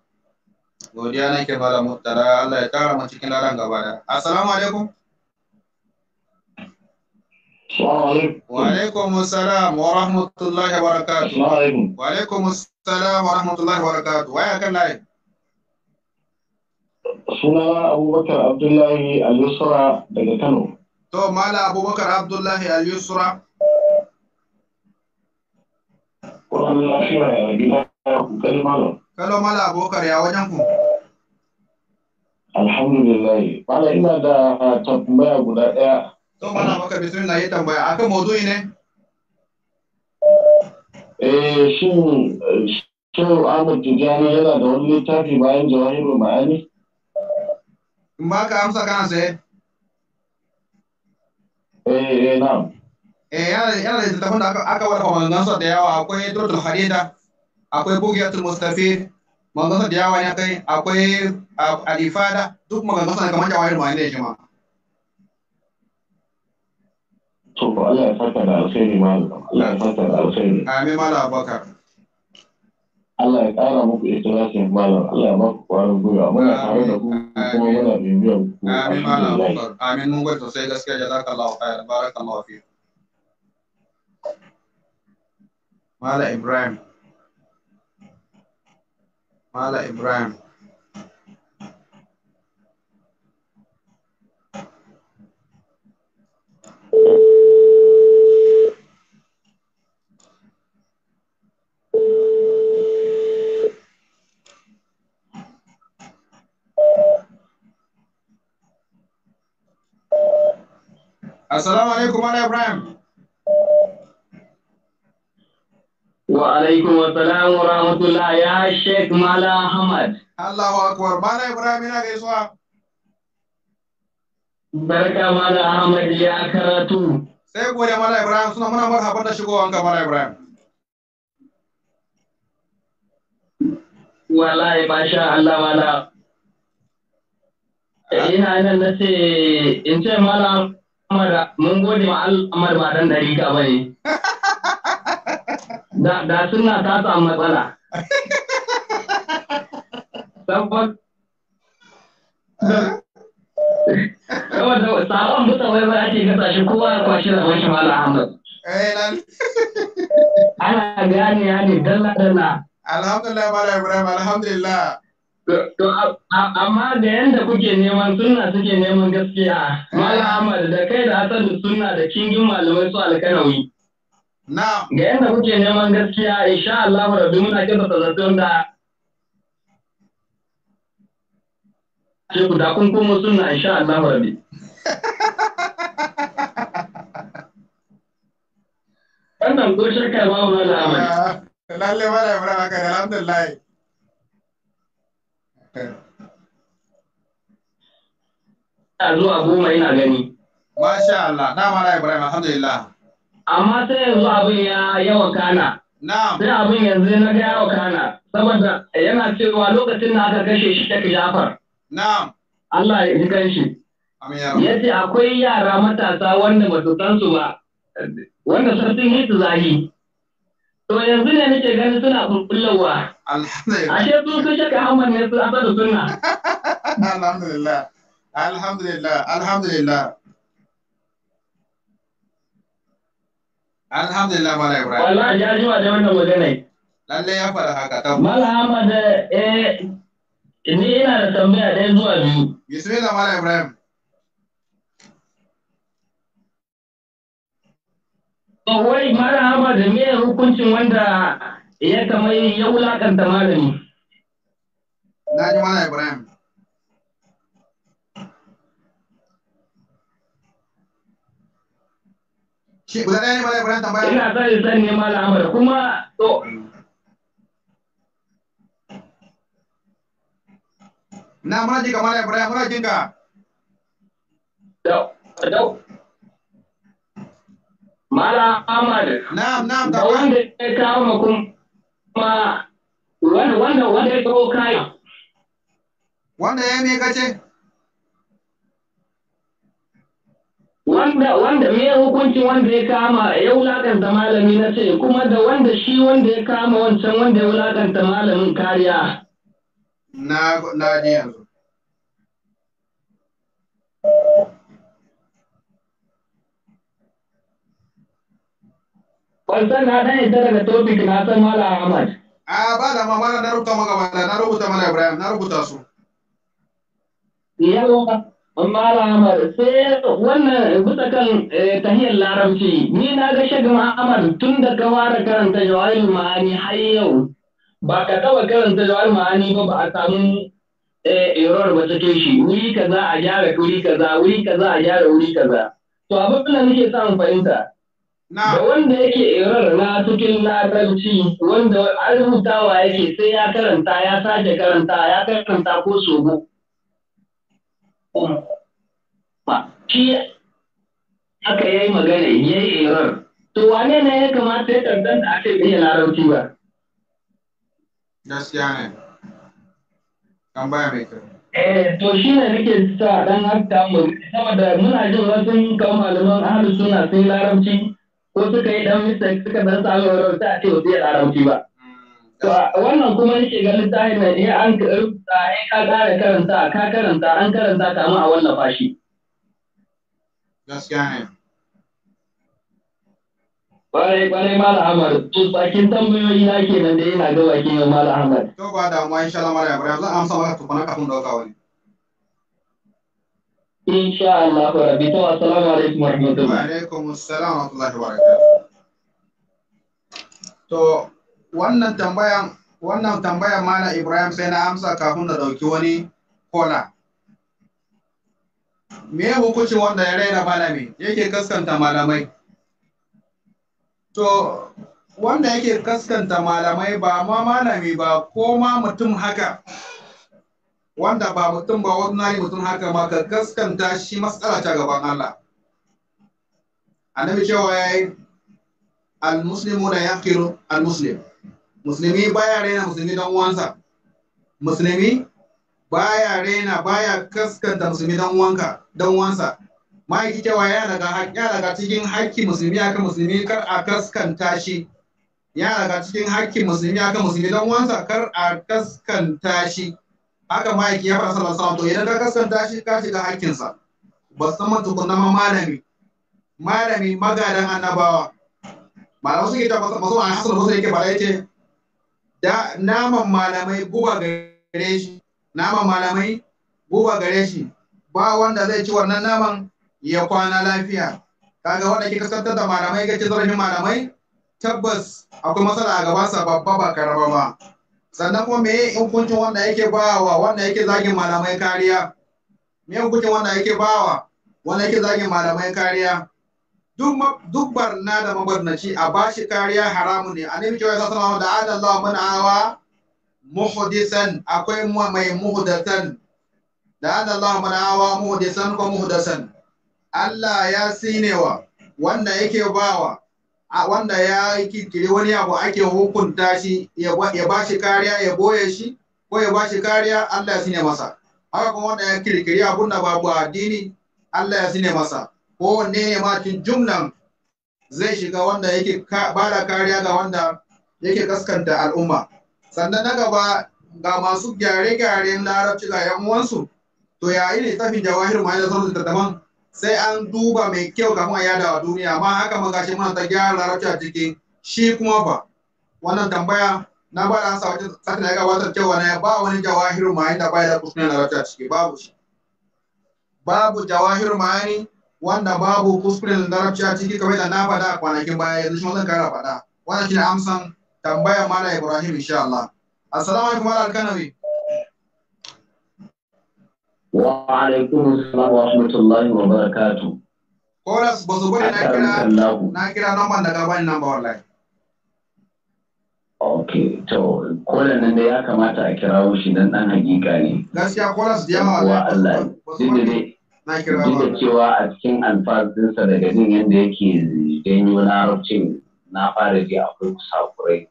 godiya nake bala muttara Allah ya kara mu cikin laran gaba da assalamu alaikum wa alaikum assalam wa rahmatullahi wa barakatuh wa alaikum assalam wa rahmatullahi wa barakatuh waya kan layi suna abubakar abdullahi al-yusra daga kano to mala abubakar abdullahi al-yusra Kalo mala abokar ya wajen ku. Alhamdulillah. Bala ina da tambaya guda ɗaya. To bala maka na yi tambaya akan maudu'i ne? Eh shin Shehu Ahmad Tijjani yana da wani littafi bayan Jawahirul Ma'ani? In ba ka amsa kan sai? Eh eh na'am. Eh yana da littafin da aka aka wallafa wannan sa da yawa akwai Durdul Farida akwai Bugiyatul Mustafid manzansa da yawa ne kai akwai alifada duk magangansa ne kamar jawahir ma'ani ne shi ma. To Allah ya saka da alkhairi ma Allah ya saka da alkhairi. Amin malam Abubakar. Allah ya kara muku ikhlasin malam Allah ya ba ku ƙwarin gwiwa muna tare da ku kuma muna bibiyar ku. Amin malam Abubakar amin mun gwada sosai gaskiya jazakallahu khair barakallahu fiik. Malam Ibrahim. Mala Ibrahim. Assalamu alaikum Mala Ibrahim. Wa alaikum wa salam wa ya Sheikh Mala Ahmad. Allahu akbar. Mala Ibrahim ina gaisuwa. Barka Mala Ahmad ya karatu. Sai gode Mala Ibrahim suna muna marhaban da shigowanka Mala Ibrahim. Wallahi masha Allah Ina nan na in ce Mala mun gode ma Ahmad ba dan dariƙa bane. da da suna ta samu matsala saboda sabon mutane ba ake gasa shi kowa ya kwashe da wani mala ahmad eh, ana gane ya ne dalla dalla alhamdulillah mala ibrahim alhamdulillah To, amma da yadda kuke neman sunna suke neman gaskiya, Mala Ahmad da kai da Hassan sunna da kingin malamai su alkanawi. Ga yadda kuke neman gaskiya, insha Allah rabbi muna kira ta zaton da ce ku da kun komo sunna insha Allah rabbi. [LAUGHS] Wannan ko shirka ba mu da amal. Lalle ba da ibra haka alhamdulillah. Ina zuwa goma ina gani. Masha Allah, na mara Ibrahim alhamdulillah. amma sai yanzu abin ya yawa kana sai abin yanzu na ga yawa kana saboda yana cewa lokacin da aka kashe shi ta Jafar Allah ya ji kanshi ya ce akwai yara matasa wanda ba su san su ba wanda sun yi su zahi to yanzu ne nake ganin suna kulkullawa ashe su sun shaka hamman ne su asadu sunna [LAUGHS] alhamdulillah alhamdulillah alhamdulillah Alhamdulillah Mala Ibrahim. Wallahi ya jima da wannan magana. Lalle ya fara haka tabbas. Mala Ahmad eh ni ina da tambaya ɗaya zuwa biyu. Bismillah Mala Ibrahim. Wai Mala Ahmad me hukuncin wanda ya kamar ya wulakanta malami? Na ji Mana Ibrahim. Shi guda ɗaya ne ba zai tambaya. Ina zai zan ne malam Ahmad kuma to Na muna jinka mana Ibrahim muna jinka. Dau, dau. Malam Ahmad. Na'am, na'am, da wanda ya kawo mu kuma wanda wanda wanda ya kawo kaya. Wanda ya me kace? wanda wanda me hukuncin wanda ya kama ya wulakanta malami na ce kuma da wanda shi wanda ya kama wancan wanda ya wulakanta malamin kariya na na ji yanzu Kwanson na ɗan ita daga topic na san Mala Ahmad. A ba da mamara na rubuta maka na rubuta Mala Ibrahim na rubuta su. Yawa. Malamar sai wannan bisa kan eh, tahiyar larabci ni na ga shagin Ahmad tun da ka fara karanta jawahir ma'ani har yau ba ka taba karanta jawahir ma'ani ba ba a samu eh, error ba cikin shi wuri kaza a gyara wuri kaza wuri kaza a gyara wuri kaza to abin da nake samun fahimta da wanda yake error na cikin larabci wanda rubutawa yake sai ya karanta ya sake karanta ya karanta ko sobo shi aka yi magana ya yi error to wane ne ya kamata ya da aka yi larabci ba gaskiya ne an baya mai kyau Eh, to shi ne nake sa dan haka mu saboda muna jin wasu kan malaman ahlus sunna sun larabci ko suka yi dan mistake suka dan samu error sai a ce ba zai larabci ba wannan kuma nake ga littafin da ya an rubuta ya ka kare karanta ka karanta an karanta mu a wannan fashi. Gaskiya ne. bare bare Mala amar Ahmad, bakin tambayoyi na kenan da yana ga bakin Mala amar To ba da mu insha Allah Mala Ibrahim zan amsa maka tukuna kafin dauka wani. Insha Allah ko Rabbi to assalamu alaikum warahmatullahi. Wa alaikum assalam wa rahmatullahi wa barakatuh. To wannan tambayan wannan tambayan mana Ibrahim sai na amsa kafin da dauki wani kola me hukuncin wanda ya raina malami yake kaskanta malamai to wanda yake kaskanta malamai ba ma malami ba ko ma mutum haka wanda ba mutum ba wani mutum haka ma ka kaskanta shi matsala ta gaban Allah annabi cewa yi al-muslimu na yaqiru al-muslim musulmi baya raina musulmi dan uwansa musulmi baya raina baya kaskanta musulmi dan uwanka dan uwansa ma'aiki cewa ya daga ya daga cikin hakki musulmi akan musulmi kar a kaskanta shi ya daga cikin hakki musulmi akan musulmi dan uwansa kar a kaskanta shi haka ma'aiki ya fara sallallahu alaihi wasallam idan ka kaskanta shi ka shiga hakkinsa ba san man tukunna ma malami malami magadan annabawa malamu suke ta ba masu an hasu hasan musu yake fara yake da naman malamai guba gare shi naman malamai guba gare shi ba wanda zai ci wannan naman ya kwana lafiya kaga wanda kika santar da malamai ga zarafin malamai tabbas akwai matsala a sa babba ba karama ba sannan kuma me hukuncin wanda yake bawa wanda yake zagin malamai kariya me hukuncin wanda yake bawa wanda yake zagin malamai kariya duk barna da mabarnaci a bashi kariya haramu ne annabi cewa sallallahu da adallahu man awa muhdisan akwai mai muhdatan da adallahu man awa muhdisan ko muhdasan Allah ya sinewa wanda yake bawa a wanda ya kirkiri wani abu ake hukunta shi ya ba shi kariya ya boye shi ko ya ba shi kariya Allah ya sine masa haka kuma wanda ya kirkiri abun da babu addini Allah ya sine masa ko ne ma cin jumlan zai shiga wanda yake bada kariya ga wanda yake kaskanta al'umma sannan na gaba ga masu gyare-gyaren larabci ga yan uwansu to ya ne tafin jawahir ma da sauran tattaman sai an duba mai kyau kafin a yada wa duniya amma haka mun gashi muna ta gyara larabci a ciki shi kuma ba wannan tambaya na ba da ansa wajen sakin ya gabatar cewa na ba wani jawahir ma da ya da kusurin larabci a ciki babu shi babu jawahir ma'ani wanda babu kuskuren larabci a ciki kamar da na faɗa kwanakin baya yanzu shi zan kara faɗa wannan ne amsan tambayar mala ibrahim insha Allah assalamu alaikum mala alkanawi wa alaikum assalam wa rahmatullahi wa barakatuh Kolas ba su na kira na kira ban daga bani ba wallahi Ok, to, kola nan da ya kamata a kirawo shi nan dan hakika ne. Gaskiya kolas da yawa. Wa Allah, duk da dai duk da cewa a cikin alfazinsa daga jin yadda yake janyo larabcin na fara ji akwai kusakurai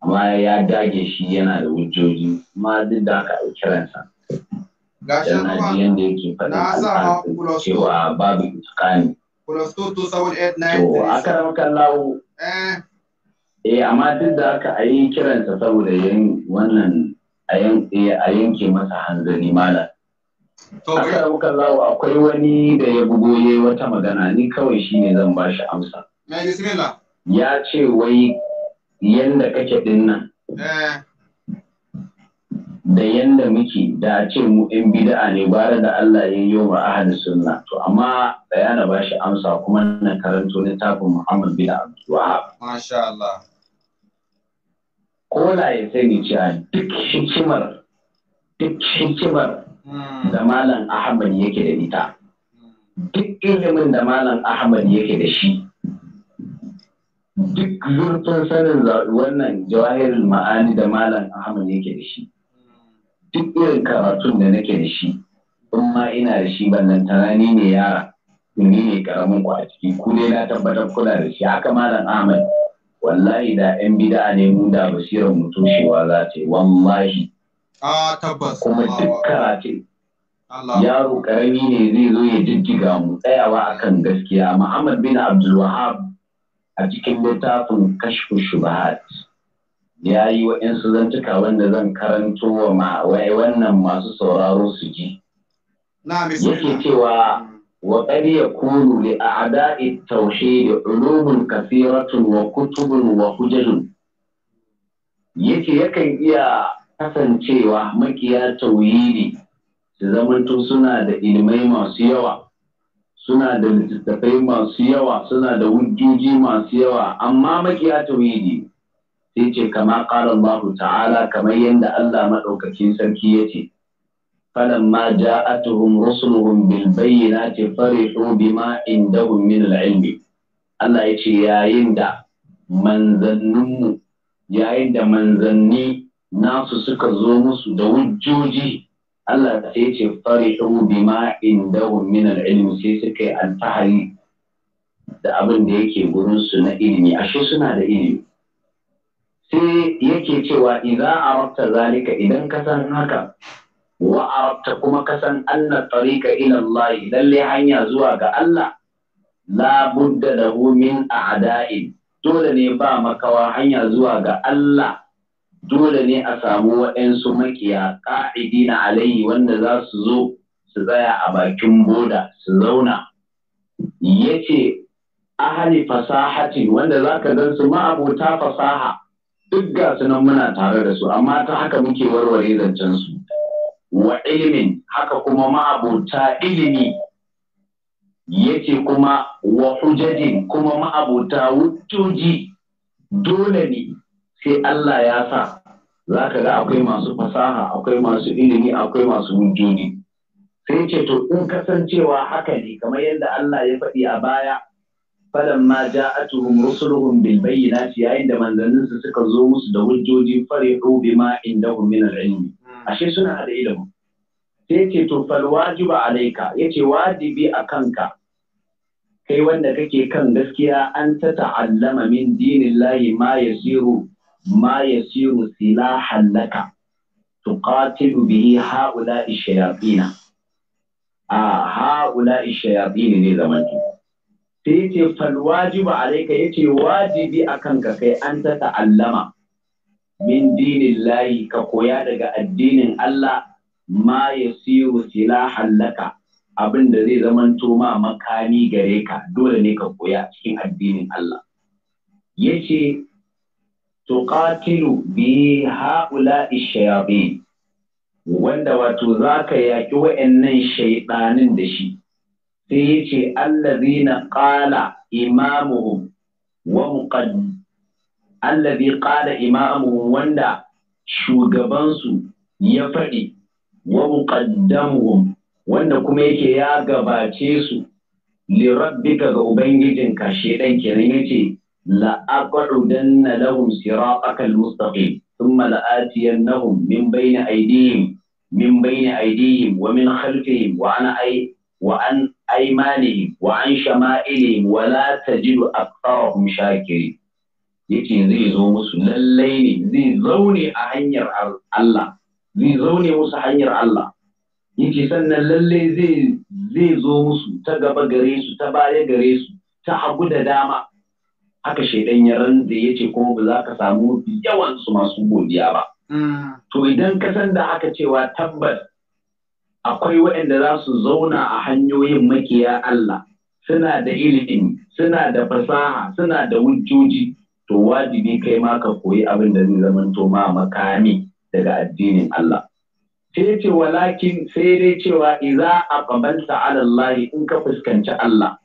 amma ya dage shi yana da hujjoji amma duk da aka yi kiransa yana ji yadda yake faɗin alfazin cewa babu itikani to aka ramka lawo eh. eh amma duk da aka yi kiransa saboda yin wannan eh, a yanke masa hanzari malam Aka muka lawa akwai wani da ya bugo ya wata magana ni kawai shi ne zan bashi amsa. Ya ce wai yanda kake din nan. Eh. Da yanda muke da a ce mu ɗin bida'a ne bara da Allah ya yi wa ahli sunna. To amma bayana ba bashi amsa kuma na karanto littafin Muhammad bin Abdul Masha Allah. Kola ya sani cewa duk hikimar duk hikimar Hmm. da Malam Ahmad yake da ita. Duk ilimin da Malam Ahmad yake da shi, duk zurfin sanin wannan jawahirin ma'ani da Malam Ahmad yake da shi, duk irin karatun da nake da shi, in ma ina da shi ballantana ni ne yara, ni ne karamin ku a ciki, ku ne na tabbatar kula da shi, haka Malam Ahmad. Wallahi da 'yan bida'a ne mu da basirar mu za ta yi, wallahi A tabbas. Kuma dukkan ce. Yaro ƙarami ne zai zo ya jijjiga mu tsayawa akan gaskiya. Muhammad bin Abdulwahab a cikin littafin kashfu shubahat ya yi waɗansu zantuka wanda zan karanto wa wannan masu sauraro su ji. Yake cewa wa qad yakunu li ada at da ulumun kasiratun wa kutubun wa hujajun yake yakan iya kasancewa makiya tauhidi su zamanto suna da ilimai masu yawa suna da littattafai masu yawa suna da wujjoji masu yawa amma makiya tauhidi sai ce kama ƙara Allah ta'ala kamar yadda Allah maɗaukakin sarki ya ce فلما جاءتهم رسلهم بالبينات فرحوا بما عندهم من العلم Allah ya ce yayin da manzanninmu yayin da manzanni nasu suka zo musu da wujjoji Allah ta sai ce farihu bima indahum min al sai suka yi alfahari da abin da yake gurin su na ilimi ashe suna da ilimi sai yake cewa a rabta zalika idan ka san haka wa arabta kuma ka san anna tariqa ila Allah lalle hanya zuwa ga Allah la budda lahu min a'da'in dole ne ba makawa hanya zuwa ga Allah dole ne a samu waɗansu makiya ƙa'idi na alayhi wanda za su zo su tsaya a bakin boda su zauna ya ce ahali fasahatin wanda za ka gan su ma'abota fasaha duk ga nan muna tare da su amma ta haka muke warware zancen su wa ilimin haka kuma ma'abota ilimi yace kuma wa hujajin kuma ma'abota hujjoji dole ne sai Allah ya sa za ka ga akwai masu fasaha akwai masu ilimi akwai masu hujjoji sai ce to in kasancewa haka ne kamar yadda Allah ya faɗi a baya falan ma ja'atuhum rusuluhum bil bayyinati yayin da manzanninsu suka zo musu da hujjoji farihu bima indahum min al hmm. ashe suna da ilimi sai ce to fal wajiba alayka yace wajibi a kanka kai wanda kake kan gaskiya an ta ta'allama min dinillahi ma yasiru ma yasiru silahan laka tuqatilu bihi haula'i shayatina a haula'i shayatin ne zamanto sai yace fal wajibu alayka yace wajibi akan ka kai an ta ta'allama min dinillahi ka koya daga addinin Allah ma yasiru silahan laka abin da zai zamanto ma makami gareka, dole ne ka koya cikin addinin Allah yace tuqatilu bi haula shayabi wanda wato zaka yaki wa'annan shaiɗanin da shi sai yace allazina qala imamuhum wa muqaddam allazi qala wanda shugabansu ya faɗi wa muqaddamuhum wanda kuma yake ya gabace su lirabbika ga ubangijinka shedan kenan yace لأقعدن لهم صراطك المستقيم ثم لآتينهم من بين أيديهم من بين أيديهم ومن خلفهم وعن أي وعن أيمانهم وعن شمائلهم ولا تجد أكثرهم شاكرين yake zai zo musu lallai ne zai zaune a hanyar Allah zai zaune musu hanyar Allah yake sannan lallai zai zo musu ta gaba gare su ta baya gare su ta hagu da dama haka shaidan ya ya ce kuma ba za ka samu yawan su masu godiya ba. To idan ka san da aka cewa tabbas akwai waɗanda za su zauna a hanyoyin makiya Allah suna da ilimi suna da fasaha suna da hujjoji to wajibi kai ma ka koyi abin da zai zama ma makami daga addinin Allah. Sai ce walakin sai dai cewa idza aqbalta ala Allah in ka fuskanci Allah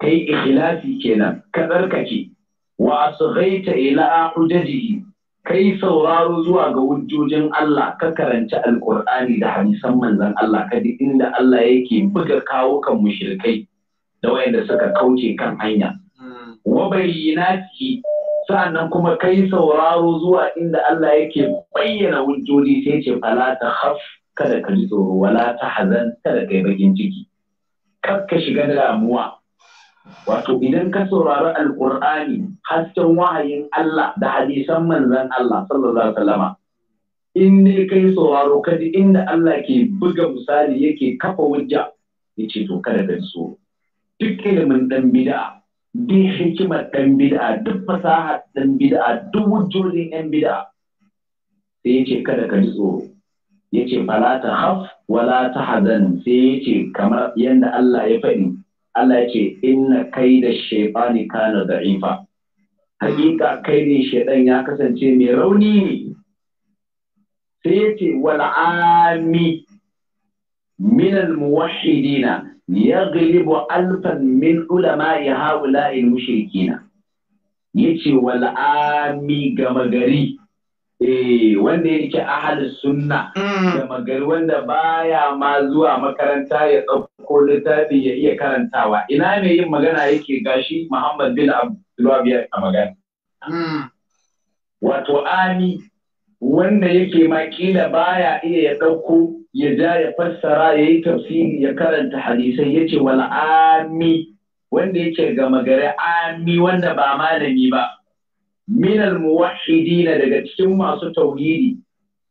kai ikhlasi kenan ka tsarkake wa asghaita ila hujajihi kai sauraro zuwa ga hujjojin Allah ka karanci Alƙur'ani da hadisan manzon Allah ka duk inda Allah yake buga kawo kan mushrikai da wayanda suka kauce kan hanya hmm. wa bayyinati sa'annan kuma kai sauraro zuwa inda Allah yake bayyana hujjoji sai ce fala ta khaf kada ka ji tsoro wala ta hazan kada kai bakin ciki kar ka shiga damuwa Wato idan ka saurari Alƙur'ani hasken wahayin Allah da hadisan manzan Allah sallallahu alaihi wasallama in ne kai sauraro kaji inda Allah ke buga misali yake kafa Ya ce to kada ka so duk ilimin dan bid'a duk hikimar dan bid'a duk fasahar dan bid'a duk wujudin yan bid'a sai ce kada ka ji tsoro yace fala ta haf wala ta hazan sai ce kamar yadda Allah ya faɗi Allah ce inna kai da shaifani kana da'ifa hakika kai ne shaidan ya kasance mai rauni ne sai ya ce wal'ami minal muwahidina ya galibu alfan min ulama ya haula in mushrikina ya ce wal'ami gama gari eh wanda yake ahalin sunna mm. da magari wanda baya ma zuwa makaranta ya ɗauko littafi ya iya karantawa ina mai yin magana yake gashi Muhammad bin Abdulwahab ya a magana mm. wato ami wanda yake ma kila baya iya ya ɗauko ya ja ya fassara ya yi tafsiri ya karanta hadisai ya ce wal ami wanda yake gama gari ami wanda ba malami ba minal muwahhidina daga cikin masu tauhidi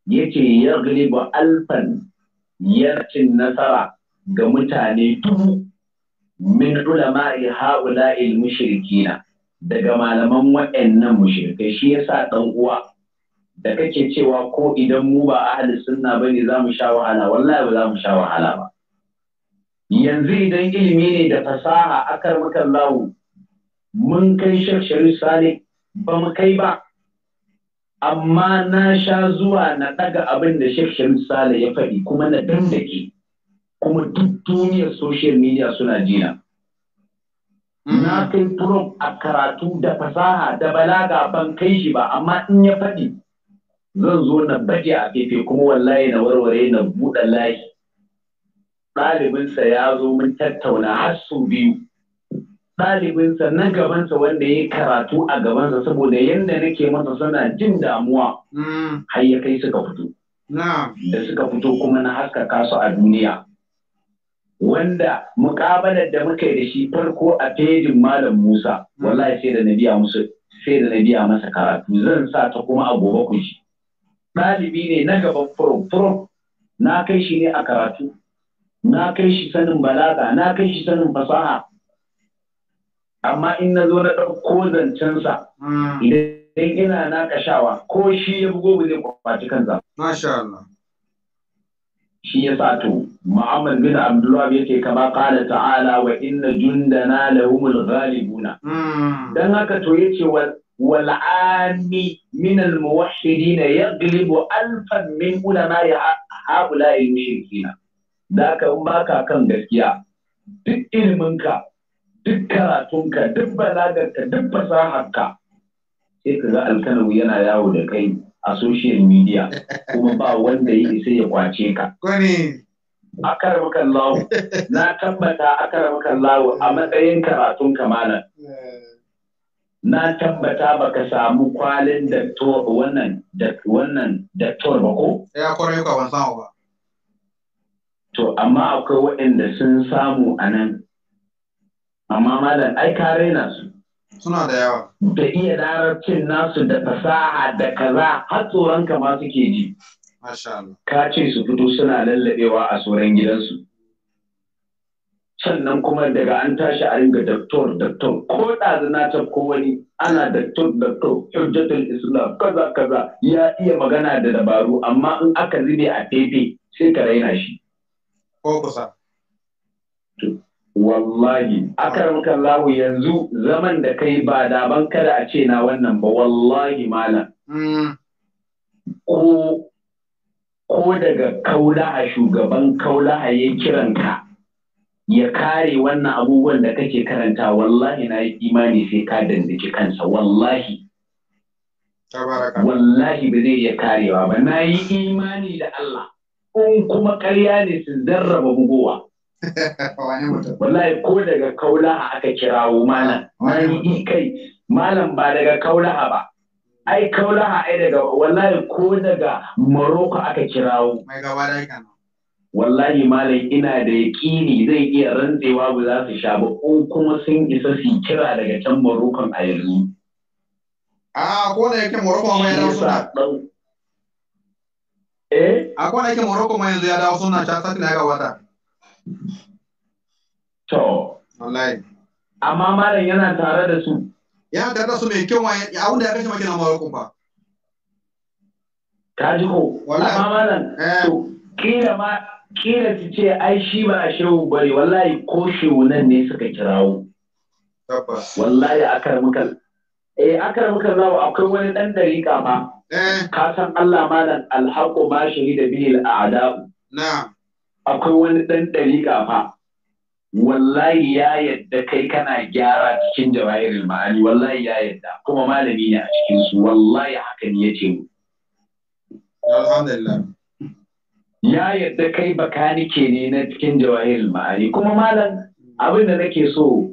yace yaglibu alfan yarcin nasara ga mutane dubu min ulama'i ha'ula'il mushrikina daga malaman waɗannan mushrikai shi yasa dan uwa da kake cewa ko idan mu ba ahli sunna ba ne mu sha wahala wallahi ba za mu sha wahala ba yanzu idan ilimi ne da fasaha akar makallahu mun kai shek sharif ba mu kai ba amma na sha zuwa na daga abin da Sheikh Shamsu Sale ya faɗi kuma na dandake kuma duk duniyar social media suna jina. Hmm. Na kai prom a karatu da fasaha da balaga ban kai shi ba amma in ya faɗi zan zo na baje a fefe kuma wallahi na warware na buɗe layi. Ɗalibinsa ya zo mun tattauna har sau biyu. ɗalibinsa na gabansa wanda ya karatu a gabansa saboda yadda nake masa suna jin damuwa hmm. har ya kai suka fito. Da suka fito kuma na haskaka su a duniya. Wanda muƙabalar da muka yi da shi farko a fejin Malam Musa, wallahi sai da na biya musu sai da na biya masa karatu zan sa ta kuma a gobe ku shi. Ɗalibi ne na gaban furum furum na kai shi ne a karatu, na kai shi sanin balaga, na kai shi sanin fasaha, amma in na zo na ɗauko zancensa hmm. idan ina naƙashawa ko shi ya bugo ba zai kwaci kansa. Masha Allah. Shi ya sa to Muhammad bin Abdullah yake kama kala ta'ala wa inna jundana lahumul ghalibuna. Hmm. Dan haka to yace wal wal'ani min al-muwahhidin yaglibu alfan min ulama ya haula mushrikina. Da ka ba baka kan gaskiya duk iliminka duk karatunka duk balagarka duk fasaharka sai ka ga alkanawi yana yawo da kai a social media kuma ba wanda ya isa ya kwace ka. Akara lawo, na tabbata akara lawo a matsayin karatun kamalan. Na tabbata baka samu kwalin da wannan da wannan ba ko? Ya kwarai ka ban samu ba. To amma akwai waɗanda sun samu a nan amma malam ai ka raina su suna da yawa da iya darabcin nasu da fasaha da kaza har tsoron ka ma suke ji ka ce su fito suna lallabewa a tsoron gidansu sannan kuma daga an tashi a ringa daktor daktor ko ɗazina ta ko wani ana daktor daktor hujjatul islam kaza kaza ya iya magana da dabaru amma in aka zube a fefe sai ka raina shi ko kusa wallahi akaram kallahu yanzu zaman da kai ba daban kada a ce na wannan ba wallahi malam hmm. ko ko daga a shugaban a ya kiranka ya kare wannan abubuwan da kake karanta wallahi na yi imani sai ka dandaki kansa wallahi wallahi ba zai iya karewa ba na yi imani da Allah in kuma karya ne su zarraba bugowa [LAUGHS] wallahi ko daga kaulaha aka kirawo malam ni kai malam ba daga kaulaha ba ai kaulaha ai daga wallahi ko daga Morocco aka kirawo mai gaba dai kana wallahi malam ina da yaƙini zai iya rantsewa ba za su sha ba ko kuma sun isa su kira daga can Morocco a yanzu a ko da yake Morocco mai yanzu suna eh a ko da yake Morocco mai yanzu ya dawo suna ta sakila ga wata To. Wallahi. Amma malam yana tare da su. Ya tare da su mai kyau waye abin da ya kashe na marukun ba. Ka ji ko. Amma malam. Eh. to, Kila ma kila ta ce ai shi ba a shehu bare. wallahi ko shehu nan ne suka kirawo. Tabbas. Wallahi akar muka eh akar muka lawa akwai wani dan dariƙa ma. Eh. Ka san Allah malam alhaqu ma shahida bihi al'ada'u. Na'am. akwai wani ɗan ɗariƙa fa wallahi ya yadda kai kana gyara cikin jawahirul ma'ani wallahi ya yadda kuma malami ne a cikin su wallahi haka ne yace alhamdulillah ya yadda kai bakanike ne na cikin jawahirul ma'ani kuma malam abin da nake so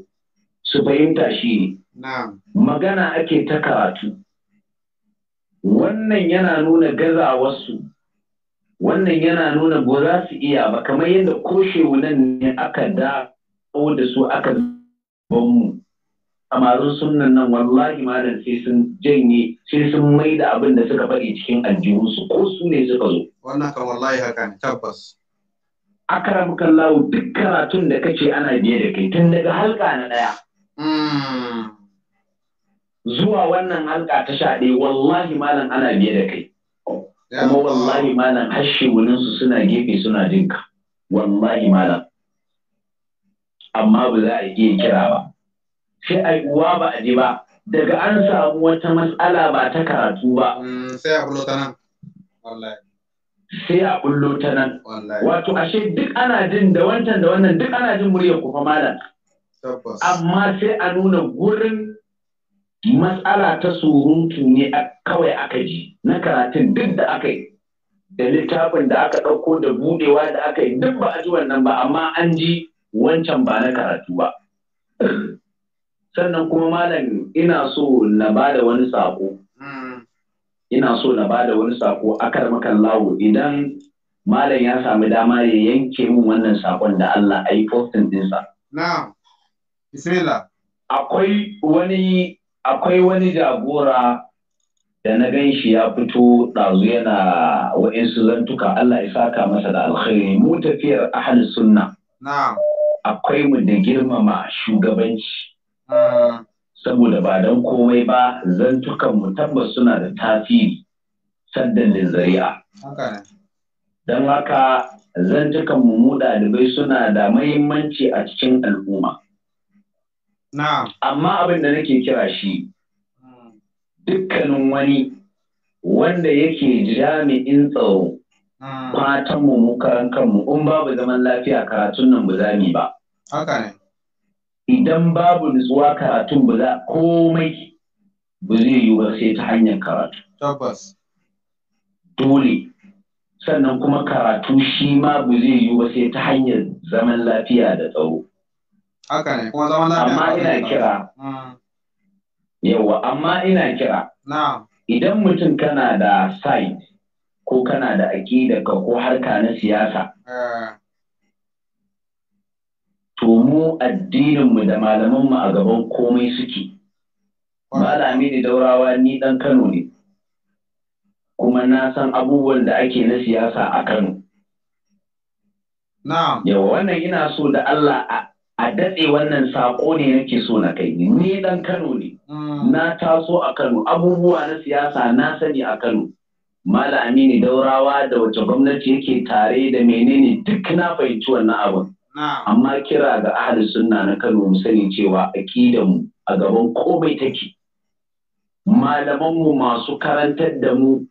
su fahimta shi ne magana ake ta karatu wannan yana nuna gazawarsu wannan yana nuna ba za su iya ba kamar yadda ko nan ne aka dawo da su aka mu samarin sunan nan wallahi malam sai sun janye sai sun mai da abin da suka faɗi cikin aljihunsu ko su ne suka zo wannan kan wallahi haka ne tabbas akaram kallahu duk karatun da kace ana biye da kai tun daga halka na ɗaya. Hmm. zuwa wannan halka ta sha wallahi malam ana biye da kai kuma wallahi malam har su suna gefe suna jinka wallahi malam amma ba za a iya kira ba sai a uwa ba a ji ba daga an samu wata matsala ba ta karatu ba mm, sai a bullo ta nan sai a bullo ta nan wato ashe duk ana jin da wancan da wannan duk ana jin muryar ku fa malam amma sai a nuna gurin matsala ta surutu ne kawai aka ji na karatun duk da aka yi da littafin da aka ɗauko da budewa da aka yi duk ba a ji wannan ba amma an ji wancan ba na karatu ba sannan kuma malam ina so na ba da wani sako hmm. ina so na ba da wani sako a karmakan lawo idan malam ya sami dama ya yanke min wannan sakon da Allah a yi postin dinsa. Akwai wani akwai wani jagora da na gan shi ya fito ɗazu yana wa'insu zantuka Allah ya saka masa da alkhairi mu tafiyar ahal sunna akwai mu da girmama shugabanci mm. saboda ba don komai ba zantukan mu tabbas suna da tasiri saddan da zari'a don haka zantukan mu mu ɗalibai suna da mahimmanci a cikin al'umma Amma abin da nake kira shi dukkanin wani wanda yake jami'in tsaro fatanmu mu karan kanmu in babu zaman lafiya karatun nan ba za mu ba. Idan babu nutsuwa karatun ba za komai ba zai yiwu ba sai ta hanyar karatu. Dole. Sannan kuma karatu shi ma ba zai yiwu ba sai ta hanyar zaman lafiya da tsaro. haka ne kuma zama lafiya hmm. amma ina kira yawa amma ina kira idan mutum kana da site ko kana da aƙida ka ko harka na siyasa eh. to mu addininmu da malamanmu a gaban komai suke malami ne daurawa ni dan kano ne kuma na san abubuwan da ake na siyasa a kano yawa wannan ina so da allah a daɗe wannan saƙo ne yake so na kai ni ɗan Kano ne mm. na taso a Kano abubuwa na siyasa na sani a Kano Malam Aminu Daurawa da wace gwamnati yake tare da menene duk na fahimci wannan abin amma kira ga ahli sunna na Kano mu sani cewa aqidan mu a gaban komai take malaman mu masu karantar da mu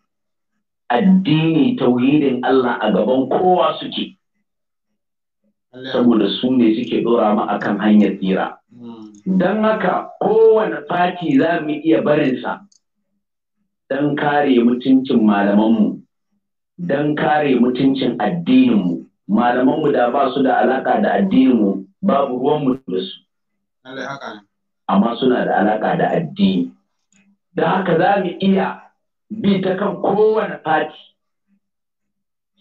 addini tauhidin Allah a gaban kowa suke saboda su ne suke dora mu akan hanyar tsira hmm. don haka kowane fati za mu iya barinsa don kare mutuncin malamanmu don kare mutuncin addininmu malamanmu da ba su da alaka da addininmu babu ruwanmu da su amma suna da alaka da addini da haka za mu iya bi ta kan kowane fati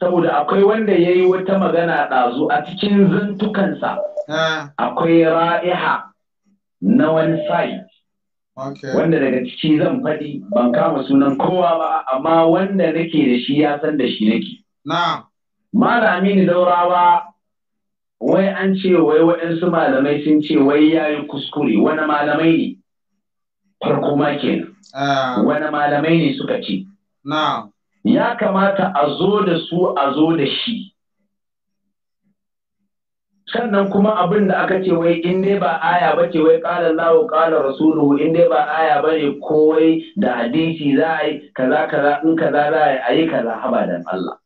saboda akwai wanda ya yi wata magana ɗazu a cikin zantukansa akwai ra'iha na wani sai wanda daga ciki zan faɗi ban kama sunan kowa ba amma wanda nake da shi ya san da shi nake malami ni daurawa wai an ce wai waɗansu malamai sun ce wai ya yi kuskure wani malamai ne farko ma kenan ah. wani malamai ne suka ce ya kamata a zo da su a zo da shi sannan kuma abin da aka ce wai in dai ba aya ba ce wai ƙala Allahu ƙala rasuluhu in dai ba aya ba ne kowai da hadisi za a yi kaza kaza in kaza za a yi kaza haba dan Allah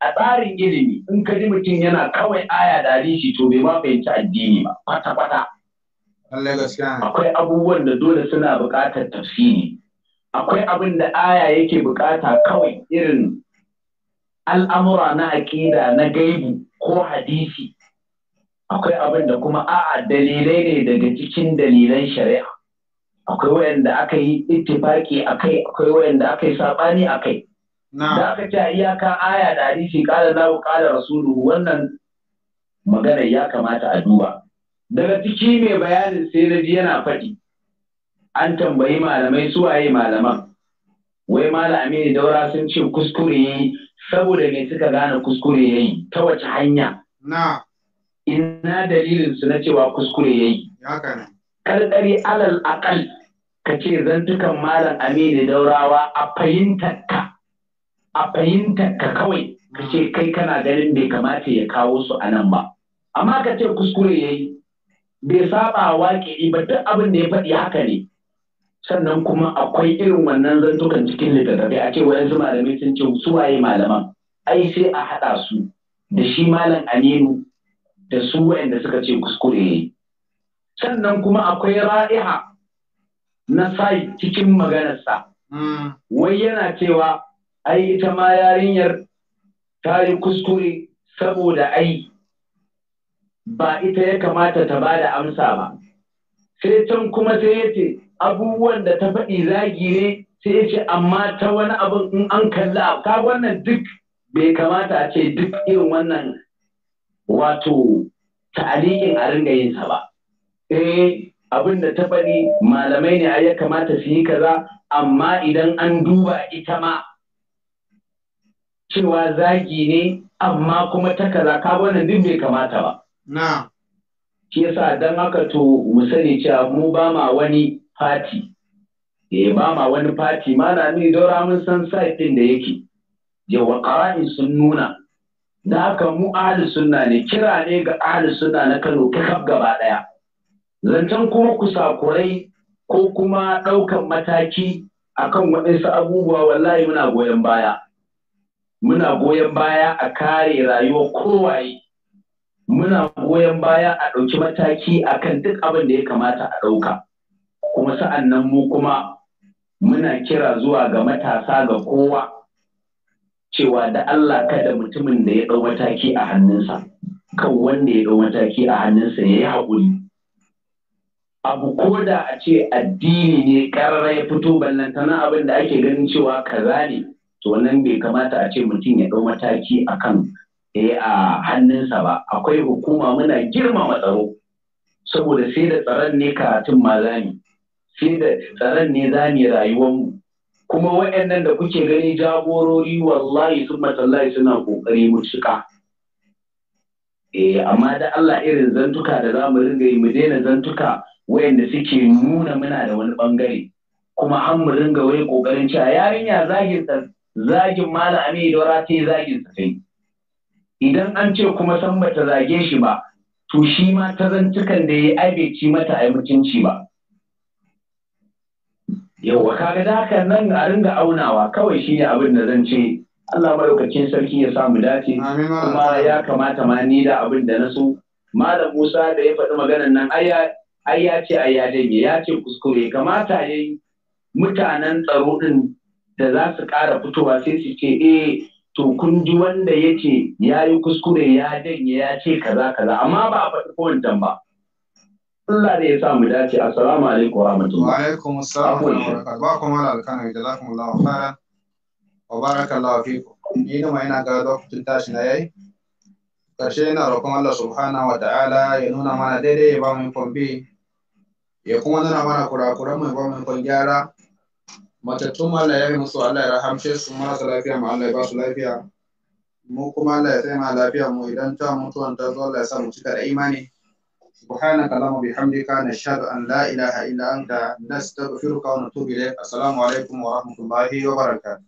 a tsarin ilimi in ka ji mutum yana kawai aya da hadisi to bai ma fahimci addini ba kwata kwata akwai abubuwan da dole suna buƙatar tafsiri akwai abin da aya yake bukata kawai irin al'amura na aƙida na gaibu ko hadisi akwai abin da kuma a'a dalilai ne daga cikin dalilan shari'a akwai wayanda aka yi ittifaki kai. akwai wayanda aka yi sabani kai. da aka ce iyaka aya da hadisi kala lahu kala rasulu wannan maganar ya kamata a duba daga ciki mai bayanin sai na ji yana faɗi an tambayi malamai su waye malaman wai malami ne daura sun ce kuskure yi saboda me suka gane kuskure ya yi ta wace hanya na ina dalilin su na cewa kuskure ya yi karkari alal akal ka ce zantukan malam aminu daurawa a fahimtarka a fahimtarka kawai ka ce kai kana ganin bai kamata ya kawo su anan ba amma ka ce kuskure ya yi bai saba waƙe ba duk abin da ya faɗi haka ne sannan kuma akwai irin wannan zantukan cikin littattafai a ce wa'yansu malamai sun ce su waye malaman ai sai a haɗa su da shi malam aminu da su wa'yanda suka ce kuskure sannan kuma akwai ra'iha na sai cikin maganarsa hmm. wai yana cewa ai ita ma yarinyar ta yi kuskure saboda ai ba ita ya kamata ta ba da amsa ba sai can kuma sai ya ce abubuwan da ta faɗi zagi ne sai ya ce amma ta wani abin in an kalla ka wannan duk bai kamata a ce duk irin wannan wato ta'aliƙin a ringa yin sa ba eh abin da ta faɗi malamai ne ya kamata su yi kaza amma idan an duba ita ma cewa zagi ne amma kuma ta kaza ka wannan duk bai kamata ba na shi yasa dan haka to mu sani cewa mu ba ma wani fati eh ba ma wani fati ma na ni don mun san site din da yake yawa ƙara'in sun nuna da haka mu ahli sunna ne kira ne ga ahli sunna na Kano kakaf gaba ɗaya zancen kuma kusakurai ko kuma ɗaukan mataki akan waɗansu abubuwa wallahi muna goyon baya muna goyon baya a kare rayuwar kowaye muna goyon baya a ɗauki mataki akan duk abin da ya kamata a ɗauka kuma sa'an nan mu kuma muna kira zuwa ga matasa ga kowa cewa da Allah kada mutumin da ya ɗau mataki a hannunsa kan wanda ya ɗau mataki a hannunsa ya yi haƙuri abu ko da a ce addini ne ƙarara ya fito tana abin da ake ganin cewa kaza ne to wannan bai kamata a ce mutum ya ɗau mataki a kan eh, a hannunsa ba akwai hukuma muna girmama tsaro saboda sai da tsaron ne karatun ma zami sai da tsaron ne za mu rayuwanmu kuma waɗannan da kuke gani jagorori wallahi sun matsalai suna ƙoƙari mu cika eh, amma da Allah irin zantuka da za mu ringa yi mu daina zantuka wayanda suke nuna muna da wani ɓangare. kuma an mu ringa wai ƙoƙarin cewa yarinya zagin zagin malam Aminu ta zagin sa kai idan an ce kuma san bata zage shi ba to shi ma ta zantukan da ya yi aibe ci mata a mutunci ba yauwa kaga da haka nan a ringa aunawa kawai shine abin da zan ce Allah maɗaukacin sarki ya sa mu dace kuma ya kamata ma ni da abin da na so malam Musa da ya faɗi maganar nan ai ya ce ai ya dage ya ce kuskure kamata ya yi mutanen tsaro ɗin da za su ƙara fitowa sai su ce eh to kun ji wanda ya ce ya yi kuskure ya dage ya ce kaza kaza amma ba a faɗi ko wancan ba Allah ne ya sa mu dace assalamu alaikum wa rahmatullahi wa alaikum assalam wa barakatuh ba kuma la alkana jazakumullahu khairan wa barakallahu fikum ni da mai na ga lokacin tashi na yayi karshe na roƙon Allah subhanahu wa ta'ala ya nuna mana daidai ya ba mu ikon bi ya kuma nuna mana kurakuran mu ya ba mu ikon gyara matattun Allah ya yi musu Allah ya rahamce su ma marasa lafiya ma Allah ya ba su lafiya mu kuma Allah ya sai ma lafiya mu idan ta mutuwan ta zo Allah ya sa mu cika da imani سبحانك اللهم وبحمدك نشهد أن لا إله إلا أنت نستغفرك ونتوب إليك السلام عليكم ورحمة الله وبركاته